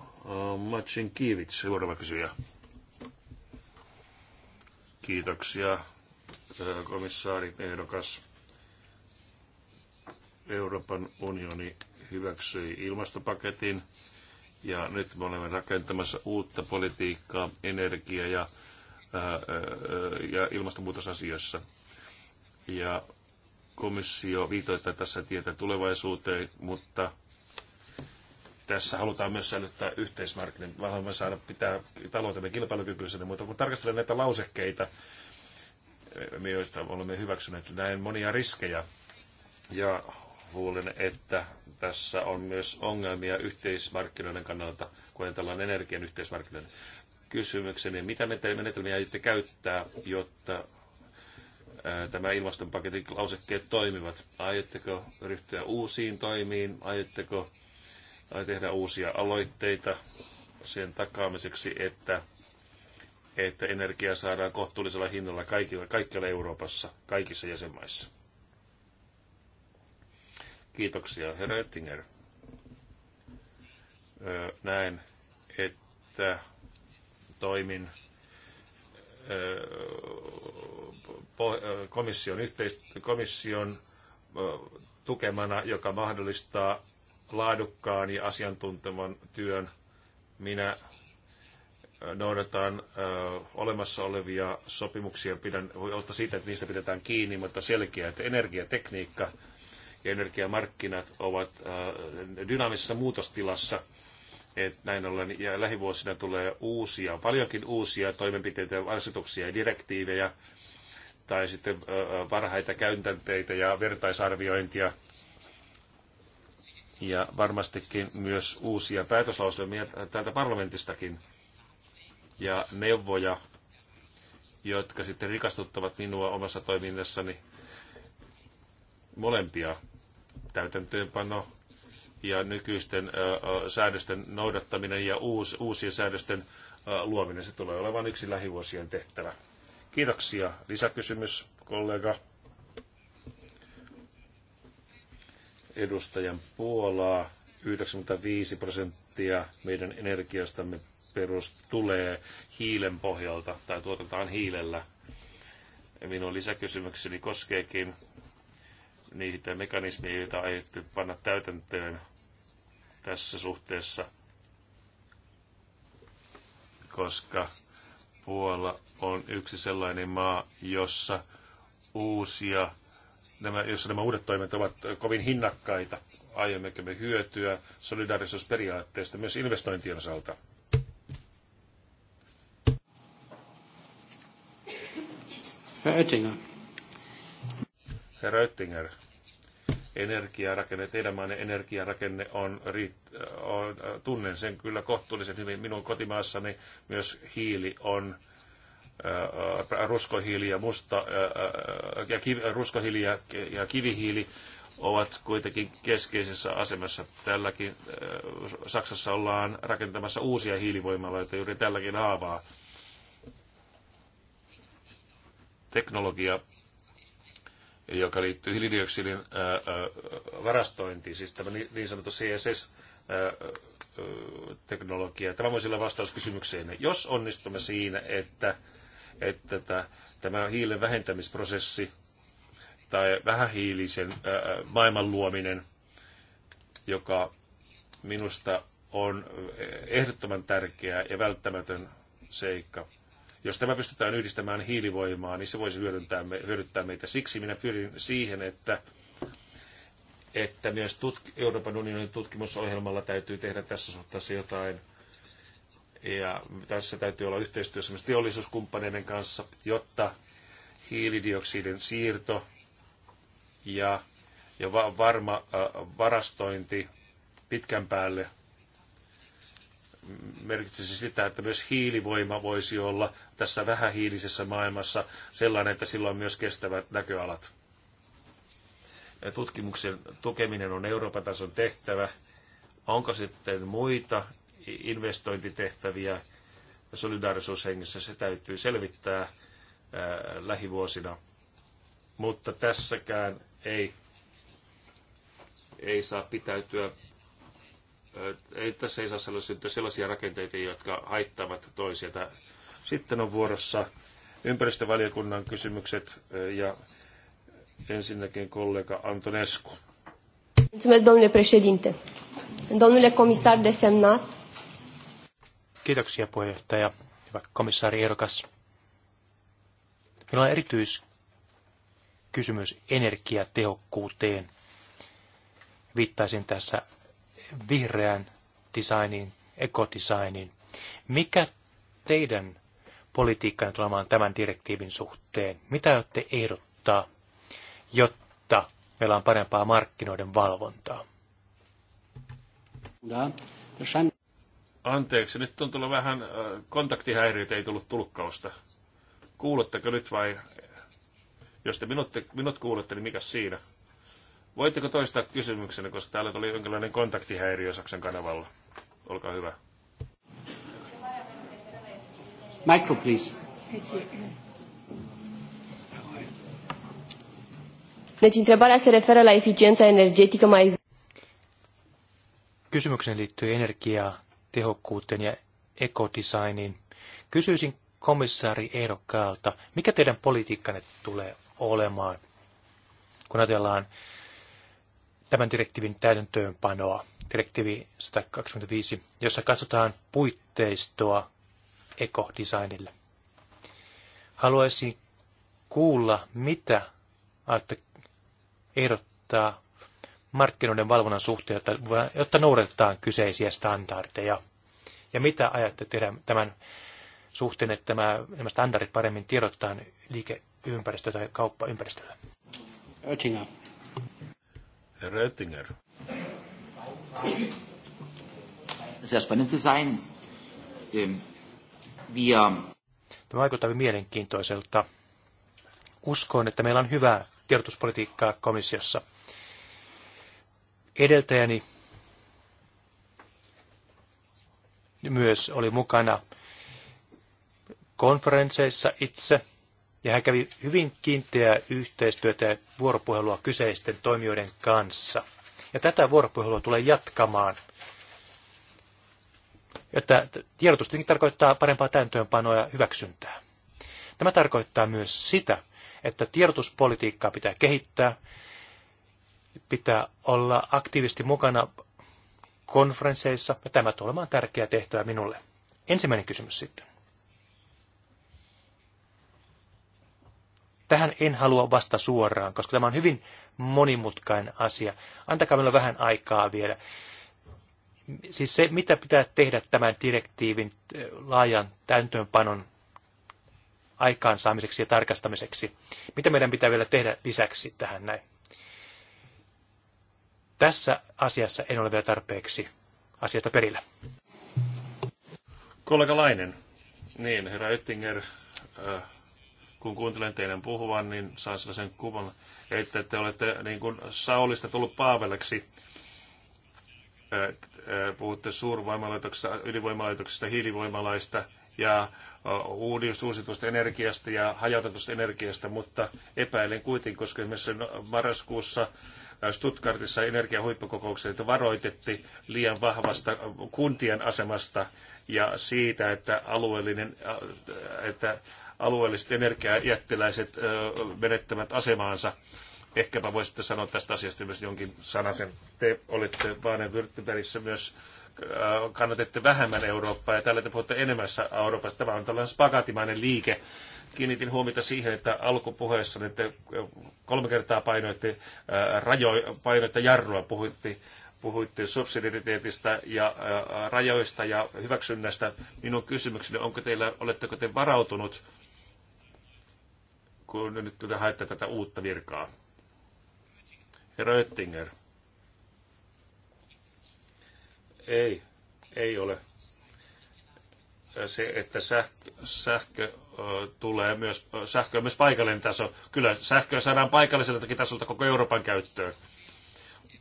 Macin Kiivits, seuraava kysyjä. Kiitoksia, äh, komissaari ehdokas. Euroopan unioni hyväksyi ilmastopaketin ja nyt me olemme rakentamassa uutta politiikkaa energia- ja, ää, ja ilmastonmuutosasioissa. Ja komissio viitoittaa tässä tietä tulevaisuuteen, mutta tässä halutaan myös säilyttää yhteismarkkinat. Me haluamme saada pitää taloutemme kilpailukykyisenä, mutta kun tarkastelen näitä lausekkeita, me joita olemme hyväksyneet, näen monia riskejä ja luulen, että tässä on myös ongelmia yhteismarkkinoiden kannalta, kun ajatellaan energian yhteismarkkinoiden kysymykseni. Mitä menetelmiä aiotte käyttää, jotta tämä ilmastonpaketin lausekkeet toimivat? Aiotteko ryhtyä uusiin toimiin? Aiotteko tehdä uusia aloitteita sen takaamiseksi, että, että energiaa saadaan kohtuullisella hinnalla kaikilla, kaikkialla Euroopassa, kaikissa jäsenmaissa? Kiitoksia, herra Oettinger. Näen, että toimin komission, yhteist- komission tukemana, joka mahdollistaa laadukkaan ja asiantuntevan työn. Minä noudataan olemassa olevia sopimuksia, pidän huolta siitä, että niistä pidetään kiinni, mutta selkeä, että energiatekniikka – ja energiamarkkinat ovat äh, dynaamisessa muutostilassa. Et näin ollen ja lähivuosina tulee uusia, paljonkin uusia toimenpiteitä, asetuksia ja direktiivejä tai sitten varhaita äh, äh, käytänteitä ja vertaisarviointia ja varmastikin myös uusia päätöslauselmia täältä parlamentistakin ja neuvoja, jotka sitten rikastuttavat minua omassa toiminnassani molempia täytäntöönpano ja nykyisten säädösten noudattaminen ja uus, uusien säädösten luominen, se tulee olemaan yksi lähivuosien tehtävä. Kiitoksia. Lisäkysymys, kollega. Edustajan Puolaa. 95 prosenttia meidän energiastamme perus tulee hiilen pohjalta tai tuotetaan hiilellä. Minun lisäkysymykseni koskeekin niitä mekanismeja, joita aiottu panna täytäntöön tässä suhteessa, koska Puola on yksi sellainen maa, jossa uusia, nämä, jossa nämä uudet toimet ovat kovin hinnakkaita. Aiommeko me hyötyä solidaarisuusperiaatteesta myös investointien osalta? Herr Oettinger. Herra Oettinger, energiarakenne, teidän maanne energiarakenne on, on, tunnen sen kyllä kohtuullisen hyvin. Minun kotimaassani myös hiili on ää, äh, äh, ruskohiili ja musta ää, äh, ja kiv, ruskohiili ja, ja kivihiili ovat kuitenkin keskeisessä asemassa. Tälläkin ää, Saksassa ollaan rakentamassa uusia hiilivoimaloita juuri tälläkin haavaa. Teknologia joka liittyy hiilidioksidin varastointiin, siis tämä niin sanottu CSS, teknologia. Tämä voisi olla vastaus kysymykseen. Jos onnistumme siinä, että, että tämä hiilen vähentämisprosessi tai vähähiilisen maailman luominen, joka minusta on ehdottoman tärkeä ja välttämätön seikka. Jos tämä pystytään yhdistämään hiilivoimaan, niin se voisi hyödyntää, hyödyttää meitä. Siksi minä pyrin siihen, että, että myös tutk- Euroopan unionin tutkimusohjelmalla täytyy tehdä tässä suhteessa jotain. Ja tässä täytyy olla yhteistyössä myös teollisuuskumppaneiden kanssa, jotta hiilidioksidin siirto ja, ja varma äh, varastointi pitkän päälle – merkitsisi sitä, että myös hiilivoima voisi olla tässä vähähiilisessä maailmassa sellainen, että sillä on myös kestävät näköalat. Tutkimuksen tukeminen on Euroopan tason tehtävä. Onko sitten muita investointitehtäviä solidaarisuushengissä se täytyy selvittää lähivuosina. Mutta tässäkään ei, ei saa pitäytyä ei, tässä ei saa syntyä sellaisia rakenteita, jotka haittavat toisia. Sitten on vuorossa ympäristövaliokunnan kysymykset ja ensinnäkin kollega Antonescu.
Kiitoksia puheenjohtaja, hyvä komissaari Erokas. Minulla on erityiskysymys energiatehokkuuteen. Viittaisin tässä vihreään designiin, ekodesigniin. Mikä teidän politiikkanne tulemaan tämän direktiivin suhteen? Mitä olette ehdottaa, jotta meillä on parempaa markkinoiden valvontaa?
Anteeksi, nyt on tullut vähän äh, kontaktihäiriöitä, ei tullut tulkkausta. Kuuletteko nyt vai? Jos te minut, minut kuulette, niin mikä siinä? Voitteko toistaa kysymyksenne, koska täällä tuli jonkinlainen kontaktihäiriö Saksan kanavalla. Olkaa hyvä. Micro, please. se
mai...
Kysymykseni liittyy energiaa, tehokkuuteen ja ekodesigniin. Kysyisin komissaari ehdokkaalta, mikä teidän politiikkanne tulee olemaan, kun ajatellaan tämän direktiivin täytäntöönpanoa, direktiivi 125, jossa katsotaan puitteistoa ekodesignille. Haluaisin kuulla, mitä aiotte ehdottaa markkinoiden valvonnan suhteen, jotta, jotta noudatetaan kyseisiä standardeja. Ja mitä ajatte tehdä tämän suhteen, että tämä, nämä standardit paremmin tiedottaa liikeympäristöä tai kauppaympäristölle? Oettinger, Röttinger. Sehr spannend zu sein. Ähm, wir... Tämä vaikuttaa hyvin mielenkiintoiselta. Uskon, että meillä on hyvää tiedotuspolitiikkaa komissiossa. Edeltäjäni myös oli mukana konferensseissa itse – ja hän kävi hyvin kiinteää yhteistyötä ja vuoropuhelua kyseisten toimijoiden kanssa. Ja tätä vuoropuhelua tulee jatkamaan. Jotta tiedotus tarkoittaa parempaa täytäntöönpanoa ja hyväksyntää. Tämä tarkoittaa myös sitä, että tiedotuspolitiikkaa pitää kehittää, pitää olla aktiivisesti mukana konferensseissa, ja tämä tulee olemaan tärkeä tehtävä minulle. Ensimmäinen kysymys sitten. Tähän en halua vasta suoraan, koska tämä on hyvin monimutkainen asia. Antakaa meillä vähän aikaa vielä. Siis se, mitä pitää tehdä tämän direktiivin laajan täytäntöönpanon aikaansaamiseksi ja tarkastamiseksi. Mitä meidän pitää vielä tehdä lisäksi tähän näin? Tässä asiassa en ole vielä tarpeeksi asiasta perillä.
Kollega Lainen. Niin, herra Oettinger, äh, kun kuuntelen teidän puhuvan, niin saan sellaisen kuvan, että te olette niin kuin Saulista tullut Paaveleksi. Puhutte suurvoimalaitoksista, ydinvoimalaitoksista, hiilivoimalaista ja uudistuvasta energiasta ja hajautetusta energiasta, mutta epäilen kuitenkin, koska esimerkiksi marraskuussa Stuttgartissa energiahuippukokouksessa, että varoitettiin liian vahvasta kuntien asemasta ja siitä, että alueellinen, että alueelliset energiajättiläiset menettävät asemaansa. Ehkäpä voisitte sanoa tästä asiasta myös jonkin sanasen. Te olitte Vaanen Württembergissä myös kannatette vähemmän Eurooppaa ja tällä te puhutte enemmän Euroopasta. Tämä on tällainen spagatimainen liike. Kiinnitin huomiota siihen, että alkupuheessa että kolme kertaa painoitte, rajo, painoitte jarrua, puhuitte, puhuitte subsidiariteetista ja rajoista ja hyväksynnästä. Minun kysymykseni, onko teillä, oletteko te varautunut kun nyt haette tätä uutta virkaa. Herra Oettinger. Ei, ei ole. Se, että sähkö, sähkö tulee myös, sähkö on myös paikallinen taso. Kyllä, sähköä saadaan paikalliseltakin tasolta koko Euroopan käyttöön.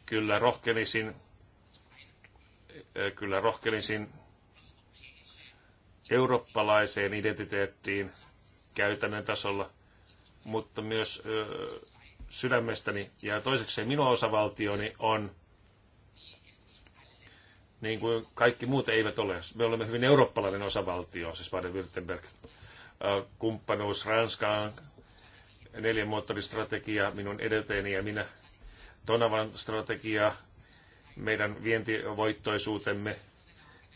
Kyllä rohkenisin, kyllä rohkenisin eurooppalaiseen identiteettiin käytännön tasolla – mutta myös sydämestäni. Ja toiseksi minun osavaltioni on, niin kuin kaikki muut eivät ole, me olemme hyvin eurooppalainen osavaltio, siis Baden-Württemberg. Kumppanuus Ranskaan, neljän moottoristrategia minun edelteeni ja minä, Tonavan strategia, meidän vientivoittoisuutemme,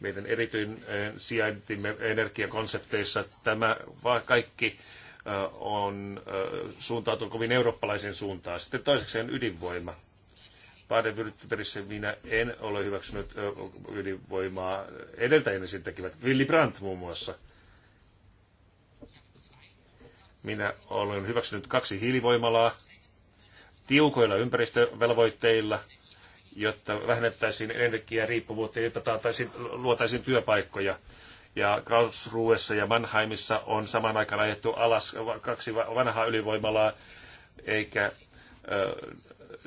meidän erityinen sijaintimme energiakonsepteissa, tämä kaikki on suuntautunut kovin eurooppalaisen suuntaan. Sitten on ydinvoima. Baden-Württembergissä minä en ole hyväksynyt ydinvoimaa. edeltäjien sen tekivät. Willy Brandt muun muassa. Minä olen hyväksynyt kaksi hiilivoimalaa tiukoilla ympäristövelvoitteilla, jotta vähennettäisiin energiariippuvuutta, jotta taataisiin, luotaisiin työpaikkoja ja Karlsruessa ja Mannheimissa on saman aikaan ajettu alas kaksi vanhaa ylivoimalaa, eikä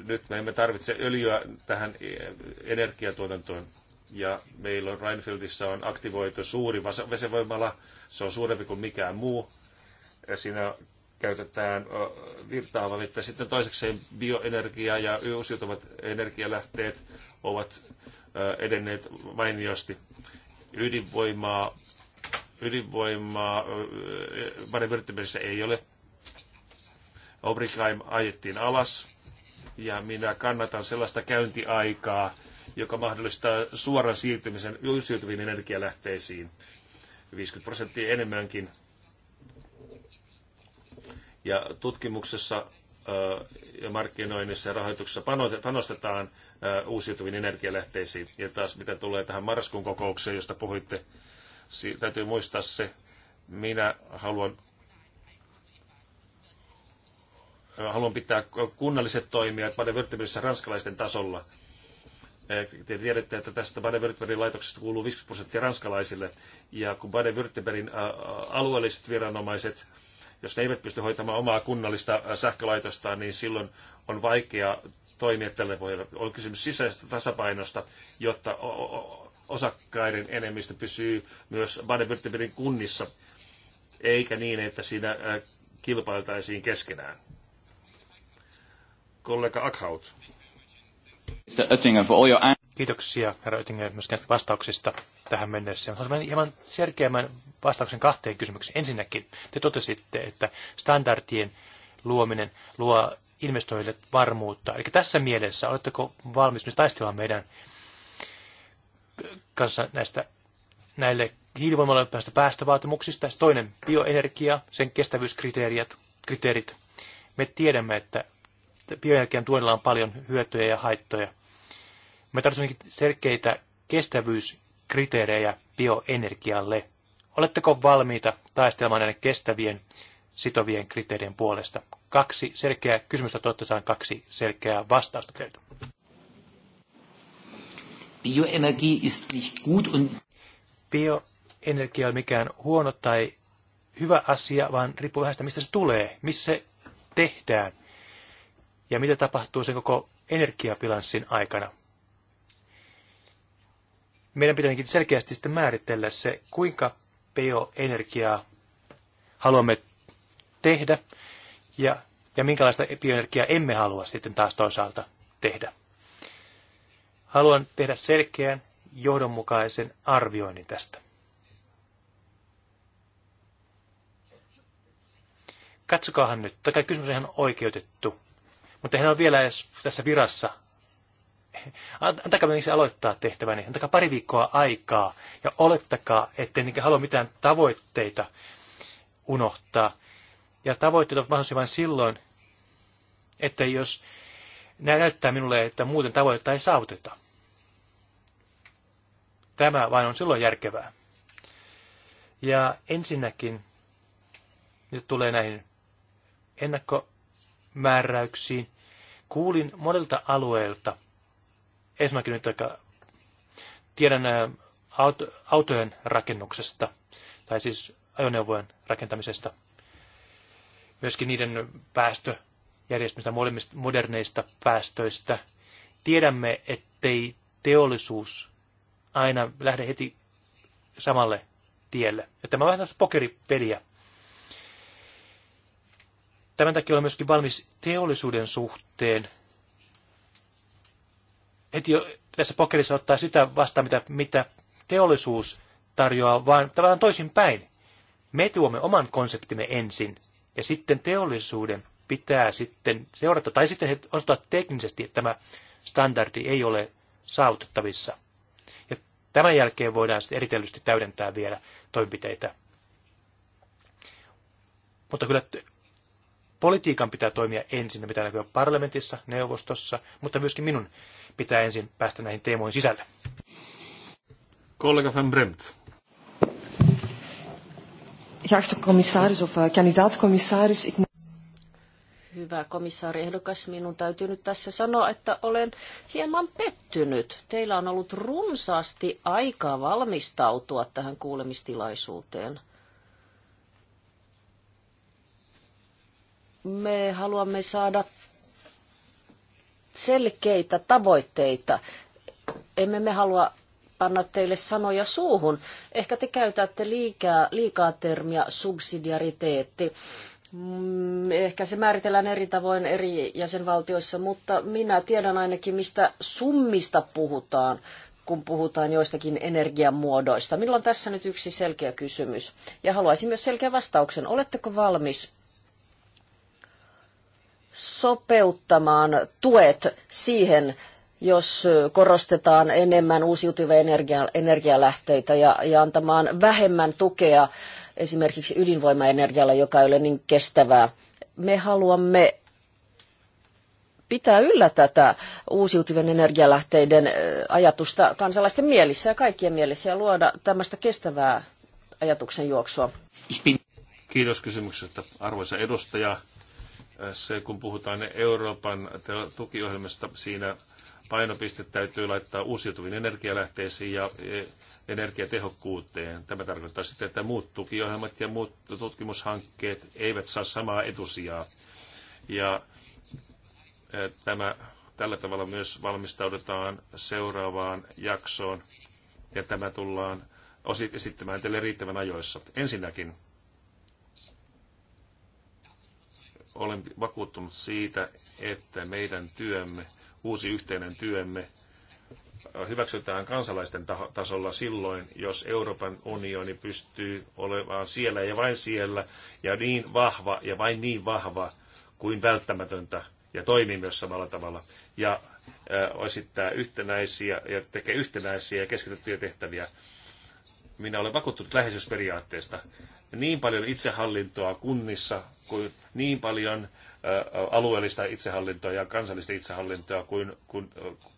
nyt me emme tarvitse öljyä tähän e- energiatuotantoon. Ja meillä on Rheinfeldissa on aktivoitu suuri vesivoimala, se on suurempi kuin mikään muu. Ja siinä käytetään virtaavaa vettä. Sitten toisekseen bioenergia ja uusiutuvat energialähteet ovat edenneet mainiosti ydinvoimaa, ydinvoimaa Marin ei ole. Obrikaim ajettiin alas ja minä kannatan sellaista käyntiaikaa, joka mahdollistaa suoran siirtymisen uusiutuviin energialähteisiin 50 prosenttia enemmänkin. Ja tutkimuksessa markkinoinnissa ja rahoituksessa panostetaan uusiutuviin energialähteisiin. Ja taas mitä tulee tähän marraskuun kokoukseen, josta puhuitte, täytyy muistaa se, minä haluan haluan pitää kunnalliset toimijat Baden-Württembergissä ranskalaisten tasolla. Te tiedätte, että tästä Baden-Württembergin laitoksesta kuuluu 50 prosenttia ranskalaisille. Ja kun Baden-Württembergin alueelliset viranomaiset jos ne eivät pysty hoitamaan omaa kunnallista äh, sähkölaitostaan, niin silloin on vaikea toimia tälle pohjalle. On kysymys sisäisestä tasapainosta, jotta osakkaiden enemmistö pysyy myös Baden-Württembergin kunnissa, eikä niin, että siinä äh, kilpailtaisiin keskenään. Kollega Ackhaut.
Kiitoksia, herra Oettinger, myöskin vastauksista tähän mennessä. Haluan hieman selkeämmän vastauksen kahteen kysymykseen. Ensinnäkin te totesitte, että standardien luominen luo investoijille varmuutta. Eli tässä mielessä, oletteko valmis nyt taistelemaan meidän kanssa näistä näille hiilivoimalle päästä päästövaatimuksista. Toinen bioenergia, sen kestävyyskriteerit. Kriteerit. Me tiedämme, että bioenergian tuonnilla on paljon hyötyjä ja haittoja. Me tarvitsemme selkeitä kestävyys- kriteerejä bioenergialle. Oletteko valmiita taistelemaan näiden kestävien sitovien kriteerien puolesta? Kaksi selkeää kysymystä, toivottavasti saan kaksi selkeää vastausta teiltä. Bioenergia ist nicht gut und... Bioenergia on mikään huono tai hyvä asia, vaan riippuu vähän sitä, mistä se tulee, missä se tehdään ja mitä tapahtuu sen koko energiapilanssin aikana meidän pitääkin selkeästi sitten määritellä se, kuinka bioenergiaa haluamme tehdä ja, ja minkälaista bioenergiaa emme halua sitten taas toisaalta tehdä. Haluan tehdä selkeän, johdonmukaisen arvioinnin tästä. Katsokaahan nyt, tämä kysymys on ihan oikeutettu, mutta hän on vielä edes tässä virassa antakaa minä aloittaa tehtäväni, antakaa pari viikkoa aikaa ja olettakaa, ettei halua mitään tavoitteita unohtaa. Ja tavoitteet ovat mahdollisia vain silloin, että jos nämä näyttää minulle, että muuten tavoitetta ei saavuteta. Tämä vain on silloin järkevää. Ja ensinnäkin nyt tulee näihin ennakkomääräyksiin. Kuulin monelta alueelta, ensinnäkin nyt aika tiedän auto, autojen rakennuksesta, tai siis ajoneuvojen rakentamisesta, myöskin niiden päästöjärjestelmistä, moderneista päästöistä. Tiedämme, ettei teollisuus aina lähde heti samalle tielle. Ja tämä on vähän tämmöistä pokeripeliä. Tämän takia olen myöskin valmis teollisuuden suhteen heti tässä pokerissa ottaa sitä vastaan, mitä, mitä teollisuus tarjoaa, vaan tavallaan toisin päin. Me tuomme oman konseptimme ensin, ja sitten teollisuuden pitää sitten seurata, tai sitten he osoittavat teknisesti, että tämä standardi ei ole saavutettavissa. Ja tämän jälkeen voidaan sitten eritellysti täydentää vielä toimenpiteitä. Mutta kyllä politiikan pitää toimia ensin, ne pitää näkyä parlamentissa, neuvostossa, mutta myöskin minun pitää ensin päästä näihin teemoihin sisälle.
Collega van Bremt.
Eh, Hyvä komissaari ehdokas, minun täytyy nyt tässä sanoa, että olen hieman pettynyt. Teillä on ollut runsaasti aikaa valmistautua tähän kuulemistilaisuuteen. Me haluamme saada selkeitä tavoitteita. Emme me halua panna teille sanoja suuhun. Ehkä te käytätte liikaa, liikaa termiä subsidiariteetti. Mm, ehkä se määritellään eri tavoin eri jäsenvaltioissa, mutta minä tiedän ainakin, mistä summista puhutaan, kun puhutaan joistakin energiamuodoista. Minulla on tässä nyt yksi selkeä kysymys ja haluaisin myös selkeän vastauksen. Oletteko valmis sopeuttamaan tuet siihen, jos korostetaan enemmän uusiutuvia energia- energialähteitä ja, ja antamaan vähemmän tukea esimerkiksi ydinvoimaenergialle, joka ei ole niin kestävää. Me haluamme pitää yllä tätä uusiutuvien energialähteiden ajatusta kansalaisten mielissä ja kaikkien mielissä ja luoda tämmöistä kestävää ajatuksen juoksua.
Kiitos kysymyksestä, arvoisa edustaja se, kun puhutaan Euroopan tukiohjelmasta, siinä painopiste täytyy laittaa uusiutuviin energialähteisiin ja e, energiatehokkuuteen. Tämä tarkoittaa sitä, että muut tukiohjelmat ja muut tutkimushankkeet eivät saa samaa etusijaa. Ja e, tämä, tällä tavalla myös valmistaudutaan seuraavaan jaksoon, ja tämä tullaan esittämään teille riittävän ajoissa. Ensinnäkin olen vakuuttunut siitä, että meidän työmme, uusi yhteinen työmme, hyväksytään kansalaisten tasolla silloin, jos Euroopan unioni pystyy olemaan siellä ja vain siellä ja niin vahva ja vain niin vahva kuin välttämätöntä ja toimii myös samalla tavalla ja esittää yhtenäisiä ja tekee yhtenäisiä ja keskitettyjä tehtäviä. Minä olen vakuuttunut läheisyysperiaatteesta niin paljon itsehallintoa kunnissa kuin niin paljon alueellista itsehallintoa ja kansallista itsehallintoa kuin, kuin,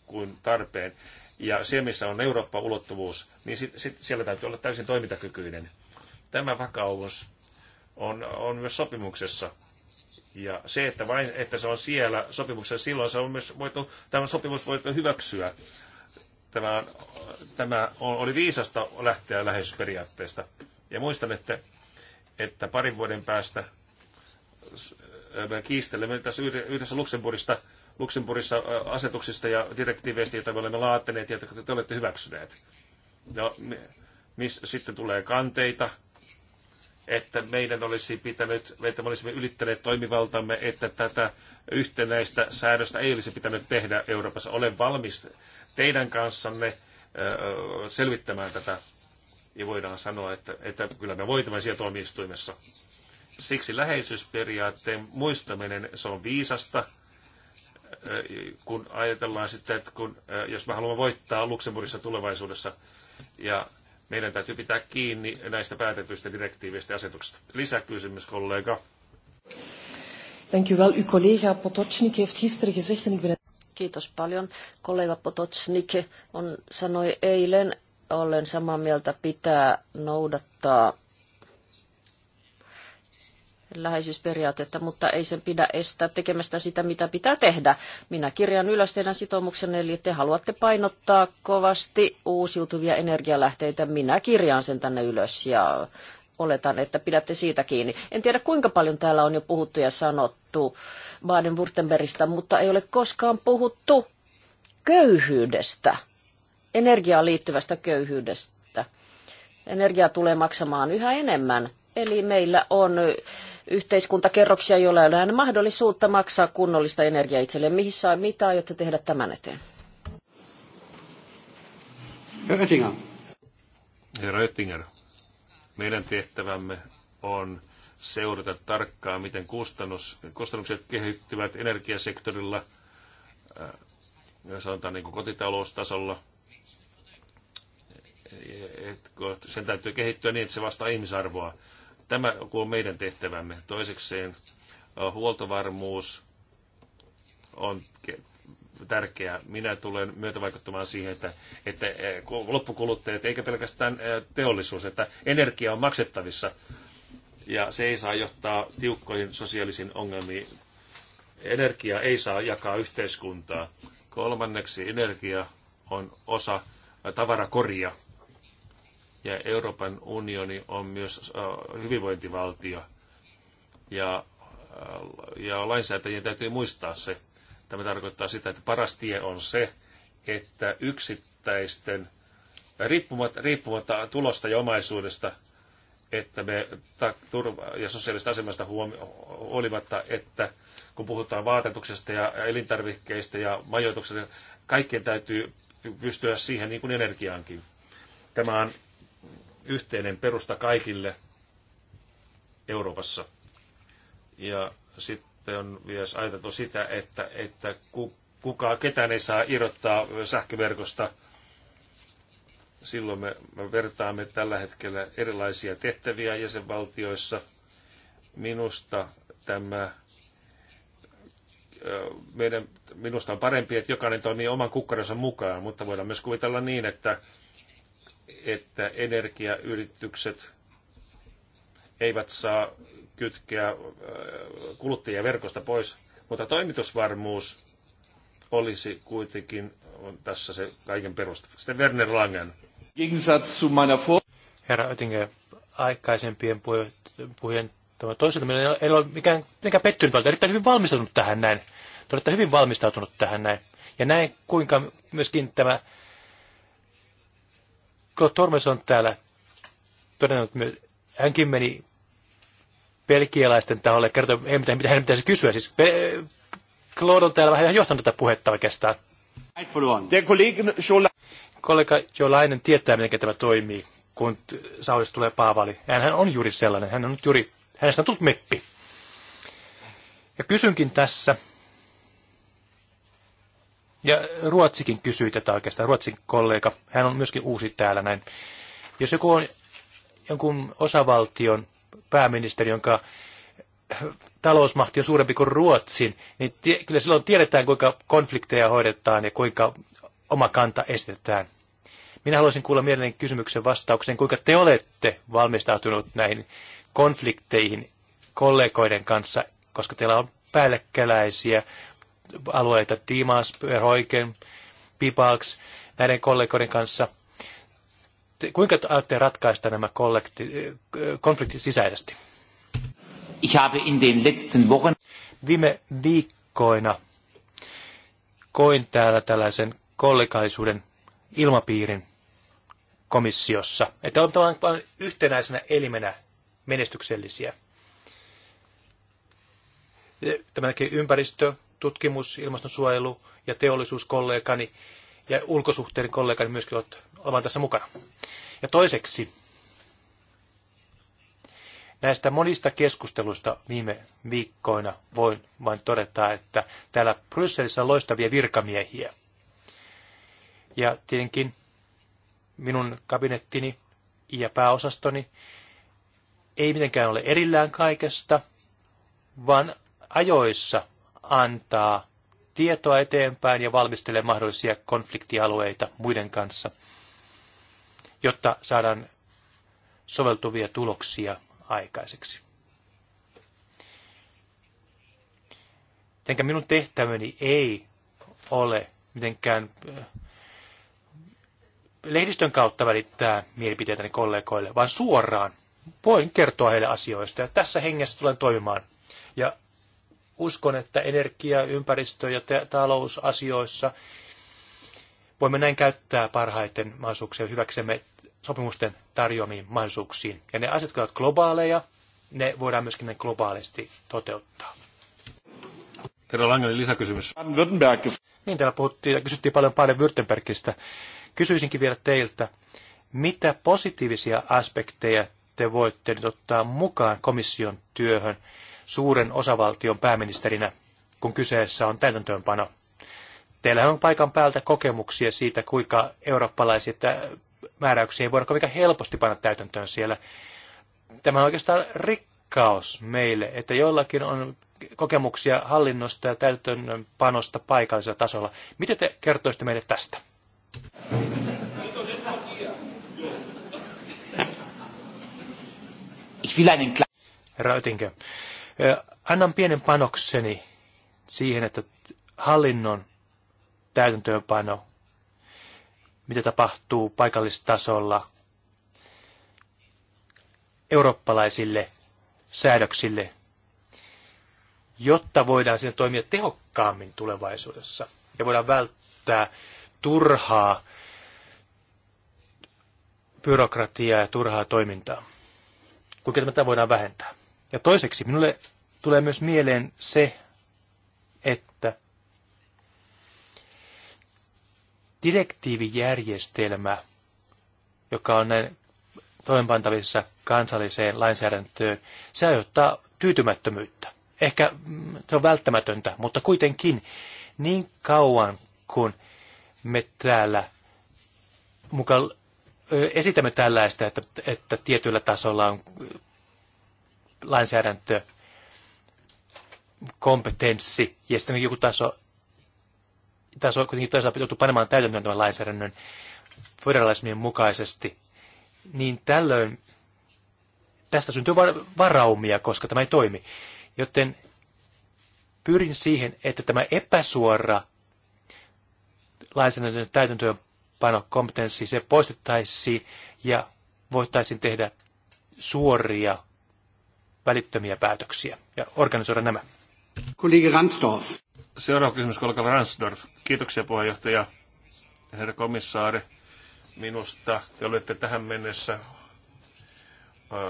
kuin tarpeen. Ja se, missä on Eurooppa-ulottuvuus, niin sit, sit siellä täytyy olla täysin toimintakykyinen. Tämä vakaumus on, on myös sopimuksessa. Ja se, että vain että se on siellä sopimuksessa, silloin se on myös voitu, tämä sopimus voitu hyväksyä. Tämä, tämä oli viisasta lähteä läheisyysperiaatteesta. Ja muistan, että että parin vuoden päästä äh, me kiistelemme tässä yhdessä Luxemburgista, Luxemburgissa äh, asetuksista ja direktiiveistä, joita me olemme laatteneet ja joita te olette hyväksyneet. No, miss sitten tulee kanteita, että meidän olisi pitänyt, että me olisimme ylittäneet toimivaltamme, että tätä yhtenäistä säädöstä ei olisi pitänyt tehdä Euroopassa. Olen valmis teidän kanssanne äh, selvittämään tätä ja voidaan sanoa, että, että kyllä me voitamme siellä tuomioistuimessa. Siksi läheisyysperiaatteen muistaminen, se on viisasta, äh, kun ajatellaan sitten, että kun, äh, jos me haluamme voittaa Luxemburgissa tulevaisuudessa, ja meidän täytyy pitää kiinni näistä päätetyistä direktiiveistä ja asetuksista. Lisäkysymys, kollega.
Kiitos paljon. Kollega Potocnik on, sanoi eilen, olen samaa mieltä, pitää noudattaa läheisyysperiaatetta, mutta ei sen pidä estää tekemästä sitä, mitä pitää tehdä. Minä kirjan ylös teidän sitoumuksenne, eli te haluatte painottaa kovasti uusiutuvia energialähteitä. Minä kirjaan sen tänne ylös ja oletan, että pidätte siitä kiinni. En tiedä, kuinka paljon täällä on jo puhuttu ja sanottu Baden-Württembergistä, mutta ei ole koskaan puhuttu köyhyydestä – energiaan liittyvästä köyhyydestä. Energia tulee maksamaan yhä enemmän. Eli meillä on yhteiskuntakerroksia, joilla ei ole aina mahdollisuutta maksaa kunnollista energiaa itselleen. saa, mitä aiotte tehdä tämän eteen?
Herra Oettinger, meidän tehtävämme on seurata tarkkaan, miten kustannus, kustannukset kehittyvät energiasektorilla, äh, sanotaan niin kuin kotitaloustasolla – sen täytyy kehittyä niin, että se vastaa ihmisarvoa. Tämä on meidän tehtävämme. Toisekseen huoltovarmuus on tärkeää. Minä tulen myötävaikuttamaan siihen, että, että loppukuluttajat, eikä pelkästään teollisuus, että energia on maksettavissa ja se ei saa johtaa tiukkoihin sosiaalisiin ongelmiin. Energia ei saa jakaa yhteiskuntaa. Kolmanneksi energia on osa tavarakoria. Ja Euroopan unioni on myös äh, hyvinvointivaltio. Ja, äh, ja lainsäätäjien täytyy muistaa se. Tämä tarkoittaa sitä, että paras tie on se, että yksittäisten, riippumatta, riippumatta tulosta ja omaisuudesta, että me turva- ja sosiaalista asemasta huolimatta, että kun puhutaan vaatetuksesta ja elintarvikkeista ja majoituksesta, kaikkien täytyy pystyä siihen niin kuin energiaankin. Tämä on yhteinen perusta kaikille Euroopassa. Ja sitten on myös ajateltu sitä, että, että kuka, ketään ei saa irrottaa sähköverkosta. Silloin me, me vertaamme tällä hetkellä erilaisia tehtäviä jäsenvaltioissa. Minusta tämä meidän, minusta on parempi, että jokainen toimii oman kukkaronsa mukaan, mutta voidaan myös kuvitella niin, että että energiayritykset eivät saa kytkeä äh, kuluttajia verkosta pois, mutta toimitusvarmuus olisi kuitenkin on tässä se kaiken perusta. Sitten Werner Langen. Herra Oettinger, aikaisempien puhujien toisilta,
minä ei ole mikään, mikään pettynyt, vaan erittäin hyvin valmistautunut tähän näin. Te olette hyvin valmistautunut tähän näin. Ja näin kuinka myöskin tämä Claude Tormes on täällä todennut, myös, hänkin meni pelkialaisten taholle, kertoi, ei mitään, mitä hän pitäisi kysyä. Siis eh, Claude on täällä vähän johtanut tätä puhetta oikeastaan. Kollega Jolainen tietää, miten tämä toimii, kun Saulis tulee paavali. Hän on juuri sellainen, hän on nyt juuri, hänestä on tullut meppi. Ja kysynkin tässä, ja Ruotsikin kysyi tätä oikeastaan, Ruotsin kollega, hän on myöskin uusi täällä näin. Jos joku on jonkun osavaltion pääministeri, jonka talousmahti on suurempi kuin Ruotsin, niin kyllä silloin tiedetään, kuinka konflikteja hoidetaan ja kuinka oma kanta estetään. Minä haluaisin kuulla mielelläni kysymyksen vastauksen, kuinka te olette valmistautunut näihin konflikteihin kollegoiden kanssa, koska teillä on päällekkäläisiä alueita, Tiimaas, Verhoiken, Pipaaks, näiden kollegoiden kanssa. Te, kuinka ajatte ratkaista nämä kollekti, konfliktit sisäisesti? Ich habe in den letzten Wochen... Viime viikkoina koin täällä tällaisen kollegaisuuden ilmapiirin komissiossa. Että on tavallaan yhtenäisenä elimenä menestyksellisiä. Tämäkin ympäristö, tutkimus, ilmastonsuojelu ja teollisuuskollegani ja ulkosuhteiden kollegani myöskin ovat olemaan tässä mukana. Ja toiseksi, näistä monista keskusteluista viime viikkoina voin vain todeta, että täällä Brysselissä on loistavia virkamiehiä. Ja tietenkin minun kabinettini ja pääosastoni ei mitenkään ole erillään kaikesta, vaan ajoissa antaa tietoa eteenpäin ja valmistelee mahdollisia konfliktialueita muiden kanssa, jotta saadaan soveltuvia tuloksia aikaiseksi. Tänkä minun tehtäväni ei ole mitenkään äh, lehdistön kautta välittää mielipiteitäni kollegoille, vaan suoraan voin kertoa heille asioista ja tässä hengessä tulen toimimaan. Ja uskon, että energia-, ympäristö- ja talousasioissa voimme näin käyttää parhaiten mahdollisuuksia hyväksemme sopimusten tarjoamiin mahdollisuuksiin. Ja ne asiat, ovat globaaleja, ne voidaan myöskin näin globaalisti toteuttaa.
Herra Langeli, lisäkysymys. Niin,
täällä puhuttiin ja kysyttiin paljon paljon Württembergistä. Kysyisinkin vielä teiltä, mitä positiivisia aspekteja te voitte nyt ottaa mukaan komission työhön suuren osavaltion pääministerinä, kun kyseessä on täytäntöönpano. Teillähän on paikan päältä kokemuksia siitä, kuinka eurooppalaiset äh, määräyksiä ei voida kovinkaan helposti panna täytäntöön siellä. Tämä on oikeastaan rikkaus meille, että jollakin on kokemuksia hallinnosta ja täytäntöönpanosta paikallisella tasolla. Mitä te kertoisitte meille tästä? Ich will einen Herra Oettinger, Annan pienen panokseni siihen, että hallinnon täytäntöönpano, mitä tapahtuu paikallistasolla eurooppalaisille säädöksille, jotta voidaan siinä toimia tehokkaammin tulevaisuudessa ja voidaan välttää turhaa byrokratiaa ja turhaa toimintaa. Kuinka tätä voidaan vähentää? Ja toiseksi minulle tulee myös mieleen se, että direktiivijärjestelmä, joka on näin toimenpantavissa kansalliseen lainsäädäntöön, se aiheuttaa tyytymättömyyttä. Ehkä mm, se on välttämätöntä, mutta kuitenkin niin kauan kun me täällä mukaan esitämme tällaista, että, että tietyllä tasolla on lainsäädäntö, kompetenssi ja sitten joku taso, taso kuitenkin toisaalta joutuu panemaan täytäntöön tämän lainsäädännön federalismin mukaisesti, niin tällöin tästä syntyy varaumia, koska tämä ei toimi. Joten pyrin siihen, että tämä epäsuora lainsäädännön kompetenssi, se poistettaisiin ja voitaisiin tehdä suoria välittömiä päätöksiä
ja organisoida nämä.
Kollega Ransdorf.
Seuraava kysymys kollega Ransdorf. Kiitoksia puheenjohtaja, herra komissaari. Minusta te olette tähän mennessä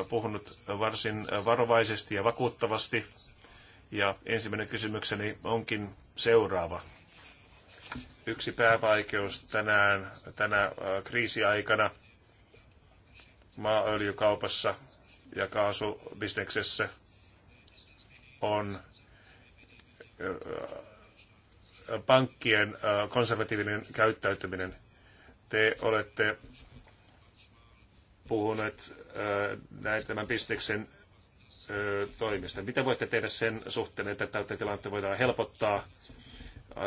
puhunut varsin varovaisesti ja vakuuttavasti. Ja ensimmäinen kysymykseni onkin seuraava. Yksi päävaikeus tänään, tänä kriisiaikana maaöljykaupassa ja kaasubisneksessä on pankkien konservatiivinen käyttäytyminen. Te olette puhuneet näin tämän bisneksen toimista. Mitä voitte tehdä sen suhteen, että tältä tilannetta voidaan helpottaa?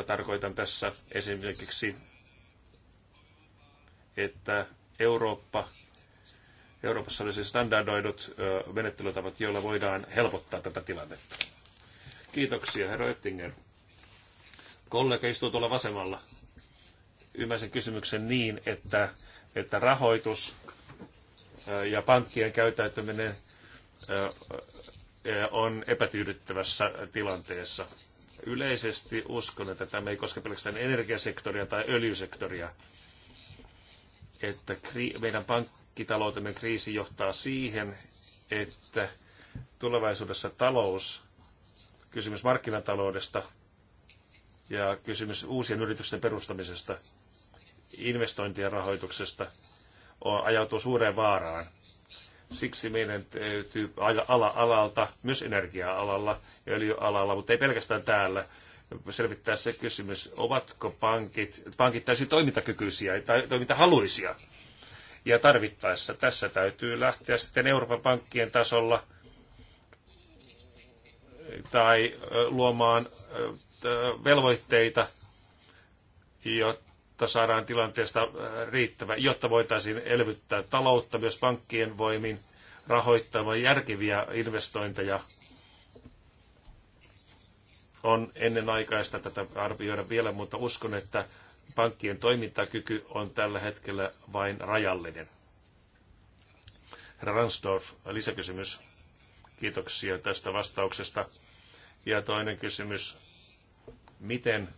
Tarkoitan tässä esimerkiksi, että Eurooppa Euroopassa olisi standardoidut menettelytavat, joilla voidaan helpottaa tätä tilannetta. Kiitoksia, herra Oettinger. Kollega istuu tuolla vasemmalla. Ymmärsin kysymyksen niin, että, että rahoitus ja pankkien käyttäytyminen on epätyydyttävässä tilanteessa. Yleisesti uskon, että tämä ei koske pelkästään energiasektoria tai öljysektoria, että meidän pankkien pankkitaloutemme kriisi johtaa siihen, että tulevaisuudessa talous, kysymys markkinataloudesta ja kysymys uusien yritysten perustamisesta, investointien rahoituksesta ajautuu suureen vaaraan. Siksi meidän täytyy ala alalta, myös energia-alalla ja öljyalalla, mutta ei pelkästään täällä, selvittää se kysymys, ovatko pankit, pankit täysin toimintakykyisiä tai toimintahaluisia ja tarvittaessa tässä täytyy lähteä sitten Euroopan pankkien tasolla tai luomaan velvoitteita, jotta saadaan tilanteesta riittävä, jotta voitaisiin elvyttää taloutta myös pankkien voimin rahoittamaan järkeviä investointeja. On ennen aikaista tätä arvioida vielä, mutta uskon, että pankkien toimintakyky on tällä hetkellä vain rajallinen. Ransdorf, lisäkysymys. Kiitoksia tästä vastauksesta. Ja toinen kysymys, miten,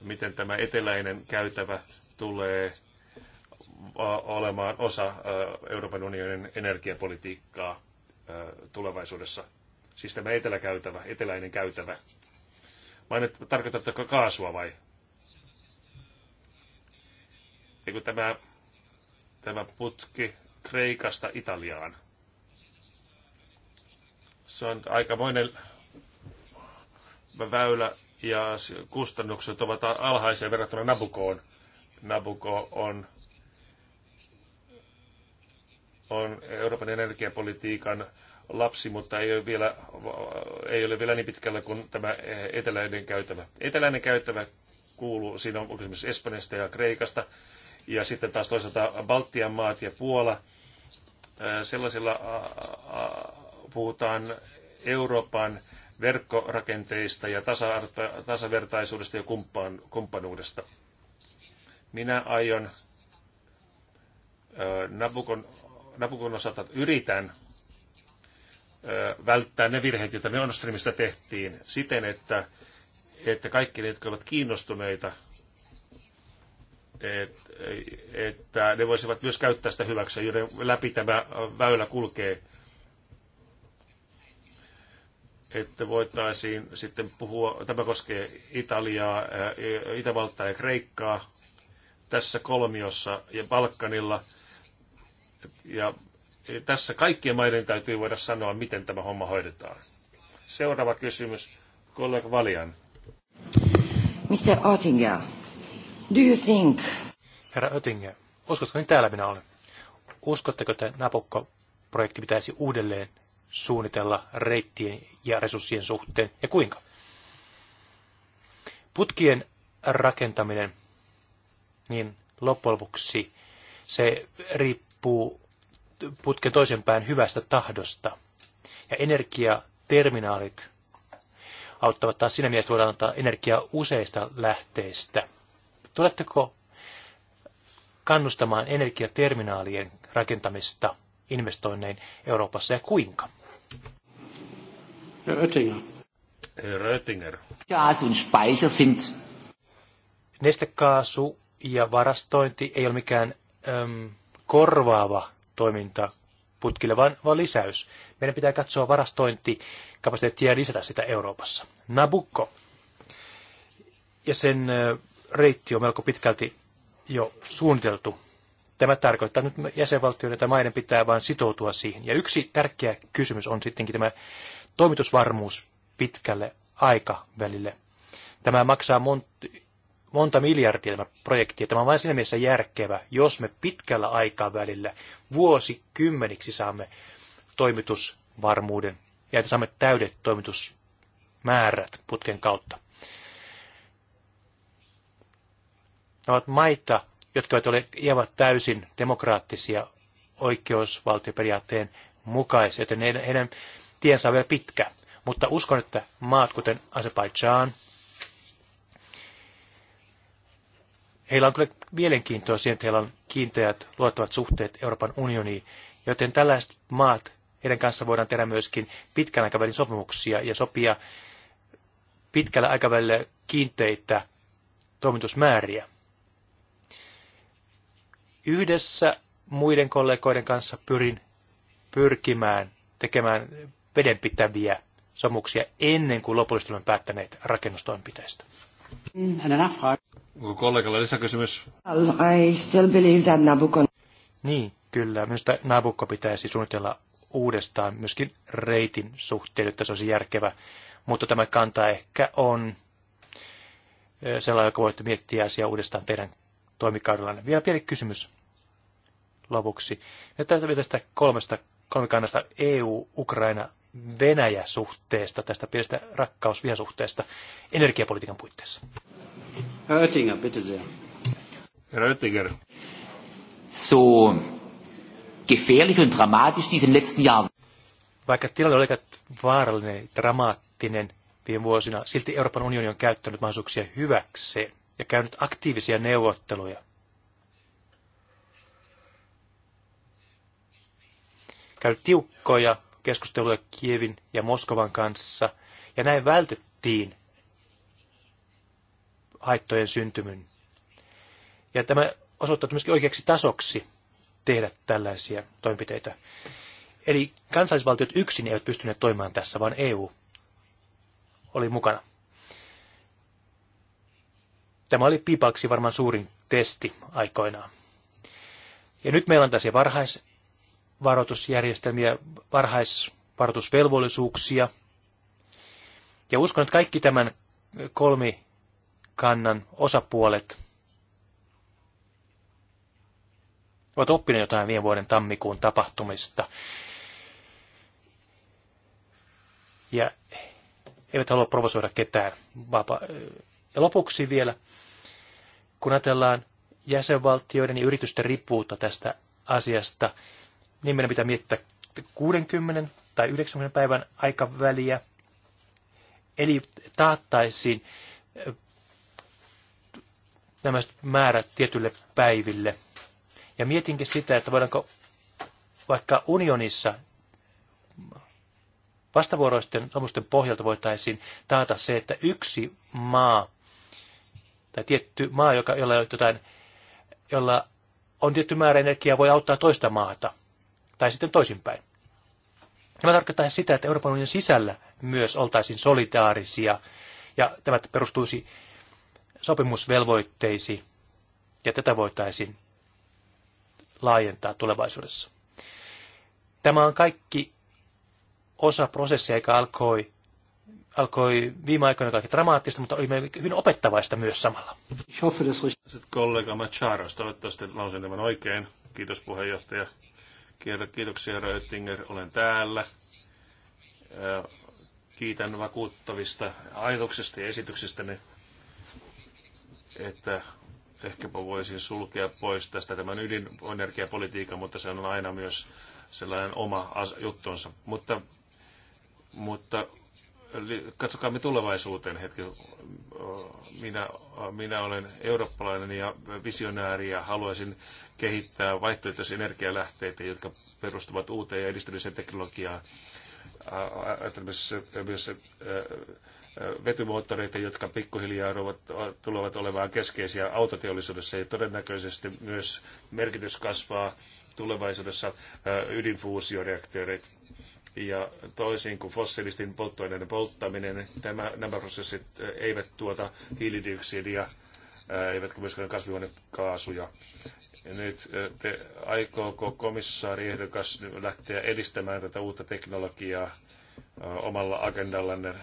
miten tämä eteläinen käytävä tulee olemaan osa Euroopan unionin energiapolitiikkaa tulevaisuudessa? Siis tämä eteläkäytävä, eteläinen käytävä. Vai tarkoitatteko kaasua vai eikö tämä, tämä putki Kreikasta Italiaan. Se on aikamoinen väylä ja kustannukset ovat alhaisia verrattuna Nabukoon. Nabuko on, on Euroopan energiapolitiikan lapsi, mutta ei ole vielä, ei ole vielä niin pitkällä kuin tämä eteläinen käytävä. Eteläinen käytävä kuuluu, siinä on esimerkiksi Espanjasta ja Kreikasta, ja sitten taas toisaalta Baltian maat ja Puola. Sellaisilla puhutaan Euroopan verkkorakenteista ja tasa tasavertaisuudesta ja kumppanuudesta. Minä aion Nabukon, Nabukon osalta yritän välttää ne virheet, joita Nord tehtiin, siten, että, että kaikki ne, jotka ovat kiinnostuneita, että että ne voisivat myös käyttää sitä hyväksi, joiden läpi tämä väylä kulkee. Että voitaisiin sitten puhua, tämä koskee Italiaa, Itävaltaa ja Kreikkaa tässä kolmiossa ja Balkanilla. Ja tässä kaikkien maiden täytyy voida sanoa, miten tämä homma hoidetaan. Seuraava kysymys, kollega Valian.
Mr. Oettinger, do you think
Herra Oettinger, uskotko niin täällä minä olen?
Uskotteko, että Napokko-projekti pitäisi uudelleen suunnitella reittien ja resurssien suhteen ja kuinka? Putkien rakentaminen, niin loppujen lopuksi se riippuu putken toisenpäin hyvästä tahdosta. Ja energiaterminaalit auttavat taas siinä mielessä, voidaan antaa energiaa useista lähteistä. Tuletteko kannustamaan energiaterminaalien rakentamista investoinnein Euroopassa ja kuinka?
Oettinger.
Herra Oettinger.
Gas und Speicher sind...
Nestekaasu ja varastointi ei ole mikään äm, korvaava toiminta putkille, vaan, vaan lisäys. Meidän pitää katsoa varastointikapasiteettia ja lisätä sitä Euroopassa. Nabucco. Ja sen reitti on melko pitkälti jo suunniteltu. Tämä tarkoittaa, että nyt jäsenvaltioiden tai maiden pitää vain sitoutua siihen. Ja yksi tärkeä kysymys on sittenkin tämä toimitusvarmuus pitkälle aikavälille. Tämä maksaa mont- monta miljardia tämä projekti, ja tämä on vain siinä mielessä järkevä, jos me pitkällä aikavälillä vuosikymmeniksi saamme toimitusvarmuuden ja että saamme täydet toimitusmäärät putken kautta. Ne ovat maita, jotka eivät ole täysin demokraattisia oikeusvaltioperiaatteen mukaisia, joten heidän, heidän tiensä on vielä pitkä. Mutta uskon, että maat kuten Azerbaijan, heillä on kyllä mielenkiintoa siihen, että heillä on kiinteät luottavat suhteet Euroopan unioniin, joten tällaiset maat, heidän kanssa voidaan tehdä myöskin pitkän aikavälin sopimuksia ja sopia pitkällä aikavälillä kiinteitä toimitusmääriä yhdessä muiden kollegoiden kanssa pyrin pyrkimään tekemään vedenpitäviä samuksia ennen kuin lopullisesti olemme päättäneet rakennustoimenpiteistä. Mm, Onko kollegalla lisäkysymys?
I still believe that Nabucco...
Niin, kyllä. Minusta Nabucco pitäisi suunnitella uudestaan myöskin reitin suhteen, että se olisi järkevä. Mutta tämä kanta ehkä on sellainen, joka voitte miettiä asiaa uudestaan teidän toimikaudella. Vielä pieni kysymys lopuksi. Nyt täytyy tästä kolmesta kolmikannasta EU-Ukraina Venäjä-suhteesta, tästä pienestä rakkausvihasuhteesta energiapolitiikan puitteissa. Herr Oettinger, bitte sehr. Herr Oettinger. So gefährlich und dramatisch diesen letzten Jahr. Vaikka tilanne oli vaarallinen ja dramaattinen viime vuosina, silti Euroopan unioni on käyttänyt mahdollisuuksia hyväkseen ja käynyt aktiivisia neuvotteluja. Käynyt tiukkoja keskusteluja Kievin ja Moskovan kanssa, ja näin vältettiin haittojen syntymyn. Ja tämä osoittautui myöskin oikeaksi tasoksi tehdä tällaisia toimenpiteitä. Eli kansallisvaltiot yksin eivät pystyneet toimimaan tässä, vaan EU oli mukana. Tämä oli pipaksi varmaan suurin testi aikoinaan. Ja nyt meillä on tässä varhaisvaroitusjärjestelmiä, varhaisvaroitusvelvollisuuksia. Ja uskon, että kaikki tämän kolmikannan osapuolet ovat oppineet jotain viime vuoden tammikuun tapahtumista. Ja eivät halua provosoida ketään vapa- ja lopuksi vielä, kun ajatellaan jäsenvaltioiden ja yritysten riippuvuutta tästä asiasta, niin meidän pitää miettiä 60 tai 90 päivän aikaväliä. Eli taattaisiin eh, nämä määrät tietylle päiville. Ja mietinkin sitä, että voidaanko vaikka unionissa vastavuoroisten sopimusten pohjalta voitaisiin taata se, että yksi maa tai tietty maa, joka, jolla, jotain, jolla on tietty määrä energiaa, voi auttaa toista maata, tai sitten toisinpäin. Tämä tarkoittaa sitä, että Euroopan unionin sisällä myös oltaisiin solidaarisia, ja tämä perustuisi sopimusvelvoitteisiin, ja tätä voitaisiin laajentaa tulevaisuudessa. Tämä on kaikki osa prosessia, joka alkoi alkoi viime aikoina kaikki dramaattista, mutta oli hyvin opettavaista myös
samalla. Sitten kollega Macharos, toivottavasti lausin tämän oikein. Kiitos puheenjohtaja. Kiitoksia Röttinger, olen täällä. Äh, kiitän vakuuttavista ajatuksista ja esityksistänne, että ehkäpä voisin sulkea pois tästä tämän ydinenergiapolitiikan, mutta se on aina myös sellainen oma juttunsa. Mutta, mutta me tulevaisuuteen hetki. Minä, minä olen eurooppalainen ja visionääri ja haluaisin kehittää vaihtoehtoisia energialähteitä, jotka perustuvat uuteen ja edistymiseen teknologiaan. Ajattelemme myös vetymoottoreita, jotka pikkuhiljaa tulevat olemaan keskeisiä autoteollisuudessa ja todennäköisesti myös merkitys kasvaa tulevaisuudessa ydinfuusioreaktioreita. Ja toisin kuin fossiilisten polttoaineiden polttaminen, tämä, nämä prosessit äh, eivät tuota hiilidioksidia, äh, eivätkä myöskään kasvihuonekaasuja. Ja nyt äh, te, aikooko komissaari ehdokas lähteä edistämään tätä uutta teknologiaa omalla agendallanne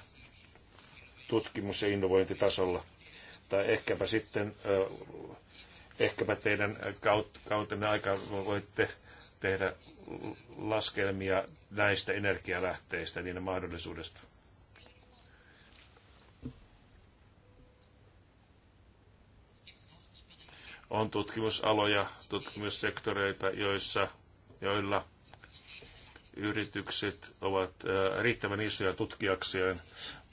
tutkimus- ja innovointitasolla? Tai ehkäpä sitten, ehkäpä teidän kautenne aika voitte tehdä laskelmia näistä energialähteistä, niiden mahdollisuudesta? On tutkimusaloja, tutkimussektoreita, joissa, joilla yritykset ovat riittävän isoja tutkijakseen.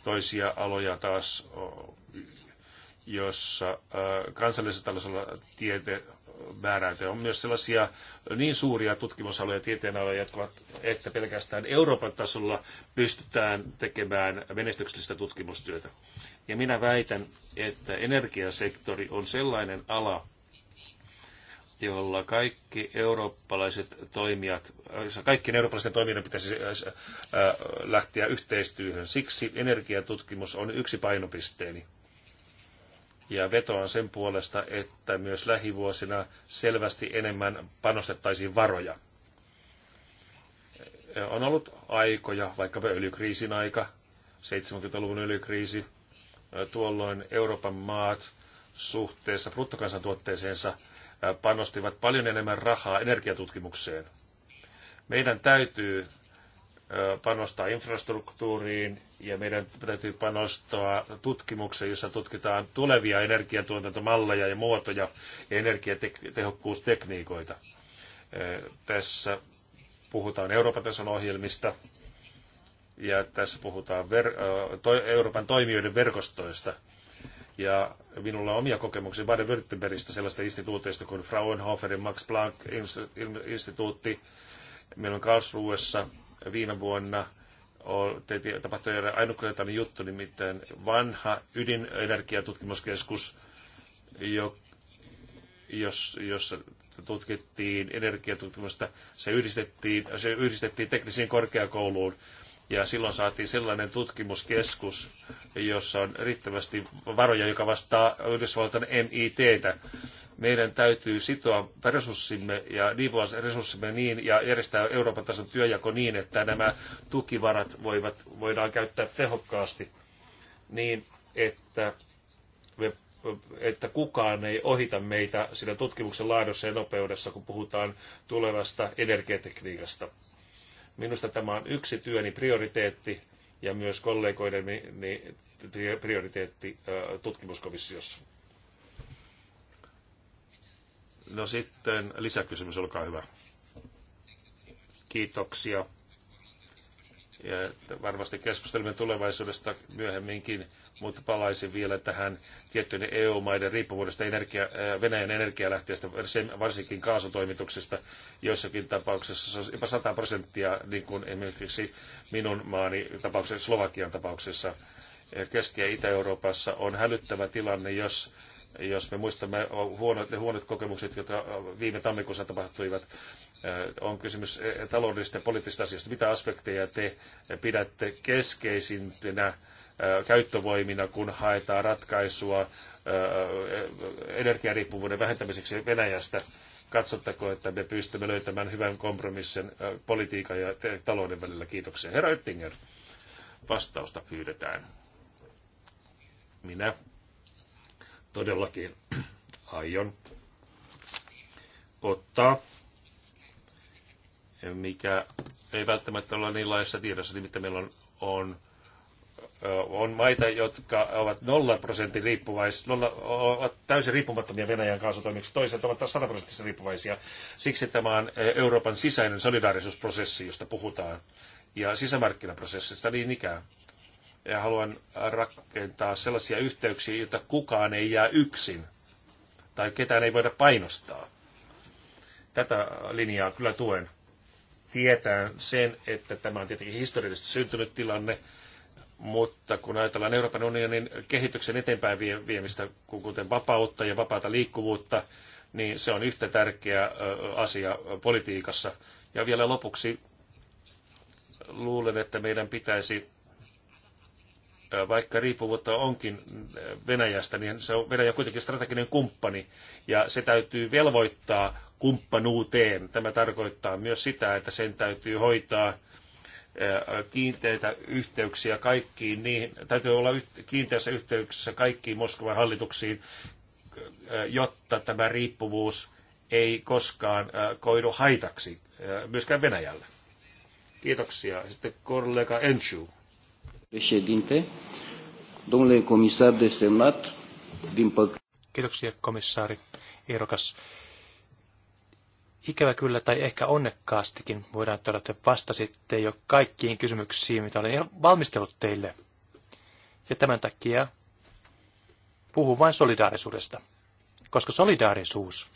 Toisia aloja taas, jossa kansallisella tasolla tiede määräytyä. On myös sellaisia niin suuria tutkimusaloja ja tieteenaloja, jotka ovat, että pelkästään Euroopan tasolla pystytään tekemään menestyksellistä tutkimustyötä. Ja minä väitän, että energiasektori on sellainen ala, jolla kaikki eurooppalaiset toimijat, kaikkien eurooppalaisten toimijoiden pitäisi äh, äh, lähteä yhteistyöhön. Siksi energiatutkimus on yksi painopisteeni ja vetoan sen puolesta, että myös lähivuosina selvästi enemmän panostettaisiin varoja. On ollut aikoja, vaikkapa öljykriisin aika, 70-luvun öljykriisi, tuolloin Euroopan maat suhteessa bruttokansantuotteeseensa äh, panostivat paljon enemmän rahaa energiatutkimukseen. Meidän täytyy panostaa infrastruktuuriin ja meidän täytyy panostaa tutkimukseen, jossa tutkitaan tulevia energiantuotantomalleja ja muotoja ja energiatehokkuustekniikoita. Tässä puhutaan Euroopan tason ohjelmista ja tässä puhutaan Euroopan toimijoiden verkostoista. Ja minulla on omia kokemuksia Baden-Württembergistä sellaista instituuteista kuin Fraunhoferin Max Planck-instituutti. Meillä on Karlsruessa viime vuonna tapahtui ainutkertainen juttu, nimittäin vanha ydinenergiatutkimuskeskus, jo, jos, jossa tutkittiin energiatutkimusta, se yhdistettiin, se yhdistettiin teknisiin korkeakouluun ja silloin saatiin sellainen tutkimuskeskus, jossa on riittävästi varoja, joka vastaa Yhdysvaltain MITtä. Meidän täytyy sitoa resurssimme ja nivoa resurssimme niin ja järjestää Euroopan tason työjako niin, että nämä tukivarat voivat, voidaan käyttää tehokkaasti niin, että, me, että kukaan ei ohita meitä siinä tutkimuksen laadussa ja nopeudessa, kun puhutaan tulevasta energiatekniikasta Minusta tämä on yksi työni prioriteetti ja myös kollegoiden prioriteetti tutkimuskomissiossa. No sitten lisäkysymys, olkaa hyvä. Kiitoksia. Ja varmasti keskustelemme tulevaisuudesta myöhemminkin mutta palaisin vielä tähän tiettyjen EU-maiden riippuvuudesta energia, äh, Venäjän energialähteestä, varsinkin kaasutoimituksista, joissakin tapauksessa se on jopa 100 prosenttia, niin kuin esimerkiksi minun maani tapauksessa, Slovakian tapauksessa. Äh, Keski- ja Itä-Euroopassa on hälyttävä tilanne, jos jos me muistamme äh, huonot, ne huonot kokemukset, jotka viime tammikuussa tapahtuivat, on kysymys taloudellisista ja poliittisista asioista. Mitä aspekteja te pidätte keskeisimpinä käyttövoimina, kun haetaan ratkaisua energiariippuvuuden vähentämiseksi Venäjästä. Katsottako, että me pystymme löytämään hyvän kompromissin politiikan ja talouden välillä. Kiitoksia. Herra Oettinger, vastausta pyydetään. Minä todellakin aion ottaa, mikä ei välttämättä ole niin laissa tiedossa, nimittäin meillä on, on on maita, jotka ovat 0 prosentin nolla, ovat täysin riippumattomia Venäjän kaasutoimiksi, toiset ovat taas 100 prosenttisesti riippuvaisia. Siksi tämä on Euroopan sisäinen solidaarisuusprosessi, josta puhutaan, ja sisämarkkinaprosessista niin ikään. Ja haluan rakentaa sellaisia yhteyksiä, joita kukaan ei jää yksin, tai ketään ei voida painostaa. Tätä linjaa kyllä tuen. Tietään sen, että tämä on tietenkin historiallisesti syntynyt tilanne, mutta kun ajatellaan Euroopan unionin kehityksen eteenpäin viemistä, kuten vapautta ja vapaata liikkuvuutta, niin se on yhtä tärkeä asia politiikassa. Ja vielä lopuksi luulen, että meidän pitäisi, vaikka riippuvuutta onkin Venäjästä, niin se on Venäjä kuitenkin strateginen kumppani, ja se täytyy velvoittaa kumppanuuteen. Tämä tarkoittaa myös sitä, että sen täytyy hoitaa kiinteitä yhteyksiä kaikkiin niihin, täytyy olla kiinteässä yhteyksissä kaikkiin Moskovan hallituksiin, jotta tämä riippuvuus ei koskaan koidu haitaksi, myöskään Venäjälle. Kiitoksia. Sitten kollega Enshu.
Kiitoksia komissaari ehdokas ikävä kyllä tai ehkä onnekkaastikin voidaan todeta, että vastasitte jo kaikkiin kysymyksiin, mitä olen valmistellut teille. Ja tämän takia puhun vain solidaarisuudesta, koska solidaarisuus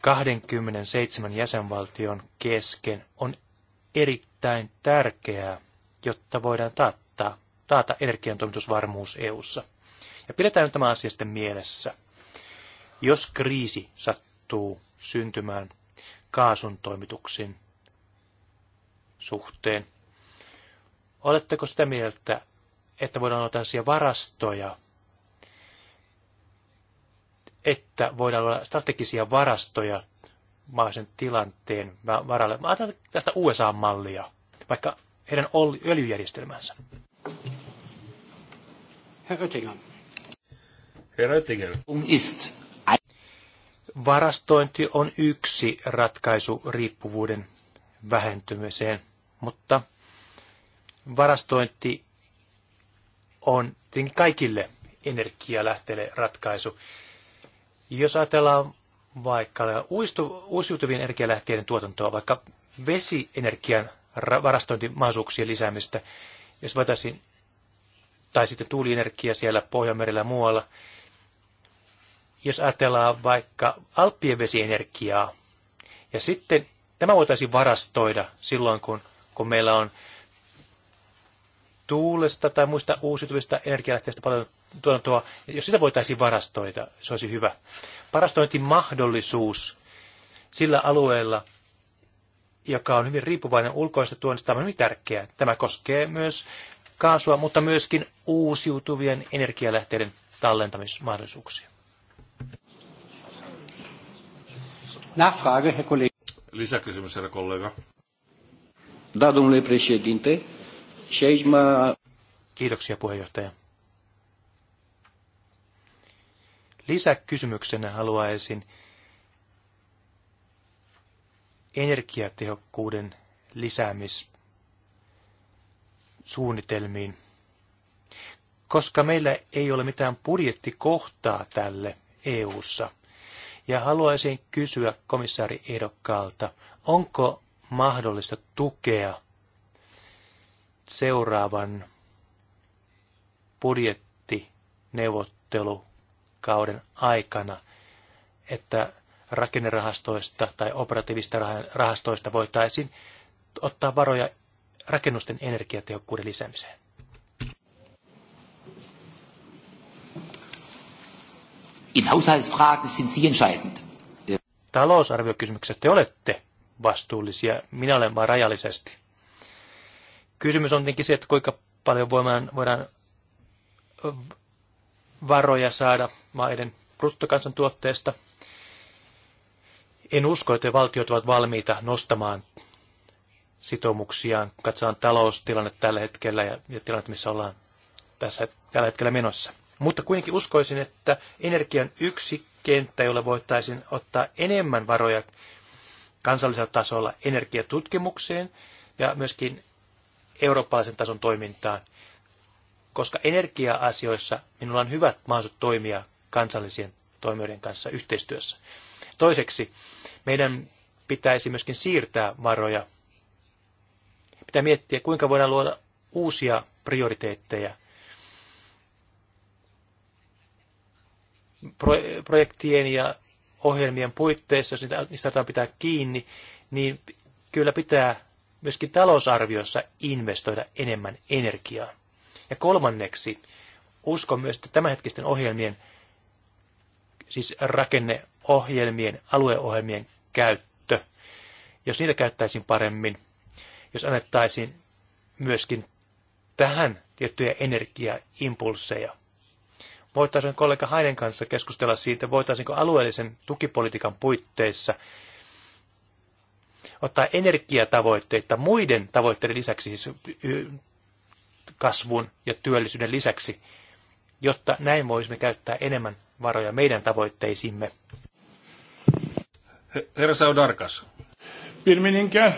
27 jäsenvaltion kesken on erittäin tärkeää, jotta voidaan taata, taata energiantoimitusvarmuus EU:ssa. Ja pidetään nyt tämä asia sitten mielessä. Jos kriisi sattuu, sattuu syntymään kaasun toimituksin suhteen. Oletteko sitä mieltä, että voidaan olla tällaisia varastoja, että voidaan olla strategisia varastoja mahdollisen tilanteen varalle? Mä ajattelen tästä USA-mallia, vaikka heidän öljyjärjestelmänsä. Herr Oettinger. Herr Oettinger. Um ist Varastointi on yksi ratkaisu riippuvuuden vähentymiseen, mutta varastointi on tietenkin kaikille energialähteille ratkaisu. Jos ajatellaan vaikka uusiutuvien energialähteiden tuotantoa, vaikka vesienergian varastointimahdollisuuksien lisäämistä, jos voitaisiin, tai sitten tuulienergia siellä Pohjanmerellä ja muualla, jos ajatellaan vaikka Alppien vesienergiaa, ja sitten tämä voitaisiin varastoida silloin, kun, kun meillä on tuulesta tai muista uusiutuvista energialähteistä paljon tuotantoa, jos sitä voitaisiin varastoida, se olisi hyvä. Varastointimahdollisuus sillä alueella, joka on hyvin riippuvainen ulkoista tuonnista, on hyvin tärkeää. Tämä koskee myös kaasua, mutta myöskin uusiutuvien energialähteiden tallentamismahdollisuuksia. Nachfrage, Herr Kollege.
Lisäkysymys, herra kollega.
Da, domnule președinte, și aici mă... Kiitoksia, puheenjohtaja. Lisäkysymyksenä haluaisin energiatehokkuuden lisäämissuunnitelmiin, koska meillä ei ole mitään budjettikohtaa tälle EU:ssa. Ja haluaisin kysyä komissaari ehdokkaalta, onko mahdollista tukea seuraavan budjettineuvottelukauden aikana, että rakennerahastoista tai operatiivista rahastoista voitaisiin ottaa varoja rakennusten energiatehokkuuden lisäämiseen. In Haushaltsfragen sind Sie entscheidend. Talousarviokysymykset te olette vastuullisia, minä olen vain rajallisesti. Kysymys on tietenkin se, että kuinka paljon voidaan, voidaan varoja saada maiden bruttokansantuotteesta. En usko, että valtiot ovat valmiita nostamaan sitoumuksiaan. Katsotaan taloustilannetta tällä hetkellä ja, ja tilannetta, missä ollaan tässä tällä hetkellä menossa. Mutta kuitenkin uskoisin, että energian yksi kenttä, jolla voitaisiin ottaa enemmän varoja kansallisella tasolla energiatutkimukseen ja myöskin eurooppalaisen tason toimintaan, koska energia-asioissa minulla on hyvät mahdollisuudet toimia kansallisien toimijoiden kanssa yhteistyössä. Toiseksi, meidän pitäisi myöskin siirtää varoja. Pitää miettiä, kuinka voidaan luoda uusia prioriteetteja – projektien ja ohjelmien puitteissa, jos niitä, niistä aletaan pitää kiinni, niin kyllä pitää myöskin talousarviossa investoida enemmän energiaa. Ja kolmanneksi, uskon myös, että tämänhetkisten ohjelmien, siis rakenneohjelmien, alueohjelmien käyttö, jos niitä käyttäisiin paremmin, jos annettaisiin myöskin tähän tiettyjä energiaimpulseja, Voitaisiin kollega Haiden kanssa keskustella siitä, voitaisiinko alueellisen tukipolitiikan puitteissa ottaa energiatavoitteita muiden tavoitteiden lisäksi, siis kasvun ja työllisyyden lisäksi, jotta näin voisimme käyttää enemmän varoja meidän tavoitteisiimme. Herra
Saudarkas. Pirmininkė,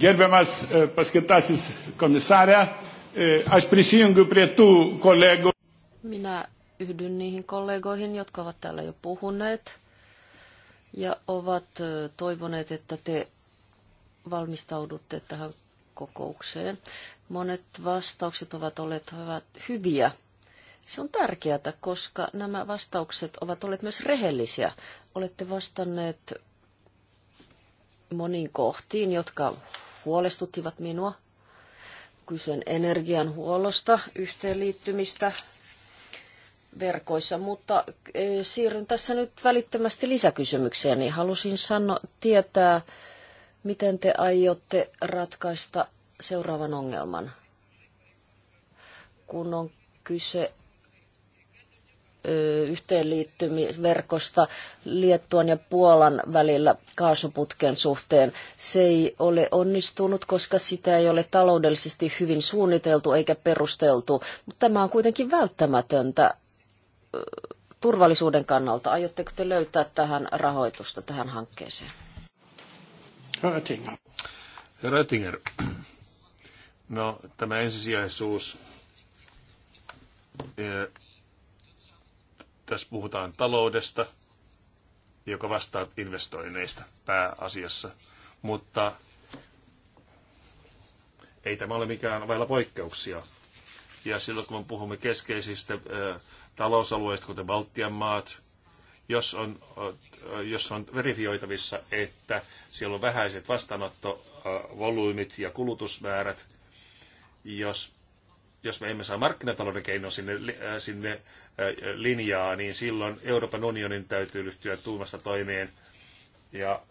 gerbiamas eh, paskirtasis komisarė, eh, aš prisijungiu prie tų kolegų.
Minä yhdyn niihin kollegoihin, jotka ovat täällä jo puhuneet ja ovat toivoneet, että te valmistaudutte tähän kokoukseen. Monet vastaukset ovat olleet hyviä. Se on tärkeää, koska nämä vastaukset ovat olleet myös rehellisiä. Olette vastanneet moniin kohtiin, jotka huolestuttivat minua. Kysyn energianhuollosta, yhteenliittymistä, verkoissa, mutta siirryn tässä nyt välittömästi lisäkysymykseen. Niin halusin sanoa, tietää, miten te aiotte ratkaista seuraavan ongelman, kun on kyse yhteenliittymisverkosta Liettuan ja Puolan välillä kaasuputken suhteen. Se ei ole onnistunut, koska sitä ei ole taloudellisesti hyvin suunniteltu eikä perusteltu, mutta tämä on kuitenkin välttämätöntä turvallisuuden kannalta. Aiotteko te löytää tähän rahoitusta, tähän hankkeeseen? Röttinger.
Röttinger. No, tämä ensisijaisuus. E, tässä puhutaan taloudesta, joka vastaa investoinneista pääasiassa. Mutta ei tämä ole mikään vailla poikkeuksia. Ja silloin kun puhumme keskeisistä e, talousalueista, kuten Baltian maat, jos on, jos on verifioitavissa, että siellä on vähäiset vastaanottovolyymit ja kulutusmäärät, jos, jos me emme saa markkinatalouden keinoa sinne, sinne äh, linjaa, niin silloin Euroopan unionin täytyy ryhtyä tuumasta toimeen. Ja,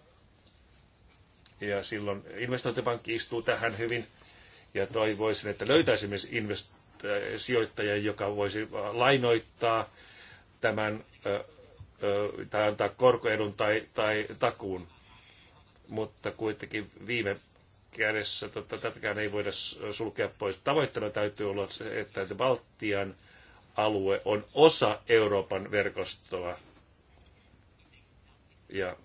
ja silloin investointipankki istuu tähän hyvin ja toivoisin, että löytäisimme invest- sijoittajan, joka voisi lainoittaa tämän tai antaa korkoedun tai, tai takuun. Mutta kuitenkin viime kädessä tota, tätäkään ei voida sulkea pois. Tavoitteena täytyy olla se, että Baltian alue on osa Euroopan verkostoa. Ja,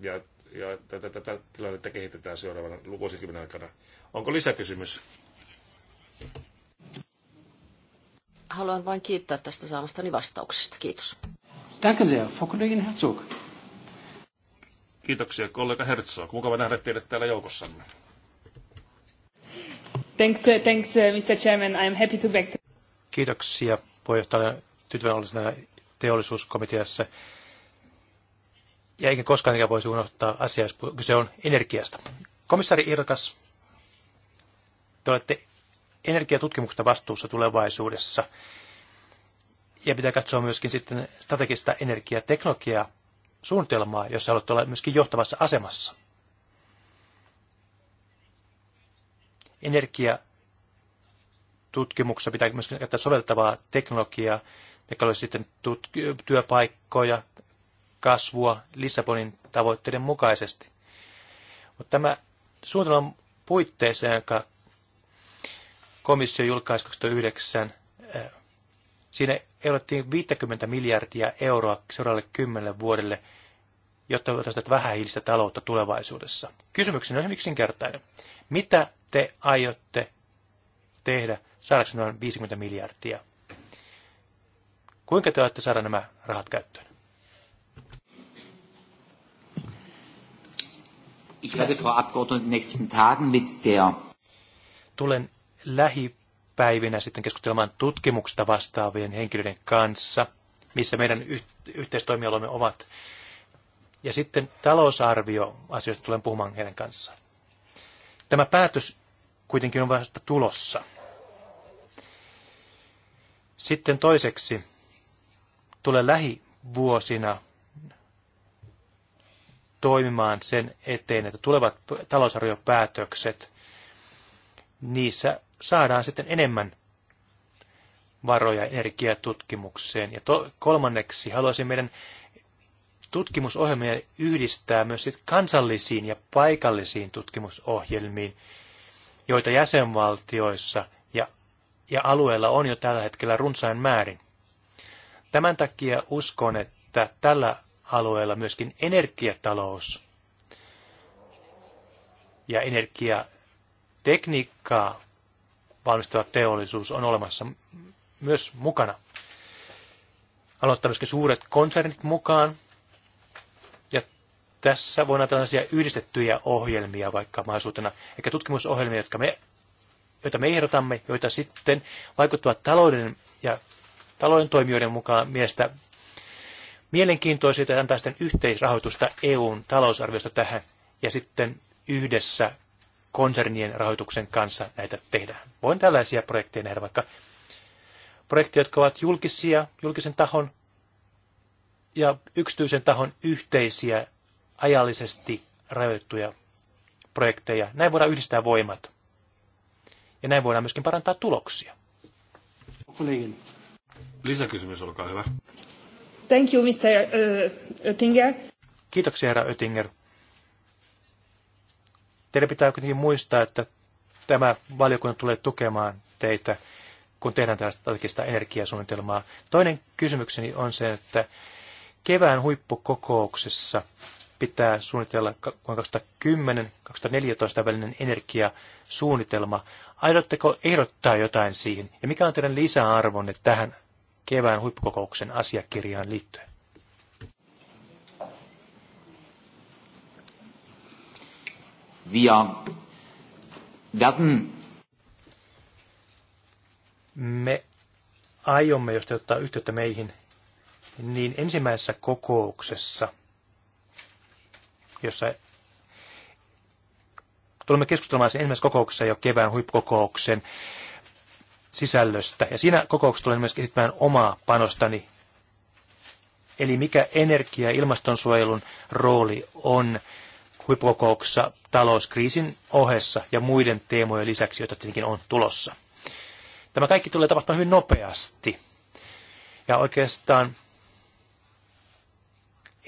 ja, ja tätä, tätä tilannetta kehitetään seuraavana vuosikymmenen aikana. Onko lisäkysymys?
Haluan vain kiittää tästä saamastani vastauksesta. Kiitos. Danke sehr, Frau Kollegin
Herzog. Kiitoksia kollega Herzog. Mukava nähdä teidät täällä joukossamme.
Thanks, uh, thanks uh, Mr. Chairman. I am happy to back to...
Kiitoksia puheenjohtajalle. Tyytyväinen olisena teollisuuskomiteassa. Ja eikä koskaan eikä voisi unohtaa asiaa, jos kyse on energiasta. Komissaari Irkas, te olette energiatutkimuksesta vastuussa tulevaisuudessa. Ja pitää katsoa myöskin sitten strategista energiateknologiaa, suunnitelmaa, jossa haluatte olla myöskin johtavassa asemassa. Energiatutkimuksessa pitää myöskin käyttää soveltavaa teknologiaa, joka olisi sitten työpaikkoja, kasvua Lissabonin tavoitteiden mukaisesti. Mutta tämä suunnitelman puitteissa, jonka komissio julkaisi 2009, eh, siinä ehdottiin 50 miljardia euroa seuraavalle kymmenelle vuodelle, jotta voitaisiin vähähiilistä taloutta tulevaisuudessa. Kysymykseni on yksinkertainen. Mitä te aiotte tehdä saadaksi noin 50 miljardia? Kuinka te aiotte saada nämä rahat käyttöön? Ich werde Frau Abgeordnete in den nächsten Tagen mit der Tulen lähipäivinä sitten keskustelemaan tutkimuksesta vastaavien henkilöiden kanssa, missä meidän yhteistoimialoimme ovat. Ja sitten talousarvioasioista tulen puhumaan heidän kanssaan. Tämä päätös kuitenkin on vasta tulossa. Sitten toiseksi tulee lähivuosina toimimaan sen eteen, että tulevat talousarviopäätökset niissä saadaan sitten enemmän varoja energiatutkimukseen. Ja to, kolmanneksi haluaisin meidän tutkimusohjelmia yhdistää myös sit kansallisiin ja paikallisiin tutkimusohjelmiin, joita jäsenvaltioissa ja, ja alueella on jo tällä hetkellä runsain määrin. Tämän takia uskon, että tällä alueella myöskin energiatalous ja energia tekniikkaa valmistava teollisuus on olemassa myös mukana. Aloittaa myöskin suuret konsernit mukaan. Ja tässä voi olla tällaisia yhdistettyjä ohjelmia vaikka mahdollisuutena, eli tutkimusohjelmia, jotka me, joita me ehdotamme, joita sitten vaikuttavat talouden ja talouden toimijoiden mukaan mielestä mielenkiintoisia että antaa sitten yhteisrahoitusta EUn talousarviosta tähän ja sitten yhdessä konsernien rahoituksen kanssa näitä tehdään. Voin tällaisia projekteja nähdä, vaikka projekteja, jotka ovat julkisia, julkisen tahon ja yksityisen tahon yhteisiä, ajallisesti rajoittuja projekteja. Näin voidaan yhdistää voimat. Ja näin voidaan myöskin parantaa tuloksia. Lisäkysymys, olkaa hyvä.
Thank you, Mr. Oettinger.
Kiitoksia, herra Oettinger. Teidän pitää kuitenkin muistaa, että tämä valiokunta tulee tukemaan teitä, kun tehdään tällaista energiasuunnitelmaa. Toinen kysymykseni on se, että kevään huippukokouksessa pitää suunnitella 2010-2014 välinen energiasuunnitelma. Aidotteko ehdottaa jotain siihen? Ja mikä on teidän lisäarvonne tähän kevään huippukokouksen asiakirjaan liittyen? Wir werden me aiomme, jos te ottaa yhteyttä meihin, niin ensimmäisessä kokouksessa, jossa tulemme keskustelemaan sen ensimmäisessä kokouksessa jo kevään huippukokouksen sisällöstä. Ja siinä kokouksessa tulen myös esittämään omaa panostani, eli mikä energia- ja ilmastonsuojelun rooli on huippukokouksessa talouskriisin ohessa ja muiden teemojen lisäksi, joita tietenkin on tulossa. Tämä kaikki tulee tapahtumaan hyvin nopeasti. Ja oikeastaan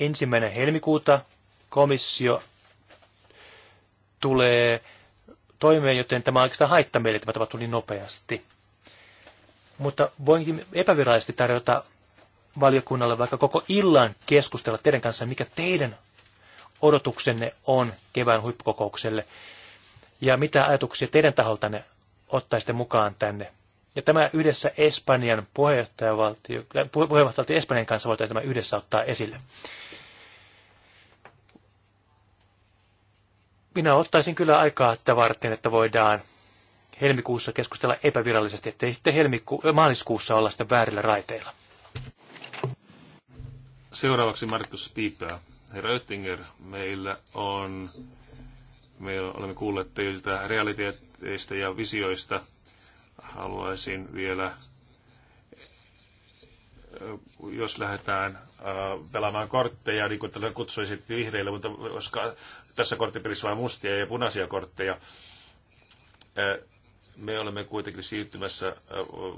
ensimmäinen helmikuuta komissio tulee toimeen, joten tämä oikeastaan haittaa meille, tämä tapahtuu niin nopeasti. Mutta voinkin epävirallisesti tarjota valiokunnalle vaikka koko illan keskustella teidän kanssa, mikä teidän odotuksenne on kevään huippukokoukselle ja mitä ajatuksia teidän taholtanne ottaisitte mukaan tänne. Ja tämä yhdessä Espanjan puheenjohtajavaltio, äh, puheenjohtajavaltio Espanjan kanssa voitaisiin tämä yhdessä ottaa esille. Minä ottaisin kyllä aikaa tätä varten, että voidaan helmikuussa keskustella epävirallisesti, ettei sitten helmiku- äh, maaliskuussa olla sitten väärillä raiteilla.
Seuraavaksi Markus Piipää. Herra Oettinger, meillä on, me olemme kuulleet teiltä realiteeteista ja visioista. Haluaisin vielä, jos lähdetään pelaamaan kortteja, niin kuin tällä kutsuisit vihreille, mutta koska tässä korttipelissä vain mustia ja punaisia kortteja, me olemme kuitenkin siirtymässä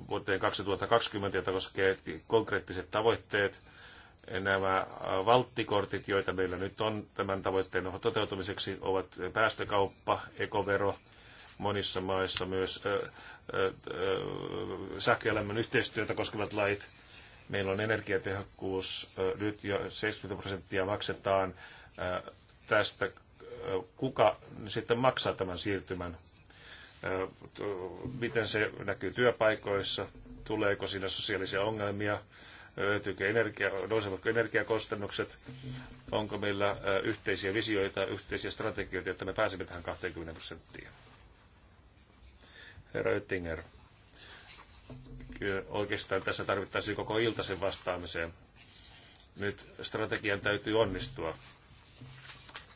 vuoteen 2020, jota koskee konkreettiset tavoitteet – nämä valttikortit, joita meillä nyt on tämän tavoitteen toteutumiseksi, ovat päästökauppa, ekovero, monissa maissa myös sähköelämän yhteistyötä koskevat lait. Meillä on energiatehokkuus, nyt jo 70 prosenttia maksetaan tästä. Kuka sitten maksaa tämän siirtymän? Miten se näkyy työpaikoissa? Tuleeko siinä sosiaalisia ongelmia? löytyykö energia, nousevatko energiakustannukset, onko meillä yhteisiä visioita, yhteisiä strategioita, että me pääsemme tähän 20 prosenttiin. Herra Oettinger, oikeastaan tässä tarvittaisiin koko ilta sen vastaamiseen. Nyt strategian täytyy onnistua.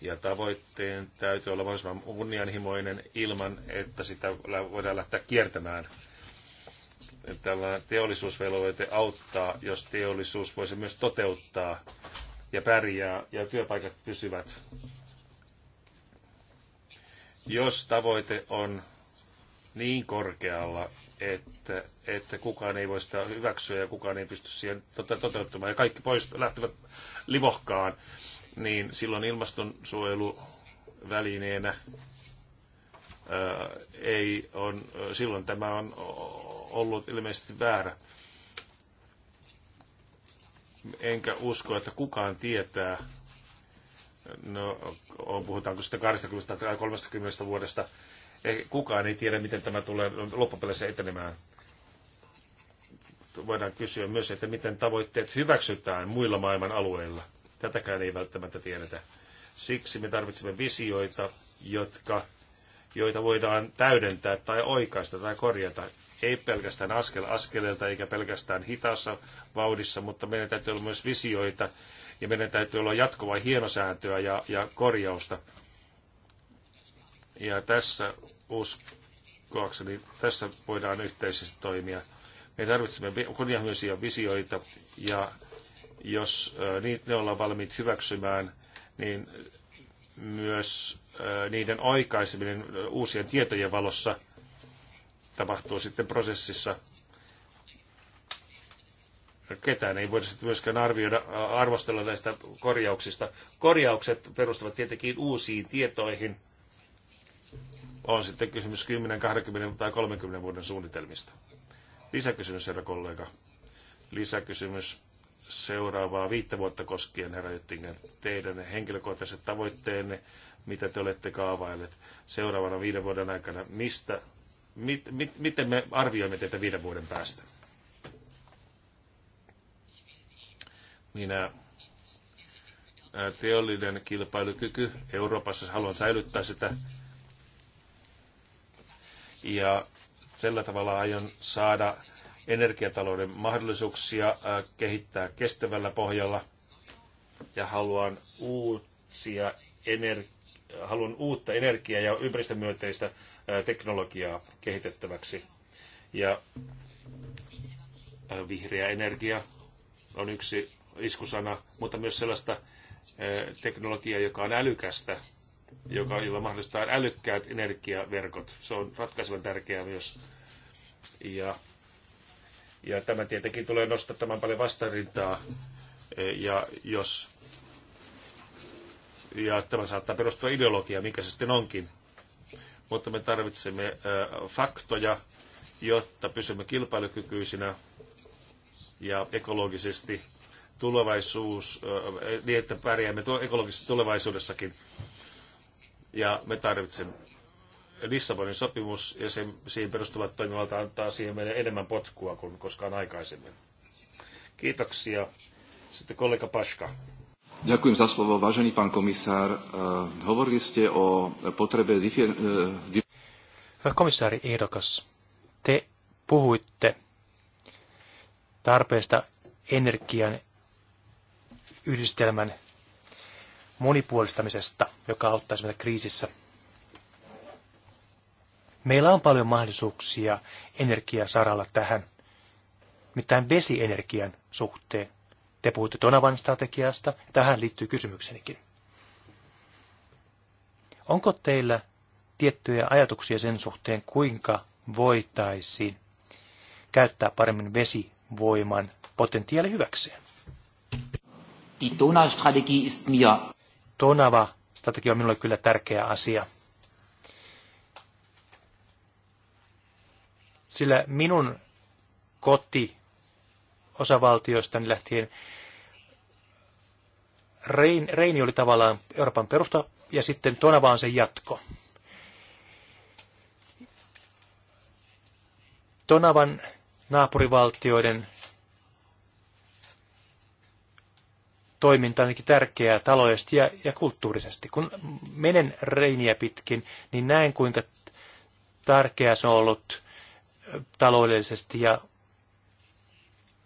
Ja tavoitteen täytyy olla mahdollisimman kunnianhimoinen ilman, että sitä voidaan lähteä kiertämään – tällainen teollisuusvelvoite auttaa, jos teollisuus voisi myös toteuttaa ja pärjää ja työpaikat pysyvät. Jos tavoite on niin korkealla, että, että kukaan ei voi sitä hyväksyä ja kukaan ei pysty siihen tota- toteuttamaan ja kaikki pois lähtevät livohkaan, niin silloin ilmastonsuojelu välineenä ei on, silloin tämä on ollut ilmeisesti väärä. Enkä usko, että kukaan tietää, no puhutaanko sitten 20 tai 30 vuodesta, eh, kukaan ei tiedä, miten tämä tulee loppupeleissä etenemään. Voidaan kysyä myös, että miten tavoitteet hyväksytään muilla maailman alueilla. Tätäkään ei välttämättä tiedetä. Siksi me tarvitsemme visioita, jotka joita voidaan täydentää tai oikaista tai korjata. Ei pelkästään askel askeleelta eikä pelkästään hitaassa vauhdissa, mutta meidän täytyy olla myös visioita ja meidän täytyy olla jatkuvaa hienosääntöä ja, ja korjausta. Ja tässä uskoakseni, tässä voidaan yhteisesti toimia. Me tarvitsemme kunnianhimoisia visioita ja jos niin ne ollaan valmiit hyväksymään, niin myös niiden aikaisemmin uusien tietojen valossa tapahtuu sitten prosessissa. Ketään ei voida sitten myöskään arvioida, arvostella näistä korjauksista. Korjaukset perustuvat tietenkin uusiin tietoihin. On sitten kysymys 10, 20 tai 30 vuoden suunnitelmista. Lisäkysymys, herra kollega. Lisäkysymys seuraavaa viittä vuotta koskien, herra Jöttingen, teidän henkilökohtaiset tavoitteenne, mitä te olette kaavailleet seuraavana viiden vuoden aikana, mistä, mit, mit, miten me arvioimme teitä viiden vuoden päästä? Minä teollinen kilpailukyky Euroopassa, haluan säilyttää sitä. Ja sillä tavalla aion saada energiatalouden mahdollisuuksia äh, kehittää kestävällä pohjalla ja haluan uusia haluan uutta energiaa ja ympäristömyönteistä äh, teknologiaa kehitettäväksi. Ja äh, vihreä energia on yksi iskusana, mutta myös sellaista teknologiaa, joka on älykästä, joka, jolla mahdollistaa älykkäät energiaverkot. Se on ratkaisevan tärkeää myös. Ja ja tämä tietenkin tulee nostattamaan paljon vastarintaa. E, ja jos ja tämä saattaa perustua ideologiaan, mikä se sitten onkin. Mutta me tarvitsemme e, faktoja, jotta pysymme kilpailukykyisinä ja ekologisesti tulevaisuus, e, niin että pärjäämme ekologisesti tulevaisuudessakin. Ja me tarvitsemme Lissabonin sopimus ja sen, siihen perustuvat toimivalta antaa siihen meille enemmän potkua kuin koskaan aikaisemmin. Kiitoksia. Sitten kollega Paska.
Ďakujem za slovo. Vážený pán komisár, Uh, hovorili ste o potrebe... E,
Hyvä komissaari ehdokas, te puhuitte tarpeesta energian yhdistelmän monipuolistamisesta, joka auttaisi meitä kriisissä – Meillä on paljon mahdollisuuksia energiasaralla tähän, mitään vesienergian suhteen. Te puhutte Donavan strategiasta, ja tähän liittyy kysymyksenikin. Onko teillä tiettyjä ajatuksia sen suhteen, kuinka voitaisiin käyttää paremmin vesivoiman potentiaali hyväkseen? Die Donau-Strategie ist mir... Tonava strategia on minulle kyllä tärkeä asia. Sillä minun koti osavaltioistani lähtien Rein, Reini oli tavallaan Euroopan perusta ja sitten Tonava on sen jatko. Tonavan naapurivaltioiden toiminta on tärkeää taloudellisesti ja, ja kulttuurisesti. Kun menen reiniä pitkin, niin näen kuinka tärkeää se on ollut taloudellisesti ja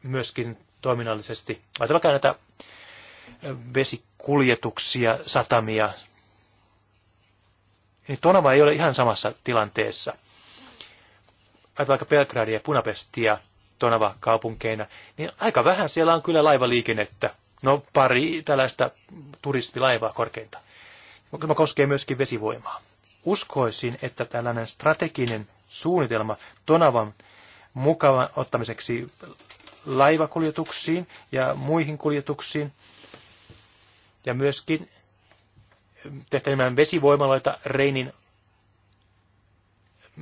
myöskin toiminnallisesti. Ajatellaan näitä vesikuljetuksia, satamia. Niin Tonava ei ole ihan samassa tilanteessa. Ajatellaan vaikka Belgradia ja Punapestia Tonava kaupunkeina, niin aika vähän siellä on kyllä laivaliikennettä. No pari tällaista turistilaivaa korkeinta. Tämä koskee myöskin vesivoimaa. Uskoisin, että tällainen strateginen suunnitelma Tonavan mukavan ottamiseksi laivakuljetuksiin ja muihin kuljetuksiin. Ja myöskin mm, tehtävän vesivoimaloita Reinin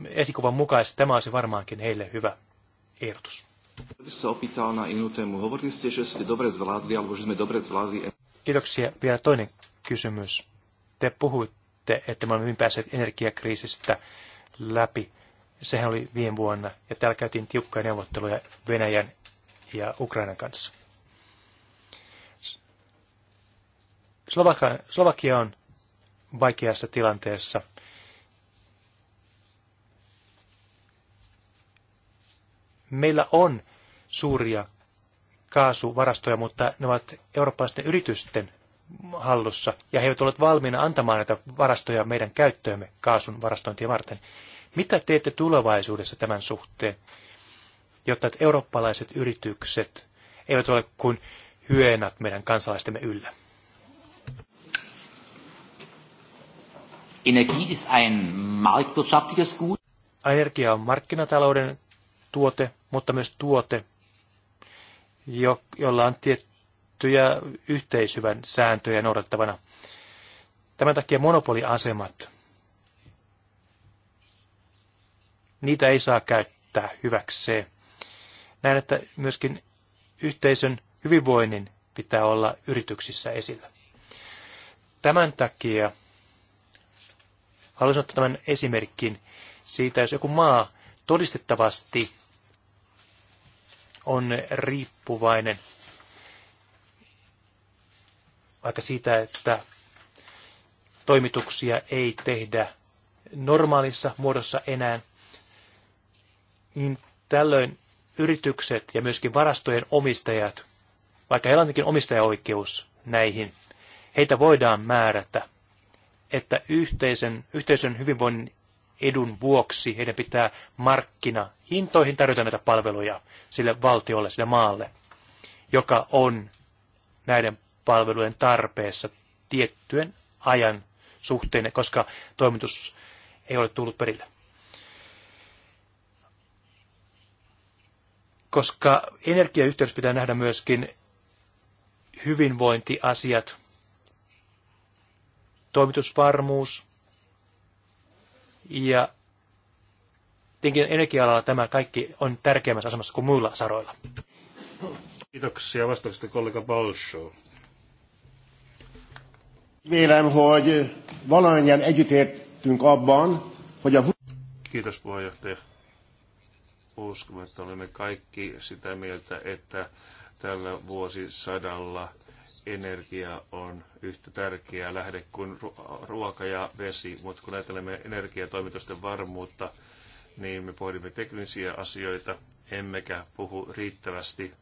esikuvan mukaisesti. Tämä olisi varmaankin heille hyvä ehdotus. Kiitoksia. Vielä toinen kysymys. Te puhuitte, että me olemme hyvin päässeet energiakriisistä läpi. Sehän oli viime vuonna, ja täällä käytiin tiukkoja neuvotteluja Venäjän ja Ukrainan kanssa. Slovakia, Slovakia on vaikeassa tilanteessa. Meillä on suuria kaasuvarastoja, mutta ne ovat eurooppalaisten yritysten hallussa, ja he eivät ole valmiina antamaan näitä varastoja meidän käyttöömme kaasun varastointia varten. Mitä teette tulevaisuudessa tämän suhteen, jotta eurooppalaiset yritykset eivät ole kuin hyenat meidän kansalaistemme yllä? Energie ist ein marktwirtschaftliches Gut. Energia on markkinatalouden tuote, mutta myös tuote, jo, jolla on tiettyjä yhteisyvän sääntöjä noudattavana. Tämän takia monopoliasemat niitä ei saa käyttää hyväkseen. Näin, että myöskin yhteisön hyvinvoinnin pitää olla yrityksissä esillä. Tämän takia haluaisin ottaa tämän esimerkin siitä, jos joku maa todistettavasti on riippuvainen vaikka siitä, että toimituksia ei tehdä normaalissa muodossa enää – niin tällöin yritykset ja myöskin varastojen omistajat, vaikka heillä on omistajaoikeus näihin, heitä voidaan määrätä, että yhteisen, yhteisön hyvinvoinnin edun vuoksi heidän pitää markkina hintoihin tarjota näitä palveluja sille valtiolle, sille maalle, joka on näiden palvelujen tarpeessa tiettyjen ajan suhteen, koska toimitus ei ole tullut perille. koska energiayhteydessä pitää nähdä myöskin hyvinvointiasiat, toimitusvarmuus ja tietenkin energia-alalla tämä kaikki on tärkeämmässä asemassa kuin muilla saroilla.
Kiitoksia vastauksesta kollega Balsho. Vélem, hogy valamennyien együttértünk abban, hogy a... Kiitos puheenjohtaja Uskomme, että olemme kaikki sitä mieltä, että tällä vuosisadalla energia on yhtä tärkeä lähde kuin ruoka ja vesi, mutta kun ajattelemme energiatoimitusten varmuutta, niin me pohdimme teknisiä asioita, emmekä puhu riittävästi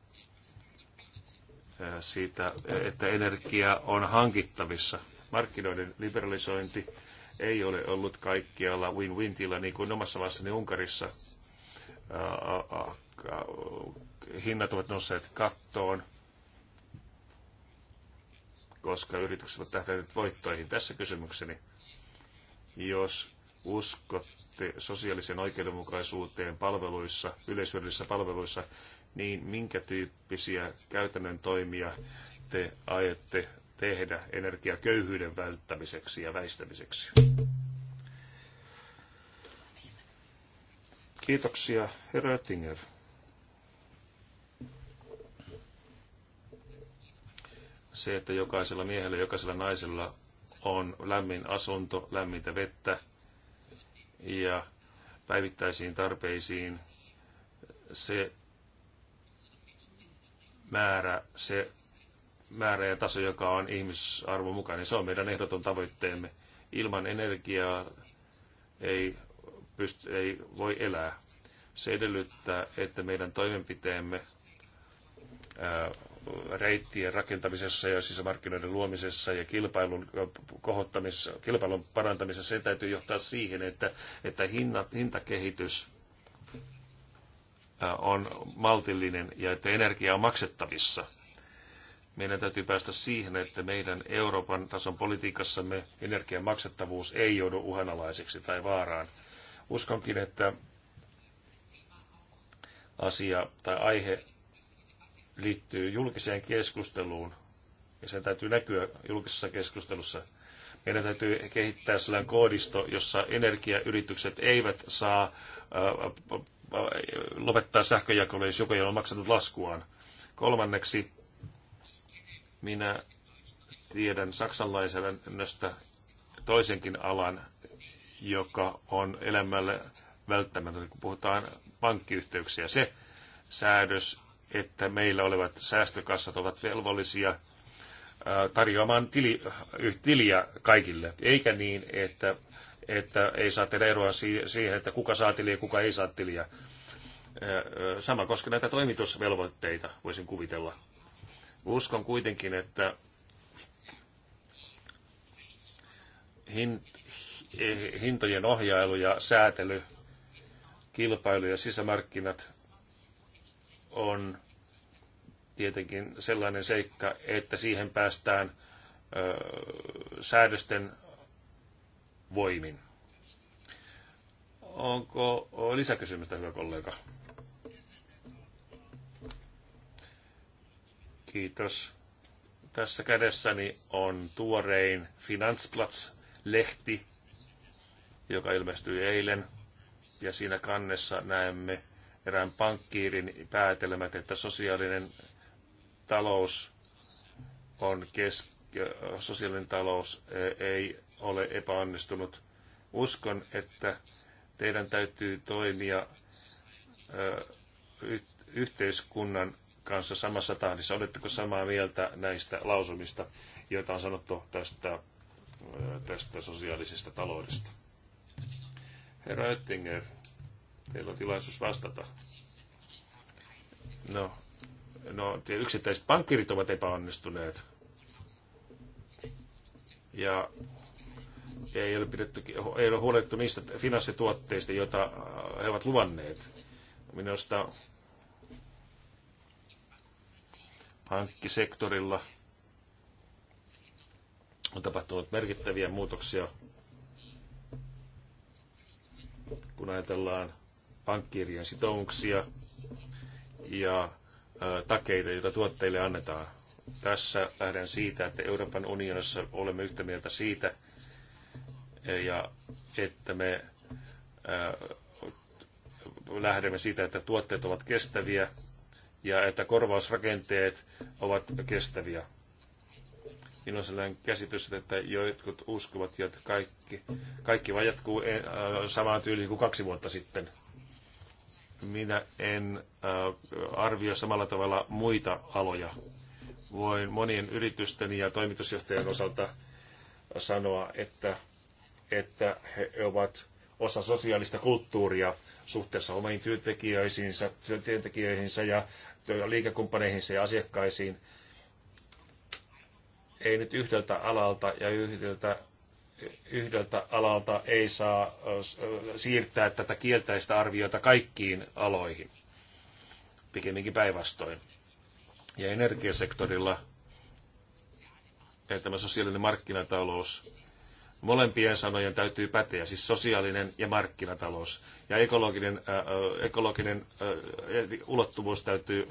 siitä, että energia on hankittavissa. Markkinoiden liberalisointi ei ole ollut kaikkialla win-win tila, niin kuin omassa maassani Unkarissa hinnat ovat nousseet kattoon, koska yritykset ovat tähdänneet voittoihin. Tässä kysymykseni, jos uskotte sosiaalisen oikeudenmukaisuuteen palveluissa, yleishyödyllisissä palveluissa, niin minkä tyyppisiä käytännön toimia te aiotte tehdä energiaköyhyyden välttämiseksi ja väistämiseksi? Kiitoksia, herra Oettinger. Se, että jokaisella miehellä, jokaisella naisella on lämmin asunto, lämmintä vettä ja päivittäisiin tarpeisiin, se määrä, se määrä ja taso, joka on ihmisarvon mukainen, se on meidän ehdoton tavoitteemme. Ilman energiaa ei pysty, ei voi elää. Se edellyttää, että meidän toimenpiteemme reittien rakentamisessa ja sisämarkkinoiden luomisessa ja kilpailun, kilpailun parantamisessa, se täytyy johtaa siihen, että, että hinnat, hintakehitys on maltillinen ja että energia on maksettavissa. Meidän täytyy päästä siihen, että meidän Euroopan tason politiikassamme energian maksettavuus ei joudu uhanalaiseksi tai vaaraan – Uskonkin, että asia tai aihe liittyy julkiseen keskusteluun ja sen täytyy näkyä julkisessa keskustelussa. Meidän täytyy kehittää sellainen koodisto, jossa energiayritykset eivät saa äh, lopettaa sähköjakelua, jos joku ei ole maksanut laskuaan. Kolmanneksi minä tiedän saksalaisen toisenkin alan joka on elämälle välttämätön, kun puhutaan pankkiyhteyksiä. Se säädös, että meillä olevat säästökassat ovat velvollisia tarjoamaan tili, tiliä kaikille, eikä niin, että, että ei saa tehdä eroa siihen, että kuka saa tiliä ja kuka ei saa tiliä. Sama koskee näitä toimitusvelvoitteita, voisin kuvitella. Uskon kuitenkin, että hint, hintojen ohjailu ja säätely, kilpailu ja sisämarkkinat on tietenkin sellainen seikka, että siihen päästään ö, säädösten voimin. Onko lisäkysymystä, hyvä kollega? Kiitos. Tässä kädessäni on tuorein Finansplatz-lehti, joka ilmestyi eilen. Ja siinä kannessa näemme erään pankkiirin päätelmät, että sosiaalinen talous on kes- sosiaalinen talous eh, ei ole epäonnistunut. Uskon, että teidän täytyy toimia eh, yhteiskunnan kanssa samassa tahdissa. Oletteko samaa mieltä näistä lausumista, joita on sanottu tästä, eh, tästä sosiaalisesta taloudesta? Herra Oettinger, teillä on tilaisuus vastata. No, no te yksittäiset pankkirit ovat epäonnistuneet. Ja ei ole, pidetty, ei ole huolehdittu niistä finanssituotteista, joita äh, he ovat luvanneet. Minusta pankkisektorilla on tapahtunut merkittäviä muutoksia – kun ajatellaan pankkiirien sitoumuksia ja takeita, joita tuotteille annetaan. Tässä lähden siitä, että Euroopan unionissa olemme yhtä mieltä siitä, ja että me lähdemme siitä, että tuotteet ovat kestäviä ja että korvausrakenteet ovat kestäviä niin on sellainen käsitys, että jotkut uskovat, että kaikki, kaikki vaan jatkuu eh, äh, samaan tyyliin kuin kaksi vuotta sitten. Minä en äh, arvioi samalla tavalla muita aloja. Voin monien yritysten ja toimitusjohtajien osalta sanoa, että, että he ovat osa sosiaalista kulttuuria suhteessa omiin työntekijöihinsä, työntekijöihinsä ja liikekumppaneihinsa ja asiakkaisiin – ei nyt yhdeltä alalta ja yhdeltä, yhdeltä alalta ei saa siirtää tätä kielteistä arviota kaikkiin aloihin, pikemminkin päinvastoin. Ja energiasektorilla tämä sosiaalinen markkinatalous Molempien sanojen täytyy päteä, siis sosiaalinen ja markkinatalous. Ja ekologinen, äh, ekologinen äh, ulottuvuus täytyy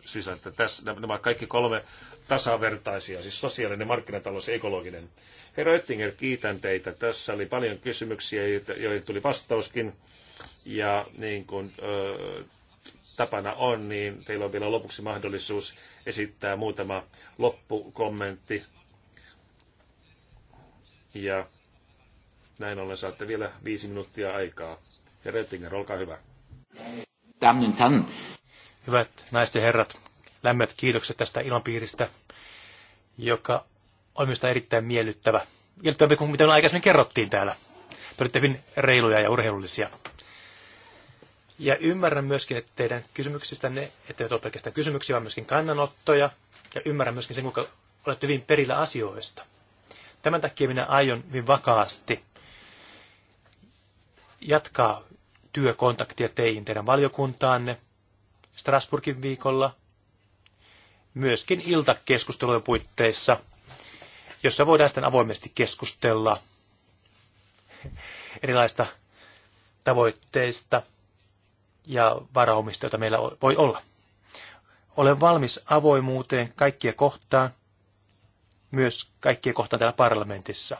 sisältää. Tässä, nämä kaikki kolme tasavertaisia, siis sosiaalinen, markkinatalous ja ekologinen. Herra Oettinger, kiitän teitä. Tässä oli paljon kysymyksiä, joihin tuli vastauskin. Ja niin kuin tapana on, niin teillä on vielä lopuksi mahdollisuus esittää muutama loppukommentti ja näin ollen saatte vielä viisi minuuttia aikaa. Ja Rettinger, olkaa hyvä.
Hyvät naiset ja herrat, lämmät kiitokset tästä ilmapiiristä, joka on minusta erittäin miellyttävä. Miellyttävämpi kuin mitä aikaisemmin kerrottiin täällä. Te hyvin reiluja ja urheilullisia. Ja ymmärrän myöskin että teidän kysymyksistänne, että ole pelkästään kysymyksiä, vaan myöskin kannanottoja. Ja ymmärrän myöskin sen, kuinka olette hyvin perillä asioista. Tämän takia minä aion hyvin vakaasti jatkaa työkontaktia teihin teidän valiokuntaanne Strasburgin viikolla, myöskin iltakeskustelujen puitteissa, jossa voidaan sitten avoimesti keskustella erilaista tavoitteista ja varaumista, joita meillä voi olla. Olen valmis avoimuuteen kaikkia kohtaan, myös kaikkia kohtaan täällä parlamentissa.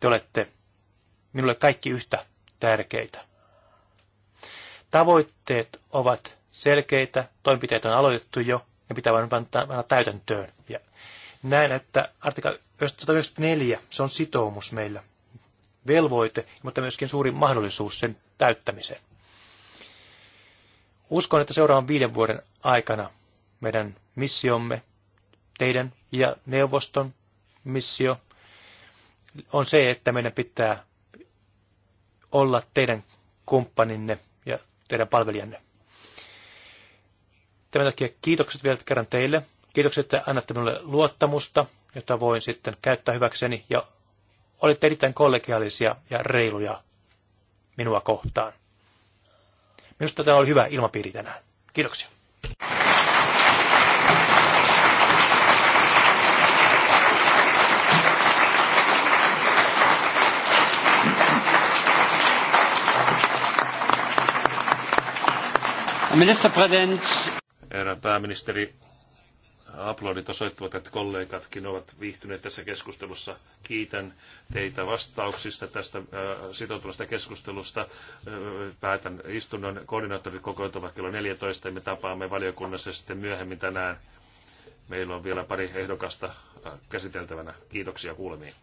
Te olette minulle kaikki yhtä tärkeitä. Tavoitteet ovat selkeitä, toimenpiteet on aloitettu jo, ne pitää vain panna täytäntöön. Ja näen, että artikla 194, se on sitoumus meillä, velvoite, mutta myöskin suuri mahdollisuus sen täyttämiseen. Uskon, että seuraavan viiden vuoden aikana meidän missiomme teidän ja neuvoston missio on se, että meidän pitää olla teidän kumppaninne ja teidän palvelijanne. Tämän takia kiitokset vielä kerran teille. Kiitokset, että annatte minulle luottamusta, jota voin sitten käyttää hyväkseni. Ja olitte erittäin kollegiaalisia ja reiluja minua kohtaan. Minusta tämä oli hyvä ilmapiiri tänään. Kiitoksia.
Herra pääministeri, aplodit osoittavat, että kollegatkin ovat viihtyneet tässä keskustelussa. Kiitän teitä vastauksista tästä äh, sitoutuneesta keskustelusta. Äh, päätän istunnon. Koordinaattorit kokoontuvat kello 14 ja me tapaamme valiokunnassa sitten myöhemmin tänään. Meillä on vielä pari ehdokasta äh, käsiteltävänä. Kiitoksia kuulemiin.